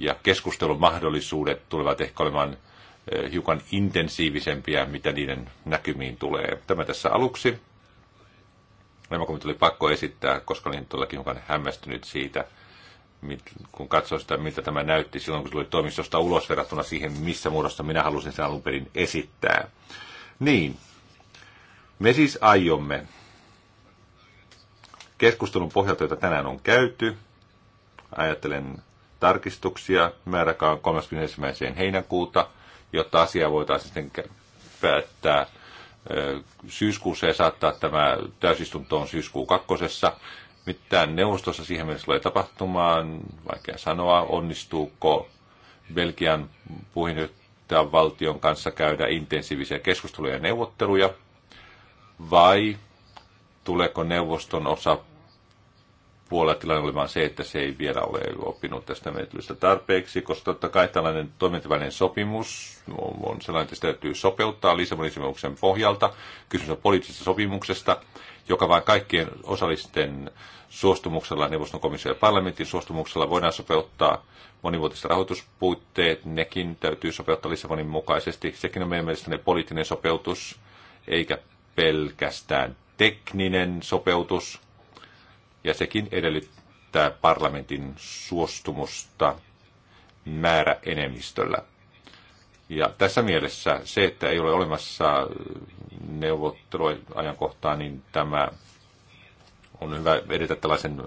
B: ja keskustelun mahdollisuudet tulevat ehkä olemaan eh, hiukan intensiivisempiä, mitä niiden näkymiin tulee. Tämä tässä aluksi. Nämä kommentit oli pakko esittää, koska olin todellakin hiukan hämmästynyt siitä, kun katsoin sitä, miltä tämä näytti silloin, kun se tuli toimistosta ulos verrattuna siihen, missä muodossa minä halusin sen alun perin esittää. Niin, me siis aiomme keskustelun pohjalta, jota tänään on käyty, ajattelen tarkistuksia. Määräkä on 31. heinäkuuta, jotta asia voitaisiin sitten päättää syyskuussa ja saattaa tämä täysistunto on syyskuun kakkosessa. Mitään neuvostossa siihen mennessä tulee tapahtumaan, vaikea sanoa, onnistuuko Belgian puheenjohtajan valtion kanssa käydä intensiivisiä keskusteluja ja neuvotteluja, vai tuleeko neuvoston osa puolella tilanne oli vain se, että se ei vielä ole oppinut tästä menettelystä tarpeeksi, koska totta kai tällainen toimintavälinen sopimus on sellainen, että sitä täytyy sopeuttaa Lissabonin sopimuksen pohjalta. Kysymys on poliittisesta sopimuksesta, joka vain kaikkien osallisten suostumuksella, neuvoston komission ja parlamentin suostumuksella voidaan sopeuttaa monivuotiset rahoituspuitteet. Nekin täytyy sopeuttaa Lissabonin mukaisesti. Sekin on meidän mielestäni poliittinen sopeutus, eikä pelkästään tekninen sopeutus, ja sekin edellyttää parlamentin suostumusta määräenemmistöllä. Ja tässä mielessä se, että ei ole olemassa neuvotteluajankohtaa, niin tämä on hyvä edetä tällaisen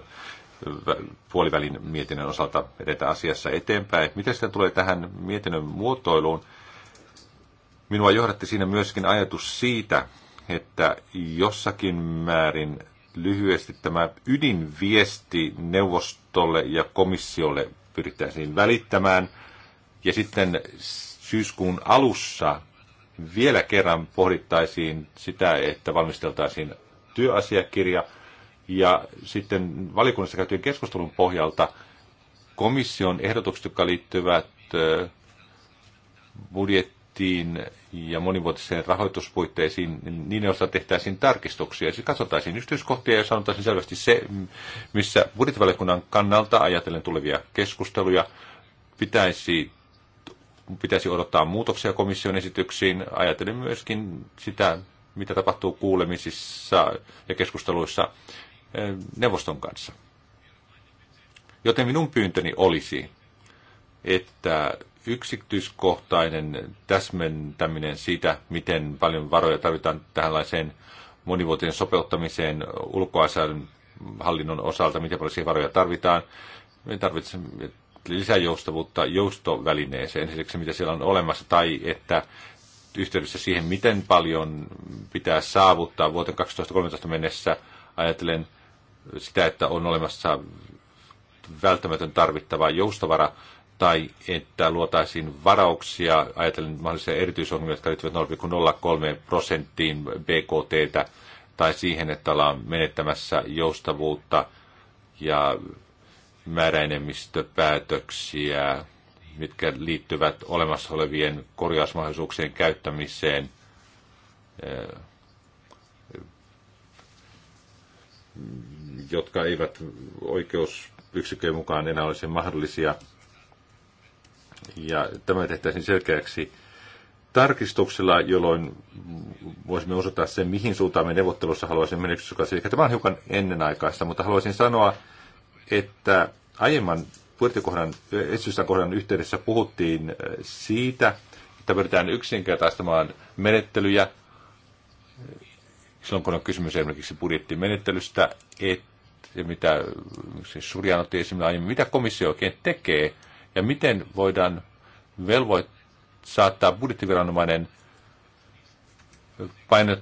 B: puolivälin mietinnön osalta edetä asiassa eteenpäin. Miten sitä tulee tähän mietinnön muotoiluun? Minua johdatti siinä myöskin ajatus siitä, että jossakin määrin lyhyesti tämä ydinviesti neuvostolle ja komissiolle pyrittäisiin välittämään. Ja sitten syyskuun alussa vielä kerran pohdittaisiin sitä, että valmisteltaisiin työasiakirja. Ja sitten valikunnassa käytyjen keskustelun pohjalta komission ehdotukset, jotka liittyvät budjettiin, budjettiin ja monivuotiseen rahoituspuitteisiin, niin osa tehtäisiin tarkistuksia. Siis katsotaisiin yksityiskohtia ja sanotaisiin selvästi se, missä budjettivaliokunnan kannalta ajatellen tulevia keskusteluja pitäisi pitäisi odottaa muutoksia komission esityksiin. ajatellen myöskin sitä, mitä tapahtuu kuulemisissa ja keskusteluissa eh, neuvoston kanssa. Joten minun pyyntöni olisi, että yksityiskohtainen täsmentäminen siitä, miten paljon varoja tarvitaan tällaiseen monivuotisen sopeuttamiseen ulkoasian hallinnon osalta, miten paljon varoja tarvitaan. Me tarvitsemme lisäjoustavuutta joustovälineeseen, ensiksi mitä siellä on olemassa, tai että yhteydessä siihen, miten paljon pitää saavuttaa vuoteen 2013 mennessä, ajatellen sitä, että on olemassa välttämätön tarvittava joustavara tai että luotaisiin varauksia, ajatellen mahdollisia erityisongelmia, jotka liittyvät 0,03 prosenttiin BKT, tai siihen, että ollaan menettämässä joustavuutta ja määräenemmistöpäätöksiä, mitkä liittyvät olemassa olevien korjausmahdollisuuksien käyttämiseen. jotka eivät oikeusyksikön mukaan enää olisi mahdollisia ja tämä tehtäisiin selkeäksi tarkistuksella jolloin voisimme osoittaa sen, mihin suuntaan me neuvottelussa haluaisimme menestyksessä. Siis Eli tämä on hiukan ennenaikaista, mutta haluaisin sanoa, että aiemman budjettikohdan, esitysten kohdan yhteydessä puhuttiin äh, siitä, että pyritään yksinkertaistamaan menettelyjä, silloin kun on kysymys esimerkiksi budjettimenettelystä, että mitä siis Surjan otti esimerkiksi aiemmin, mitä komissio oikein tekee – ja miten voidaan velvoit saattaa budjettiviranomainen paine,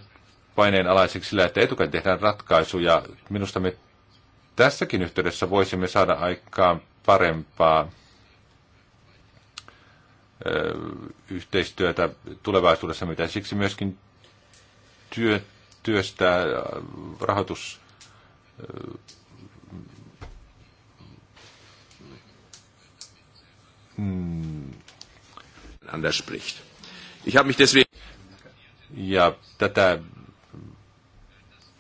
B: paineen alaiseksi sillä, että etukäteen tehdään ratkaisuja. Minusta me tässäkin yhteydessä voisimme saada aikaan parempaa ö, yhteistyötä tulevaisuudessa, mitä siksi myöskin työ, työstää rahoitus mm. spricht. Ich habe mich deswegen... Ja tätä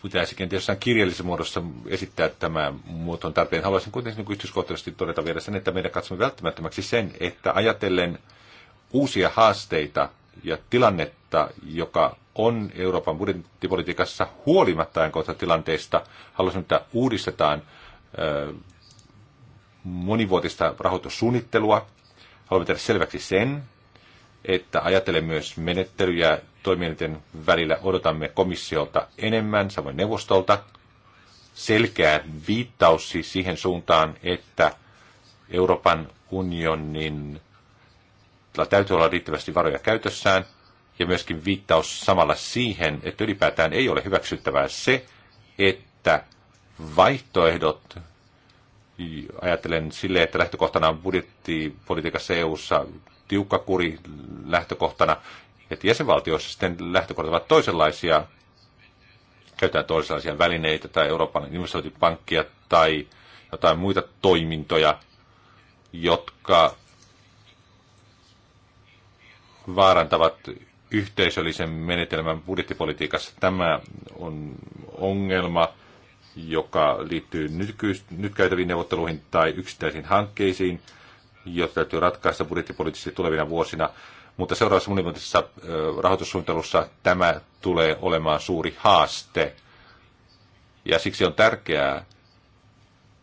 B: pitäisi kenties jossain kirjallisessa muodossa esittää tämä muoton tarpeen. Haluaisin kuitenkin niin yksityiskohtaisesti todeta vielä sen, että meidän katsomme välttämättömäksi sen, että ajatellen uusia haasteita ja tilannetta, joka on Euroopan budjettipolitiikassa huolimatta ajankohta tilanteesta, haluaisin, että uudistetaan monivuotista rahoitussuunnittelua, Haluamme tehdä selväksi sen, että ajattelen myös menettelyjä toimielinten välillä. Odotamme komissiolta enemmän, samoin neuvostolta. Selkeä viittaus siis siihen suuntaan, että Euroopan unionin täytyy olla riittävästi varoja käytössään, ja myöskin viittaus samalla siihen, että ylipäätään ei ole hyväksyttävää se, että vaihtoehdot ajattelen sille, että lähtökohtana on budjettipolitiikassa EU-ssa tiukka kuri lähtökohtana, että jäsenvaltioissa sitten lähtökohdat ovat toisenlaisia, käytetään toisenlaisia välineitä tai Euroopan investointipankkia tai jotain muita toimintoja, jotka vaarantavat yhteisöllisen menetelmän budjettipolitiikassa. Tämä on ongelma joka liittyy nyky, nyt käytäviin neuvotteluihin tai yksittäisiin hankkeisiin, jotka täytyy ratkaista budjettipoliittisesti tulevina vuosina. Mutta seuraavassa monimuotoisessa rahoitussuunnittelussa tämä tulee olemaan suuri haaste. Ja siksi on tärkeää,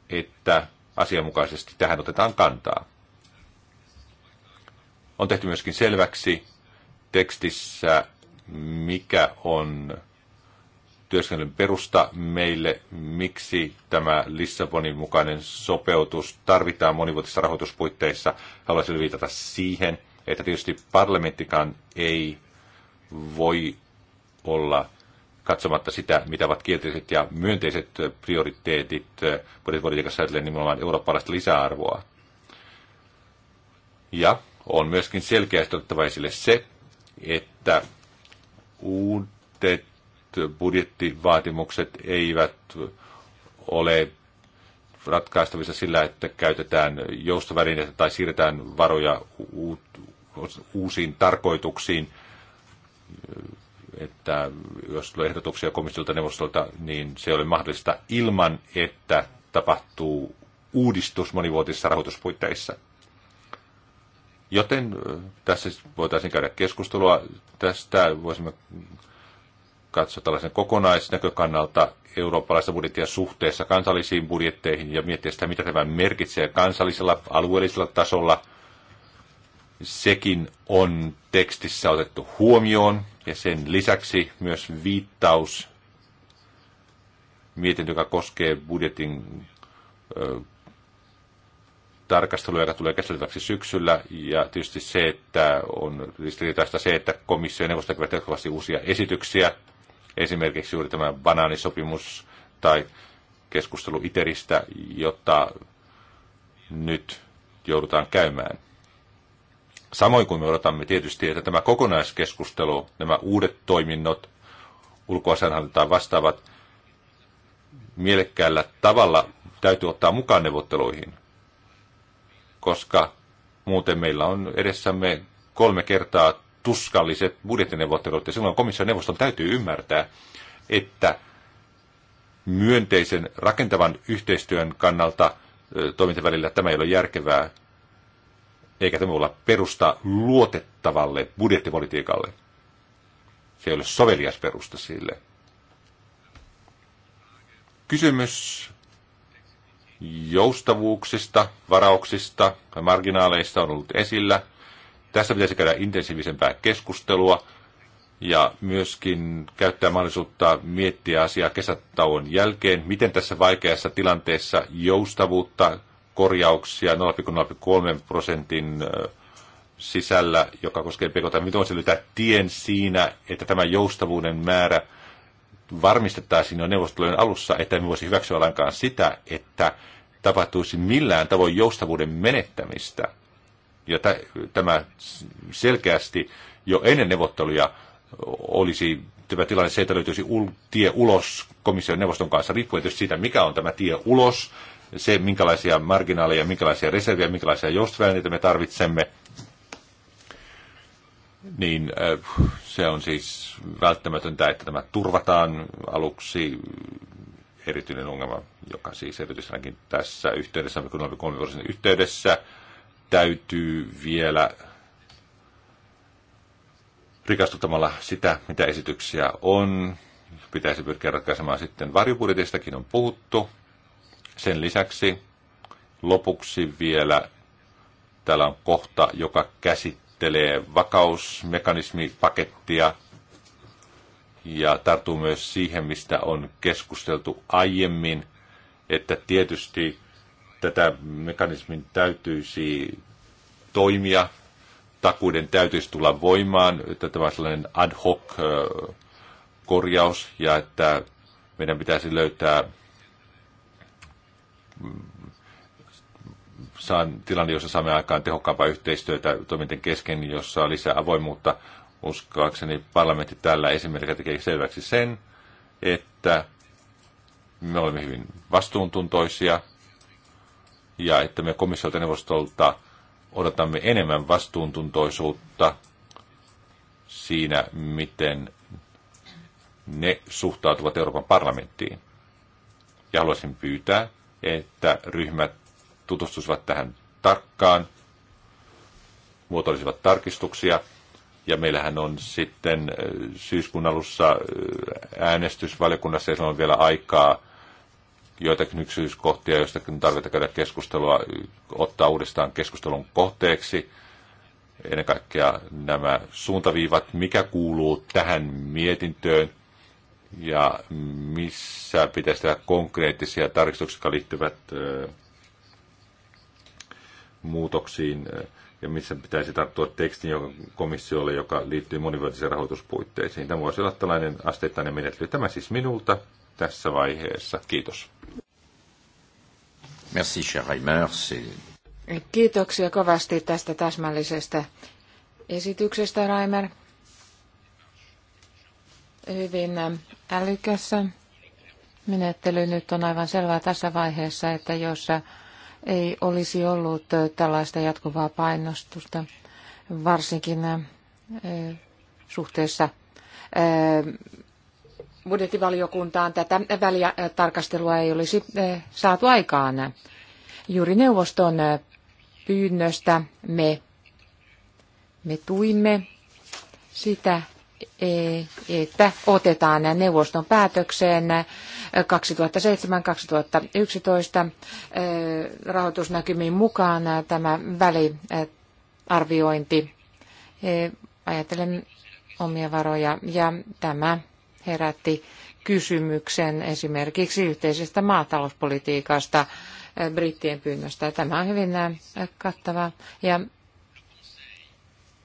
B: että asianmukaisesti tähän otetaan kantaa. On tehty myöskin selväksi tekstissä, mikä on työskennellyn perusta meille, miksi tämä Lissabonin mukainen sopeutus tarvitaan monivuotisissa rahoituspuitteissa. Haluaisin viitata siihen, että tietysti parlamenttikaan ei voi olla katsomatta sitä, mitä ovat kielteiset ja myönteiset prioriteetit budjettipolitiikassa ajatellen nimenomaan eurooppalaista lisäarvoa. Ja on myöskin selkeästi otettava esille se, että uudet budjettivaatimukset eivät ole ratkaistavissa sillä, että käytetään joustovälineitä tai siirretään varoja uusiin tarkoituksiin. Että jos tulee ehdotuksia komissiolta neuvostolta, niin se ei ole mahdollista ilman, että tapahtuu uudistus monivuotisissa rahoituspuitteissa. Joten äh, tässä voitaisiin käydä keskustelua tästä. Voisimme katso tällaisen kokonaisnäkökannalta eurooppalaista budjettia suhteessa kansallisiin budjetteihin ja miettiä sitä, mitä tämä merkitsee kansallisella, alueellisella tasolla. Sekin on tekstissä otettu huomioon ja sen lisäksi myös viittaus mietintö, joka koskee budjetin ö, tarkastelua, joka tulee käsiteltäväksi syksyllä. Ja tietysti se, että on ristiriitaista se, että komissio ja neuvosto tekevät jatkuvasti uusia esityksiä – esimerkiksi juuri tämä banaanisopimus tai keskustelu ITERistä, jotta nyt joudutaan käymään. Samoin kuin me odotamme tietysti, että tämä kokonaiskeskustelu, nämä uudet toiminnot, ulkoasianhallintaan vastaavat, mielekkäällä tavalla täytyy ottaa mukaan neuvotteluihin, koska muuten meillä on edessämme kolme kertaa tuskalliset budjettineuvottelut. Ja silloin komission neuvoston täytyy ymmärtää, että myönteisen rakentavan yhteistyön kannalta toimintavälillä tämä ei ole järkevää, eikä tämä olla perusta luotettavalle budjettipolitiikalle. Se ei ole sovelias perusta sille. Kysymys joustavuuksista, varauksista ja marginaaleista on ollut esillä – Tästä pitäisi käydä intensiivisempää keskustelua ja myöskin käyttää mahdollisuutta miettiä asiaa kesätauon jälkeen, miten tässä vaikeassa tilanteessa joustavuutta, korjauksia 0,03 prosentin sisällä, joka koskee pekota, miten on löytää tien siinä, että tämä joustavuuden määrä varmistettaisiin jo neuvottelujen alussa, että emme voisi hyväksyä lainkaan sitä, että tapahtuisi millään tavoin joustavuuden menettämistä – ja tämä selkeästi jo ennen neuvotteluja olisi tämä tilanne se, että löytyisi ul, tie ulos komission neuvoston kanssa, riippuen tietysti siitä, mikä on tämä tie ulos, se, minkälaisia marginaaleja, minkälaisia reserviä, minkälaisia joustovälineitä me tarvitsemme, niin äh, se on siis välttämätöntä, että tämä turvataan aluksi. Erityinen ongelma, joka siis erityisesti tässä yhteydessä, kun olemme kolmivuotisen yhteydessä, täytyy vielä rikastuttamalla sitä, mitä esityksiä on. Pitäisi pyrkiä ratkaisemaan sitten varjobudjetistakin on puhuttu. Sen lisäksi lopuksi vielä täällä on kohta, joka käsittelee vakausmekanismipakettia ja tarttuu myös siihen, mistä on keskusteltu aiemmin, että tietysti tätä mekanismin täytyisi toimia, takuuden täytyisi tulla voimaan, että tämä on sellainen ad hoc korjaus ja että meidän pitäisi löytää mm, saan tilanne, jossa saamme aikaan tehokkaampaa yhteistyötä toiminten kesken, jossa on lisää avoimuutta. Uskoakseni parlamentti tällä esimerkiksi tekee selväksi sen, että me olemme hyvin vastuuntuntoisia – ja että me komissiolta neuvostolta odotamme enemmän vastuuntuntoisuutta siinä, miten ne suhtautuvat Euroopan parlamenttiin. Ja haluaisin pyytää, että ryhmät tutustuisivat tähän tarkkaan, muotoilisivat tarkistuksia, ja meillähän on sitten syyskuun alussa äänestysvaliokunnassa, ja on vielä aikaa joitakin yksityiskohtia, joista tarvitaan käydä keskustelua, ottaa uudestaan keskustelun kohteeksi. Ennen kaikkea nämä suuntaviivat, mikä kuuluu tähän mietintöön ja missä pitäisi tehdä konkreettisia tarkistuksia, jotka liittyvät muutoksiin ja missä pitäisi tarttua tekstin joka komissiolle, joka liittyy monivuotisiin rahoituspuitteisiin. Tämä voisi olla tällainen asteittainen menettely. Tämä siis minulta tässä vaiheessa. Kiitos. Merci, cher merci.
A: Kiitoksia kovasti tästä täsmällisestä esityksestä, Raimer. Hyvin äh, älykäs menettely. Nyt on aivan selvää tässä vaiheessa, että jos ei olisi ollut äh, tällaista jatkuvaa painostusta, varsinkin äh, suhteessa budjettivaliokuntaan tätä välitarkastelua eh, ei olisi eh, saatu aikaan. Juuri neuvoston eh, pyynnöstä me, me tuimme sitä, e, että otetaan neuvoston päätökseen 2007-2011 rahoitusnäkymiin mukaan tämä väliarviointi. Ajattelen omia varoja ja tämä herätti kysymyksen esimerkiksi yhteisestä maatalouspolitiikasta eh, brittien pyynnöstä. Tämä on hyvin eh, kattava. Ja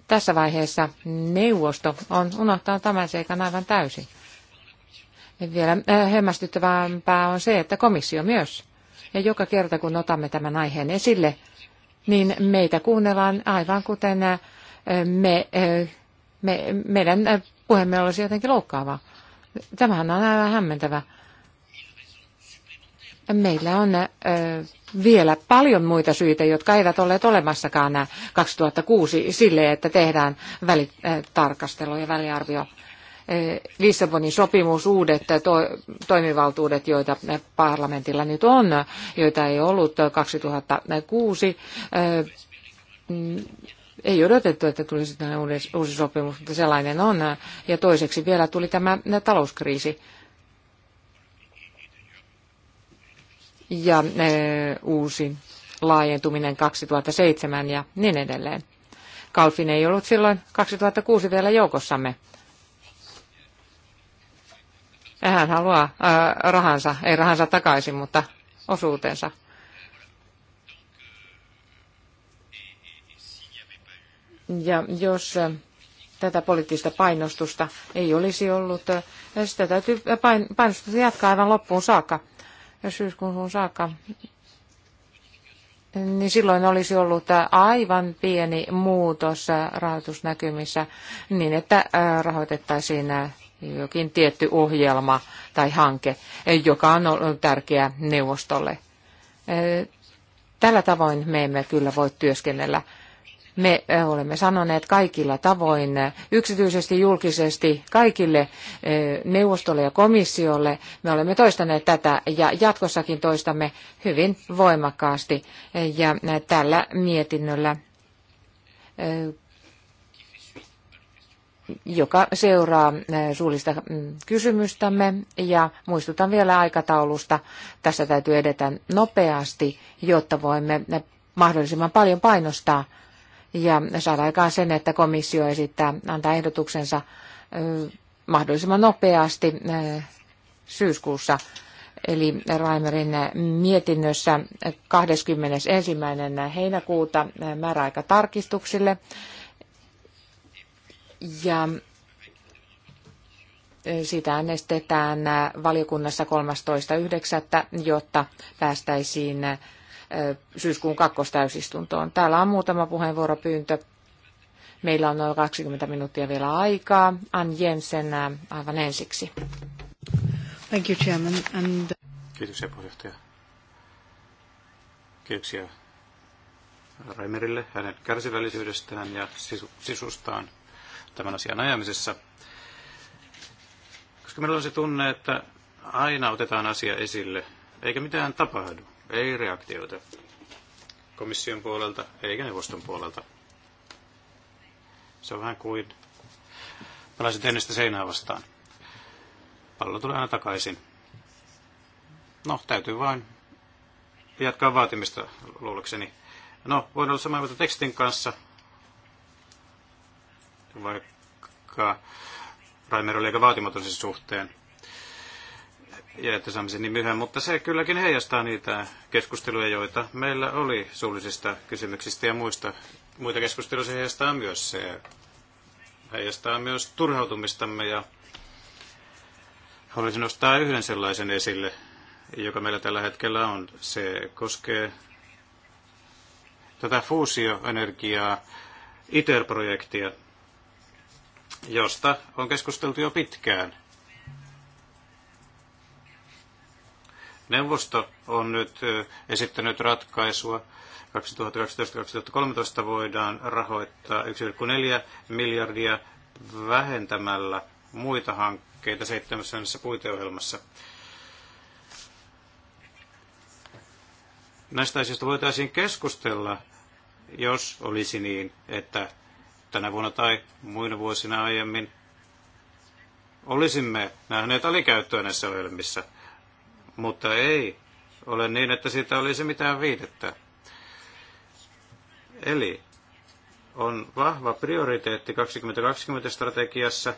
A: tässä vaiheessa neuvosto on unohtanut tämän seikan aivan täysin. Vielä eh, hämmästyttävämpää on se, että komissio myös. Ja joka kerta kun otamme tämän aiheen esille, niin meitä kuunnellaan aivan kuten me, me, meidän puheemme olisi jotenkin loukkaavaa. Tämähän on aivan hämmentävä. Meillä on vielä paljon muita syitä, jotka eivät olleet olemassakaan 2006 sille, että tehdään välitarkastelu ja väliarvio. Lissabonin sopimus, uudet toimivaltuudet, joita parlamentilla nyt on, joita ei ollut 2006 ei odotettu, että tulisi tällainen uusi, uusi sopimus, mutta sellainen on. Ja toiseksi vielä tuli tämä talouskriisi. Ja e, uusi laajentuminen 2007 ja niin edelleen. Kalfin ei ollut silloin 2006 vielä joukossamme. Hän haluaa ää, rahansa, ei rahansa takaisin, mutta osuutensa. Ja jos tätä poliittista painostusta ei olisi ollut, sitä täytyy painostusta jatkaa aivan loppuun saakka, syyskuun saakka niin silloin olisi ollut aivan pieni muutos rahoitusnäkymissä niin, että rahoitettaisiin jokin tietty ohjelma tai hanke, joka on tärkeä neuvostolle. Tällä tavoin me emme kyllä voi työskennellä. Me äh, olemme sanoneet kaikilla tavoin, yksityisesti, julkisesti, kaikille äh, neuvostolle ja komissiolle. Me olemme toistaneet tätä ja jatkossakin toistamme hyvin voimakkaasti. Äh, ja tällä mietinnöllä joka seuraa suullista mm, kysymystämme. Ja muistutan vielä aikataulusta. Tässä täytyy edetä nopeasti, jotta voimme mahdollisimman paljon painostaa ja saada aikaan sen, että komissio esittää, antaa ehdotuksensa mahdollisimman nopeasti syyskuussa. Eli Raimerin mietinnössä 21. heinäkuuta määräaika tarkistuksille. Ja sitä äänestetään valiokunnassa 13.9., jotta päästäisiin syyskuun kakkostäysistuntoon. Täällä on muutama puheenvuoropyyntö. Meillä on noin 20 minuuttia vielä aikaa. Ann Jensen aivan ensiksi. Thank you, Chairman. And...
C: Kiitoksia puheenjohtaja. Kiitoksia Raimerille hänen kärsivällisyydestään ja sisustaan tämän asian ajamisessa. Koska meillä on se tunne, että aina otetaan asia esille, eikä mitään tapahdu. Ei reaktioita komission puolelta eikä neuvoston puolelta. Se on vähän kuin pelasin tennistä seinää vastaan. Pallo tulee aina takaisin. No, täytyy vain jatkaa vaatimista, luulekseni. No, voin olla samaa mieltä tekstin kanssa, vaikka Raimer oli aika vaatimaton sen suhteen ja että saamme sen niin myöhään, mutta se kylläkin heijastaa niitä keskusteluja, joita meillä oli suullisista kysymyksistä ja muista. Muita keskusteluja se heijastaa myös se heijastaa myös turhautumistamme ja haluaisin nostaa yhden sellaisen esille, joka meillä tällä hetkellä on. Se koskee tätä fuusioenergiaa, ITER-projektia, josta on keskusteltu jo pitkään – Neuvosto on nyt esittänyt ratkaisua. 2012-2013 voidaan rahoittaa 1,4 miljardia vähentämällä muita hankkeita seitsemässä puiteohjelmassa. Näistä asioista voitaisiin keskustella, jos olisi niin, että tänä vuonna tai muina vuosina aiemmin olisimme nähneet alikäyttöä näissä ohjelmissa – mutta ei ole niin, että siitä olisi mitään viitettä. Eli on vahva prioriteetti 2020-strategiassa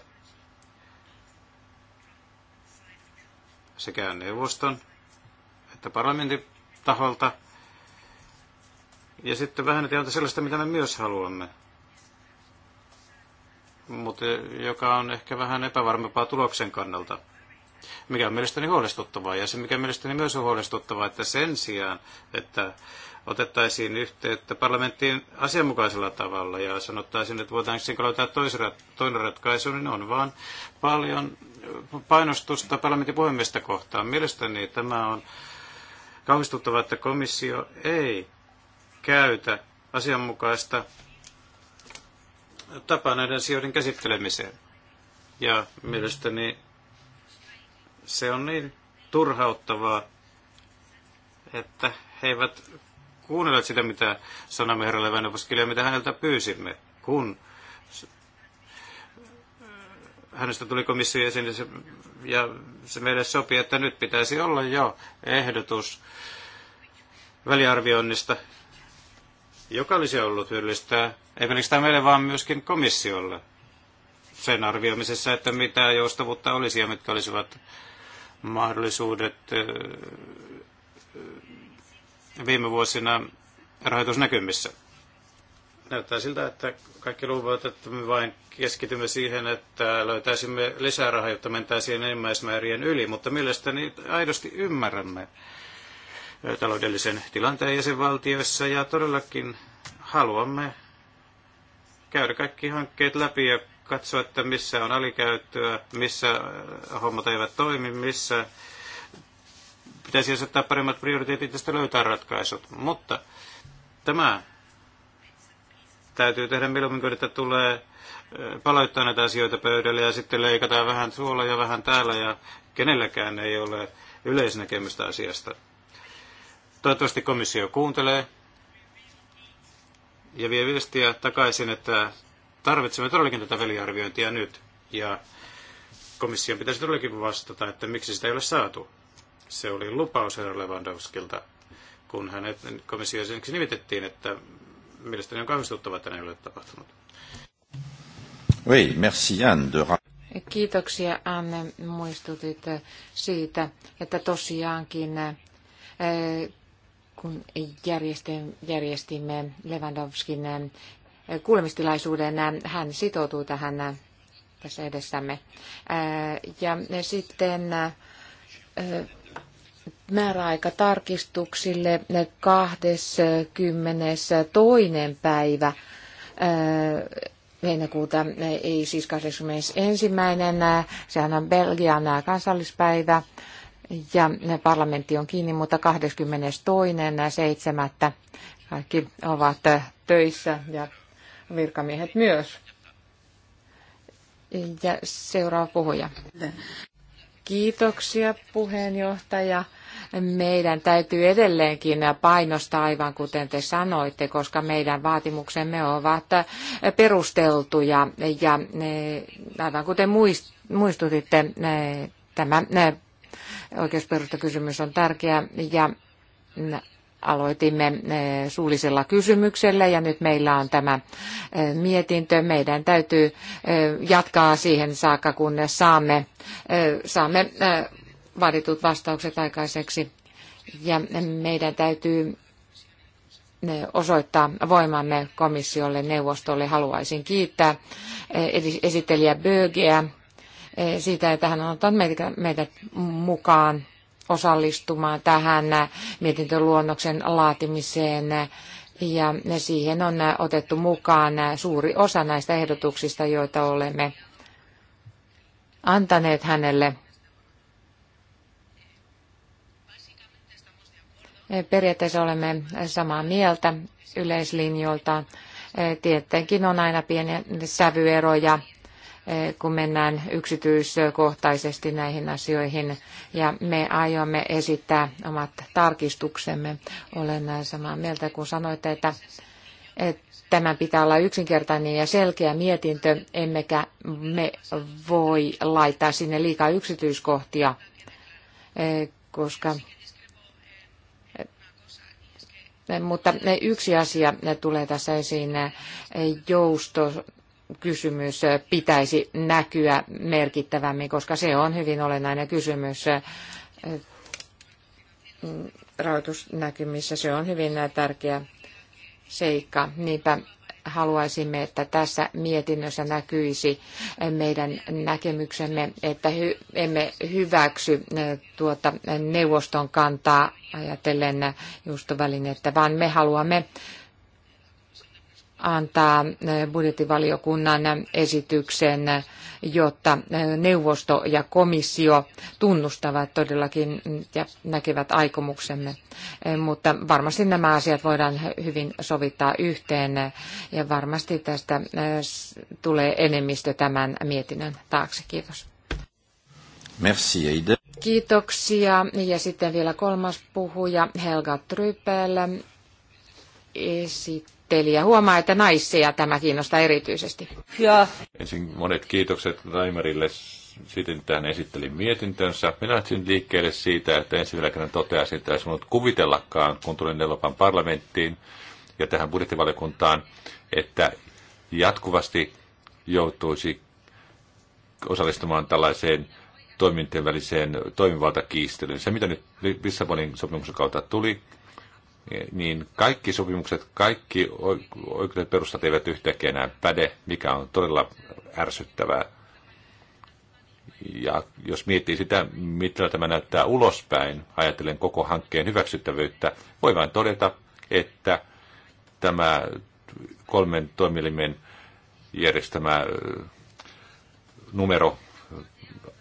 C: sekä neuvoston että parlamentin taholta. Ja sitten vähän tietää sellaista, mitä me myös haluamme, mutta joka on ehkä vähän epävarmempaa tuloksen kannalta mikä on mielestäni huolestuttavaa. Ja se, mikä mielestäni myös on huolestuttavaa, että sen sijaan, että otettaisiin yhteyttä parlamenttiin asianmukaisella tavalla ja sanottaisiin, että voitaisiinko löytää toinen ratkaisu, niin on vaan paljon painostusta parlamentin puhemiestä kohtaan. Mielestäni tämä on kauhistuttavaa, että komissio ei käytä asianmukaista tapaa näiden asioiden käsittelemiseen. Ja mielestäni se on niin turhauttavaa, että he eivät kuunnella sitä, mitä sanamme herralle Väinöpaskille ja mitä häneltä pyysimme, kun hänestä tuli komission jäsen ja se, ja se meille sopii, että nyt pitäisi olla jo ehdotus väliarvioinnista, joka olisi ollut hyödyllistä ei pelkästään meille, vaan myöskin komissiolle sen arvioimisessa, että mitä joustavuutta olisi ja mitkä olisivat mahdollisuudet viime vuosina rahoitusnäkymissä. Näyttää siltä, että kaikki luovat, että me vain keskitymme siihen, että löytäisimme lisää rahaa, jotta mentäisiin enimmäismäärien yli, mutta mielestäni aidosti ymmärrämme taloudellisen tilanteen jäsenvaltioissa ja todellakin haluamme käydä kaikki hankkeet läpi ja katsoa, että missä on alikäyttöä, missä äh, hommat eivät toimi, missä pitäisi asettaa paremmat prioriteetit ja löytää ratkaisut. Mutta tämä täytyy tehdä mieluummin, kun että tulee äh, palauttaa näitä asioita pöydälle ja sitten leikataan vähän suola ja vähän täällä ja kenelläkään ei ole yleisnäkemystä asiasta. Toivottavasti komissio kuuntelee ja vie viestiä takaisin, että Tarvitsemme todellakin tätä väliarviointia nyt ja komission pitäisi todellakin vastata, että miksi sitä ei ole saatu. Se oli lupaus herra Lewandowskilta, kun hänet komission nimitettiin, että mielestäni on kauhistuttava, että ei ole tapahtunut.
B: Oui, merci Anne de...
A: Kiitoksia Anne, muistutit siitä, että tosiaankin eh, kun järjestimme Lewandowskin eh, kuulemistilaisuuden. Hän sitoutuu tähän tässä edessämme. Ja sitten määräaika tarkistuksille 22. päivä heinäkuuta, ei siis 21. Sehän on Belgian kansallispäivä ja parlamentti on kiinni, mutta 22.7. kaikki ovat töissä ja virkamiehet myös. Ja seuraava puhuja. Kiitoksia puheenjohtaja. Meidän täytyy edelleenkin painostaa aivan kuten te sanoitte, koska meidän vaatimuksemme ovat perusteltuja ja e, aivan kuten muistutitte, e, tämä e, oikeusperustakysymys on tärkeä ja aloitimme eh, suullisella kysymyksellä ja nyt meillä on tämä eh, mietintö. Meidän täytyy eh, jatkaa siihen saakka, kunnes saamme, saamme vaaditut vastaukset aikaiseksi. Ja meidän täytyy osoittaa voimamme komissiolle, neuvostolle. Haluaisin kiittää esittelijä Bögeä siitä, että hän on ottanut meidät mukaan osallistumaan tähän mietintöluonnoksen laatimiseen. Ja siihen on otettu mukaan suuri osa näistä ehdotuksista, joita olemme antaneet hänelle. Periaatteessa olemme samaa mieltä yleislinjoilta. Tietenkin on aina pieniä sävyeroja Eh, kun mennään yksityiskohtaisesti näihin asioihin. Ja me aiomme esittää omat tarkistuksemme. Olen samaa mieltä, kun sanoitte, että tämän pitää olla yksinkertainen ja selkeä mietintö, emmekä me voi laittaa sinne liikaa yksityiskohtia, eh, koska eh, mutta yksi asia tulee tässä esiin, jousto, kysymys pitäisi näkyä merkittävämmin, koska se on hyvin olennainen kysymys eh, rahoitusnäkymissä. Se on hyvin tärkeä seikka. Niinpä haluaisimme, että tässä mietinnössä näkyisi meidän näkemyksemme, että emme hyväksy eh, tuota neuvoston kantaa ajatellen just välinettä, vaan me haluamme antaa eh, budjettivaliokunnan esityksen, jotta eh, neuvosto ja komissio tunnustavat todellakin ja näkevät aikomuksemme. Eh, mutta varmasti nämä asiat voidaan hyvin sovittaa yhteen ja varmasti tästä tulee enemmistö tämän mietinnön taakse. Kiitos.
B: Merci,
A: Kiitoksia. Ja sitten vielä kolmas puhuja, Helga Trypel, esittää esittelijä. Huomaa, että naisia tämä kiinnostaa erityisesti. Ja.
B: Ensin monet kiitokset Raimerille siitä, että hän esitteli mietintönsä. Minä lähtisin liikkeelle siitä, että ensimmäinen kerran toteasin, että ei voinut kuvitellakaan, kun tulin Euroopan parlamenttiin ja tähän budjettivaliokuntaan, että jatkuvasti joutuisi osallistumaan tällaiseen toimintien väliseen toimivaltakiistelyyn. Se, mitä nyt Lissabonin sopimuksen kautta tuli, niin kaikki sopimukset, kaikki oikeudet perustat eivät yhtäkkiä enää päde, mikä on todella ärsyttävää. Ja jos miettii sitä, mitä tämä näyttää ulospäin, ajatellen koko hankkeen hyväksyttävyyttä, voi vain todeta, että tämä kolmen toimielimen järjestämä numero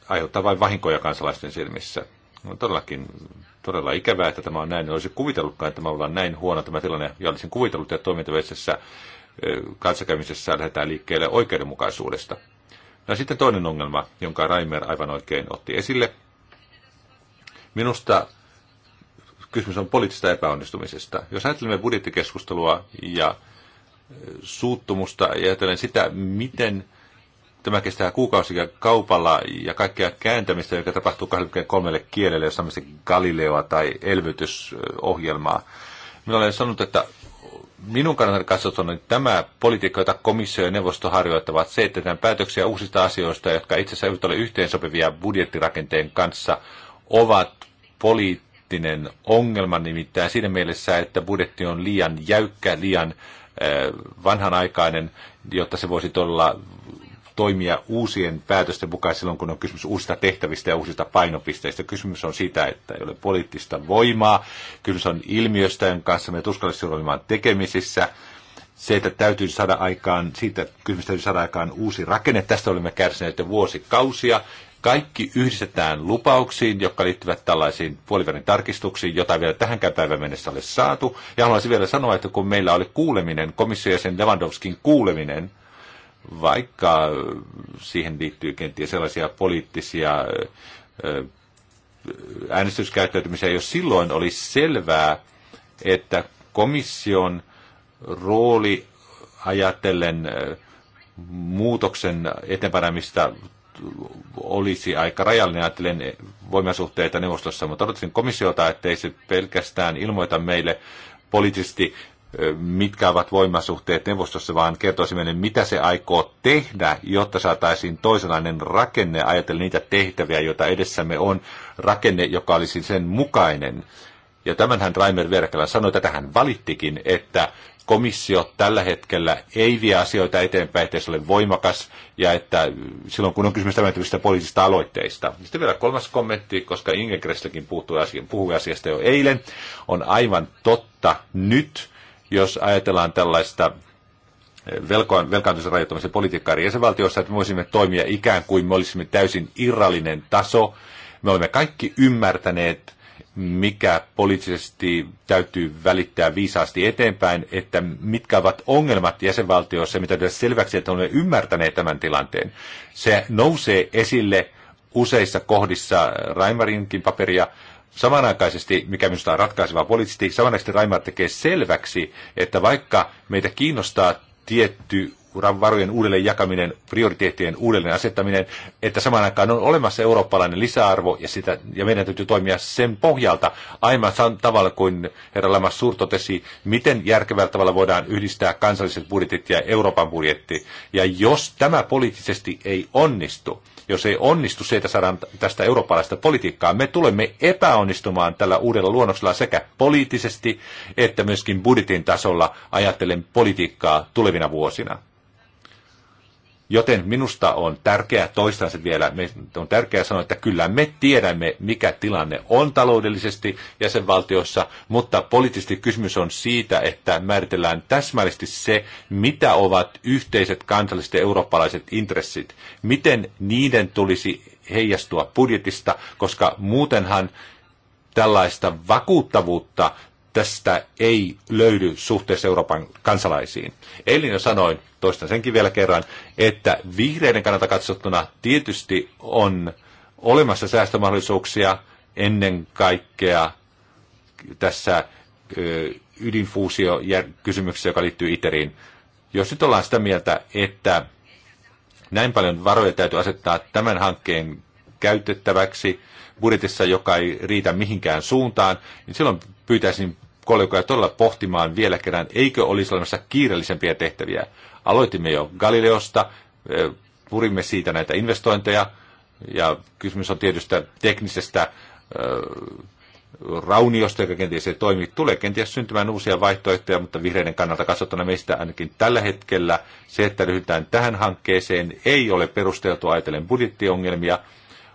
B: aiheuttaa vain vahinkoja kansalaisten silmissä. On no, todellakin todella ikävää, että tämä on näin. En olisi kuvitellutkaan, että me ollaan näin huono tämä tilanne, ja olisin kuvitellut, että toimintaväisessä kanssakäymisessä lähdetään liikkeelle oikeudenmukaisuudesta. No sitten toinen ongelma, jonka Raimer aivan oikein otti esille. Minusta kysymys on poliittisesta epäonnistumisesta. Jos ajattelemme budjettikeskustelua ja suuttumusta ja ajattelen sitä, miten Tämä kestää kuukausia kaupalla ja kaikkea kääntämistä, joka tapahtuu 23 kielelle, jos on Galileoa tai elvytysohjelmaa. Minä olen sanonut, että minun kannalta katsotaan, niin että tämä politiikka, jota komissio ja neuvosto harjoittavat, se, että tämän päätöksiä uusista asioista, jotka itse asiassa eivät ole yhteensopivia budjettirakenteen kanssa, ovat poliittinen ongelma nimittäin siinä mielessä, että budjetti on liian jäykkä, liian äh, vanhanaikainen, jotta se voisi olla toimia uusien päätösten mukaan silloin, kun on kysymys uusista tehtävistä ja uusista painopisteistä. Kysymys on sitä, että ei ole poliittista voimaa. Kysymys on ilmiöstä, jonka kanssa me tuskallisesti olemaan tekemisissä. Se, että täytyy saada aikaan, siitä kysymys täytyy saada aikaan uusi rakenne. Tästä olemme kärsineet jo vuosikausia. Kaikki yhdistetään lupauksiin, jotka liittyvät tällaisiin puolivälin tarkistuksiin, jota vielä tähänkään päivän mennessä ole saatu. Ja haluaisin vielä sanoa, että kun meillä oli kuuleminen, komission sen Lewandowskin kuuleminen, vaikka siihen liittyy kenties sellaisia poliittisia äänestyskäyttäytymisiä, jos silloin oli selvää, että komission rooli ajatellen muutoksen eteenpäinämistä olisi aika rajallinen ajatellen voimasuhteita neuvostossa, mutta odotin komissiota, ettei se pelkästään ilmoita meille poliittisesti mitkä ovat voimasuhteet neuvostossa, vaan kertoisi meille, mitä se aikoo tehdä, jotta saataisiin toisenlainen rakenne, ajatellen niitä tehtäviä, joita edessämme on, rakenne, joka olisi sen mukainen. Ja tämänhän Raimer Verkälä sanoi, että hän valittikin, että komissio tällä hetkellä ei vie asioita eteenpäin, ettei se ole voimakas, ja että silloin kun on kysymys tämän tyyppisistä poliittisista aloitteista. Sitten vielä kolmas kommentti, koska Inge Kresslekin puhui asiasta jo eilen, on aivan totta nyt, jos ajatellaan tällaista eh, velkaantumisen rajoittamisen politiikkaa eri jäsenvaltioissa, että me voisimme toimia ikään kuin me olisimme täysin irrallinen taso. Me olemme kaikki ymmärtäneet, mikä poliittisesti täytyy välittää viisaasti eteenpäin, että mitkä ovat ongelmat jäsenvaltioissa, mitä tässä selväksi, että olemme ymmärtäneet tämän tilanteen. Se nousee esille useissa kohdissa Raimarinkin paperia, Samanaikaisesti, mikä minusta on ratkaisevaa poliittisesti, samanaikaisesti Raimar tekee selväksi, että vaikka meitä kiinnostaa tietty varojen uudelleen jakaminen, prioriteettien uudelleen asettaminen, että samaan aikaan on olemassa eurooppalainen lisäarvo ja, sitä, ja meidän täytyy toimia sen pohjalta aivan tavalla kuin herra Lamas Suur totesi, miten järkevällä tavalla voidaan yhdistää kansalliset budjetit ja Euroopan budjetti. Ja jos tämä poliittisesti ei onnistu, jos ei onnistu se, että saadaan tästä eurooppalaista politiikkaa, me tulemme epäonnistumaan tällä uudella luonnoksella sekä poliittisesti että myöskin budjetin tasolla ajattelen politiikkaa tulevina vuosina. Joten minusta on tärkeää, toistaa se vielä, on tärkeää sanoa, että kyllä me tiedämme, mikä tilanne on taloudellisesti jäsenvaltioissa, mutta poliittisesti kysymys on siitä, että määritellään täsmällisesti se, mitä ovat yhteiset kansalliset ja eurooppalaiset intressit, miten niiden tulisi heijastua budjetista, koska muutenhan tällaista vakuuttavuutta tästä ei löydy suhteessa Euroopan kansalaisiin. Eilen jo sanoin, toistan senkin vielä kerran, että vihreiden kannalta katsottuna tietysti on olemassa säästömahdollisuuksia ennen kaikkea tässä ydinfuusiokysymyksessä, joka liittyy ITERiin. Jos nyt ollaan sitä mieltä, että näin paljon varoja täytyy asettaa tämän hankkeen käytettäväksi budjetissa, joka ei riitä mihinkään suuntaan, niin silloin pyytäisin kollegoja todella pohtimaan vielä kerran, eikö olisi olemassa kiireellisempiä tehtäviä. Aloitimme jo Galileosta, e, purimme siitä näitä investointeja, ja kysymys on tietystä teknisestä e, rauniosta, joka kenties ei toimi. Tulee kenties syntymään uusia vaihtoehtoja, mutta vihreiden kannalta katsottuna meistä ainakin tällä hetkellä se, että ryhdytään tähän hankkeeseen, ei ole perusteltu ajatellen budjettiongelmia –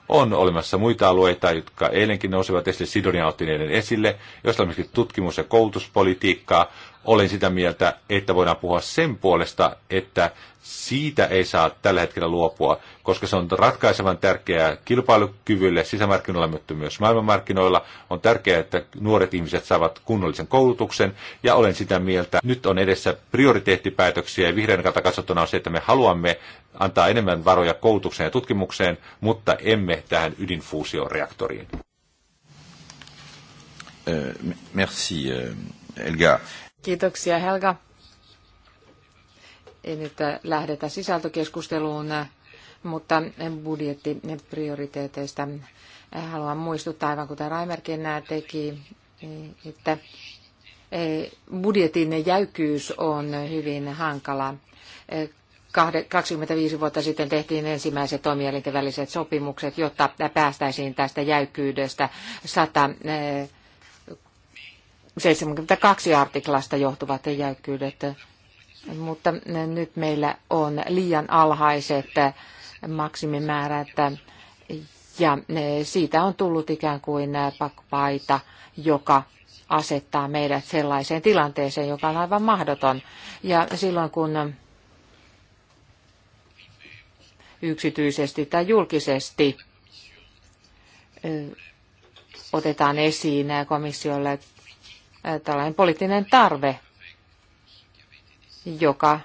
B: on olemassa muita alueita, jotka eilenkin nousivat esille, Sidonia otti esille, jossa on myöskin tutkimus- ja koulutuspolitiikkaa, olen sitä mieltä, että voidaan puhua sen puolesta, että siitä ei saa tällä hetkellä luopua, koska se on ratkaisevan tärkeää kilpailukyvylle sisämarkkinoilla, mutta myös maailmanmarkkinoilla. On tärkeää, että nuoret ihmiset saavat kunnollisen koulutuksen, ja olen sitä mieltä, nyt on edessä prioriteettipäätöksiä, ja vihreän kautta katsottuna on se, että me haluamme antaa enemmän varoja koulutukseen ja tutkimukseen, mutta emme tähän ydinfuusioreaktoriin. Euh, merci, euh, Elga.
A: Kiitoksia Helga. Ei nyt äh, lähdetä sisältökeskusteluun, äh, mutta budjettiprioriteeteista äh, haluan muistuttaa, aivan kuten Raimerkin teki, että budjetin jäykkyys on hyvin hankala. 25 vuotta sitten tehtiin ensimmäiset toimielinten väliset sopimukset, jotta päästäisiin tästä jäykkyydestä 100 72 artiklasta johtuvat jäykkyydet, mutta nyt meillä on liian alhaiset maksimimäärät ja siitä on tullut ikään kuin pakkopaita, joka asettaa meidät sellaiseen tilanteeseen, joka on aivan mahdoton. Ja silloin kun yksityisesti tai julkisesti otetaan esiin komissiolle tällainen poliittinen tarve, joka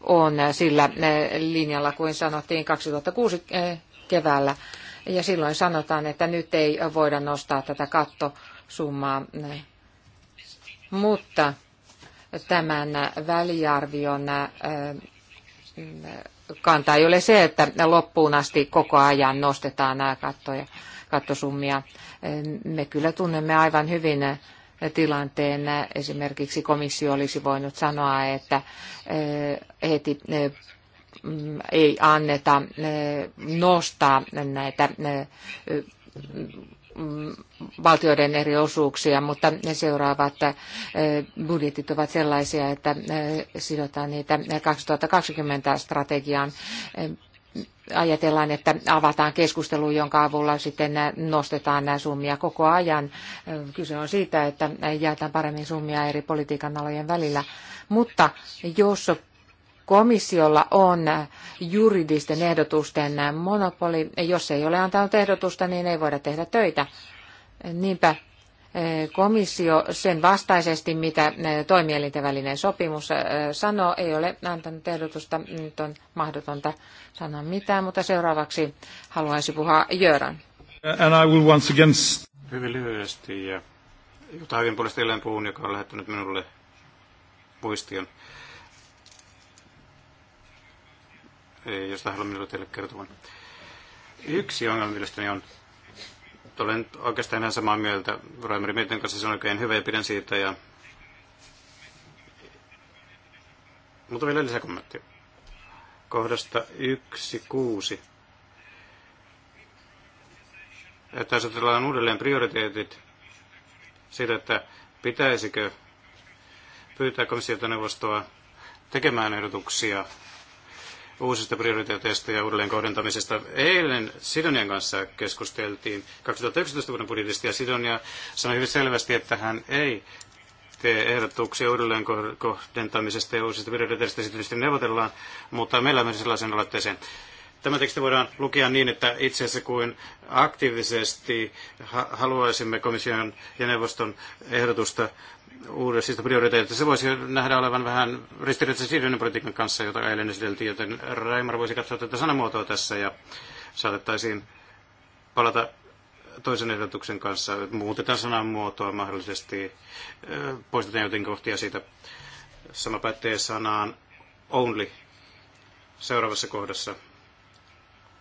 A: on sillä linjalla, kuin sanottiin 2006 keväällä. Ja silloin sanotaan, että nyt ei voida nostaa tätä kattosummaa. Mutta tämän väliarvion kanta ei ole se, että loppuun asti koko ajan nostetaan nämä kattoja kattosummia. Me kyllä tunnemme aivan hyvin tilanteen. Esimerkiksi komissio olisi voinut sanoa, että eh, heti eh, ei anneta eh, nostaa näitä valtioiden eri osuuksia, mutta ne seuraavat budjetit ovat sellaisia, että sidotaan niitä 2020 strategiaan ajatellaan, että avataan keskustelu, jonka avulla sitten nostetaan nämä summia koko ajan. Kyse on siitä, että jaetaan paremmin summia eri politiikan alojen välillä. Mutta jos komissiolla on juridisten ehdotusten monopoli, jos ei ole antanut ehdotusta, niin ei voida tehdä töitä. Niinpä komissio sen vastaisesti, mitä eh, toimielinten välinen sopimus eh, sanoo, ei ole antanut ehdotusta. Nyt on mahdotonta sanoa mitään, mutta seuraavaksi haluaisi puhua Jöran.
B: And I will once again...
C: Hyvin lyhyesti ja jota hyvin puolesta eilen puhun, joka on lähettänyt minulle muistion, eh, josta haluan minulle teille kertomaan. Yksi ongelma mielestäni on olen oikeastaan ihan samaa mieltä. Raimarin mietin kanssa se on oikein hyvä ja pidän siitä. Ja... Mutta vielä lisäkommentti. Kohdasta 1.6. Että otetaan uudelleen prioriteetit siitä, että pitäisikö pyytää komissiota neuvostoa tekemään ehdotuksia uusista prioriteeteista ja uudelleen kohdentamisesta. Eilen Sidonian kanssa keskusteltiin 2019 vuoden budjetista ja Sidonia sanoi hyvin selvästi, että hän ei tee ehdotuksia uudelleen kohdentamisesta ja uusista prioriteeteista Sitten neuvotellaan, mutta meillä on sellaisen aloitteeseen. Tämä teksti voidaan lukea niin, että itse asiassa kuin aktiivisesti haluaisimme komission ja neuvoston ehdotusta uudesta prioriteetista. Se voisi nähdä olevan vähän ristiriitaisen siirrynnän politiikan kanssa, jota eilen esiteltiin, joten Raimar voisi katsoa tätä sanamuotoa tässä ja saatettaisiin palata toisen ehdotuksen kanssa. Muutetaan sanamuotoa mahdollisesti, poistetaan jotenkin kohtia siitä. Sama pätee sanaan only seuraavassa kohdassa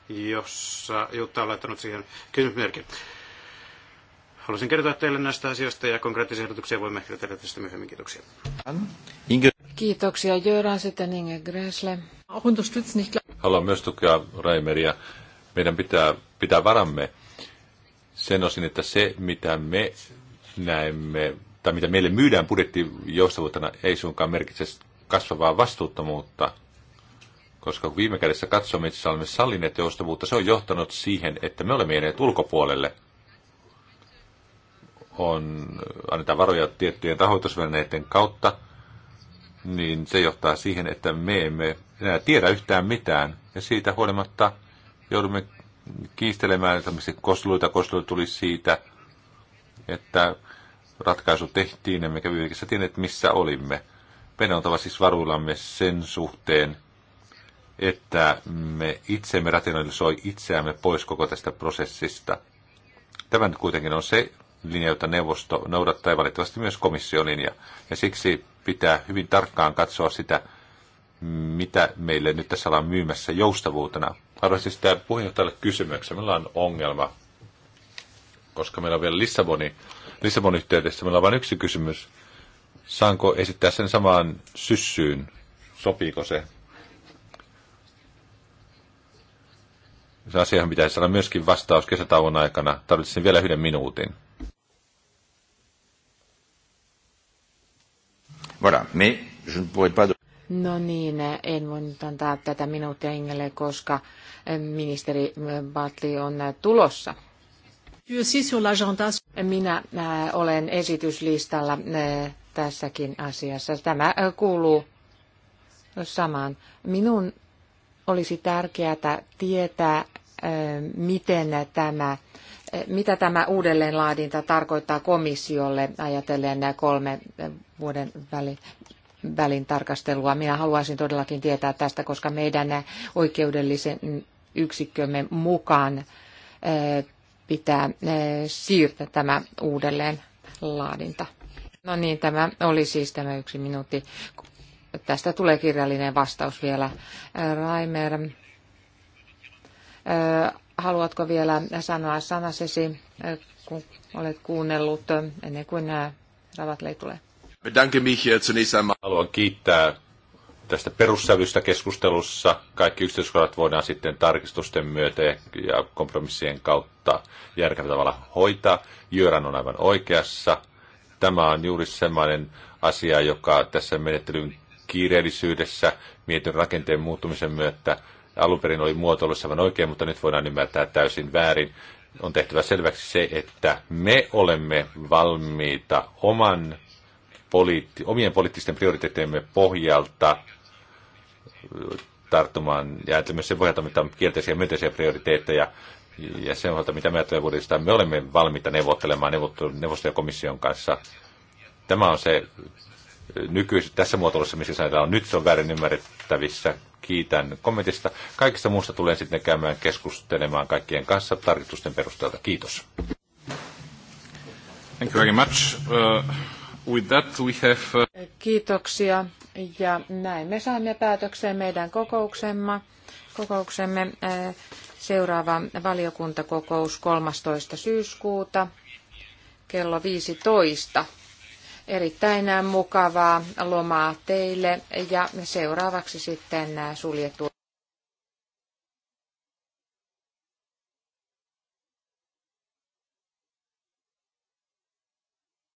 C: jossa Jutta on laittanut siihen kysymysmerkin. Haluaisin kertoa teille näistä asioista ja konkreettisia ehdotuksia voimme ehkä tehdä tästä myöhemmin. Kiitoksia.
A: Kiitoksia Jöran, sitten Inge Gräsle.
B: Haluan myös tukea Raimeria. Meidän pitää pitää varamme sen osin, että se mitä me näemme tai mitä meille myydään budjettijoustavuutena ei suinkaan merkitse kasvavaa vastuuttomuutta, koska viime kädessä katsomme, että olemme sallineet joustavuutta, se on johtanut siihen, että me olemme jääneet ulkopuolelle. On, annetaan varoja tiettyjen rahoitusvälineiden kautta, niin se johtaa siihen, että me emme enää tiedä yhtään mitään. Ja siitä huolimatta joudumme kiistelemään että kosluita. Kosluita tuli siitä, että ratkaisu tehtiin, emmekä viimekässä tienneet, missä olimme. Meidän on siis varuillamme sen suhteen, että me itsemme rationalisoi itseämme pois koko tästä prosessista. Tämä nyt kuitenkin on se linja, jota neuvosto noudattaa ja valitettavasti myös komission linja. Ja siksi pitää hyvin tarkkaan katsoa sitä, mitä meille nyt tässä ollaan myymässä joustavuutena. Haluaisin sitä siis puheenjohtajalle kysymyksen. Meillä on ongelma, koska meillä on vielä Lissabonin, Lissabonin yhteydessä. Meillä on vain yksi kysymys. Saanko esittää sen samaan syssyyn? Sopiiko se? Se asiahan pitäisi saada myöskin vastaus kesätauon aikana. Tarvitsisin vielä yhden minuutin. Voilà, mais je ne pourrais pas...
A: No niin, en nyt antaa tätä minuuttia Ingelle, koska eh, ministeri eh, Batli on tulossa. Minä eh, olen esityslistalla tässäkin asiassa. Tämä kuuluu samaan. Minun olisi tärkeää tietää, miten tämä, mitä tämä uudelleenlaadinta tarkoittaa komissiolle ajatellen nämä kolme vuoden väli, välin tarkastelua. Minä haluaisin todellakin tietää tästä, koska meidän oikeudellisen yksikkömme mukaan eh, pitää eh, siirtää tämä uudelleen laadinta. No niin, tämä oli siis tämä yksi minuutti. Tästä tulee kirjallinen vastaus vielä. Eh, Raimer, Haluatko vielä sanoa sanasesi, kun olet kuunnellut ennen kuin nämä ravatlei tulee?
B: Haluan kiittää tästä perussävystä keskustelussa. Kaikki yksityiskohdat voidaan sitten tarkistusten myötä ja kompromissien kautta järkevällä tavalla hoitaa. Jyrän on aivan oikeassa. Tämä on juuri sellainen asia, joka tässä menettelyn kiireellisyydessä mietin rakenteen muuttumisen myötä alun perin oli muotoilussa aivan oikein, mutta nyt voidaan ymmärtää täysin väärin. On tehtävä selväksi se, että me olemme valmiita oman poliitti, omien poliittisten prioriteettiemme pohjalta tarttumaan ja ajattelemme sen pohjalta, mitä on kielteisiä ja myönteisiä prioriteetteja ja sen pohjalta, mitä me ajattelemme budjetista. Me olemme valmiita neuvottelemaan neuvosto- ja komission kanssa. Tämä on se nykyisessä, tässä muotoilussa, missä sanotaan, nyt se on väärin ymmärrettävissä, kiitän kommentista. Kaikista muusta tulee sitten käymään keskustelemaan kaikkien kanssa tarkistusten perusteelta. Kiitos. Thank you very much. Uh, with that we have, uh...
A: Kiitoksia. Ja näin me saamme päätökseen meidän kokouksemme. kokouksemme uh, seuraava valiokuntakokous 13. syyskuuta kello 15. Erittäin mukavaa lomaa teille ja seuraavaksi sitten suljettu.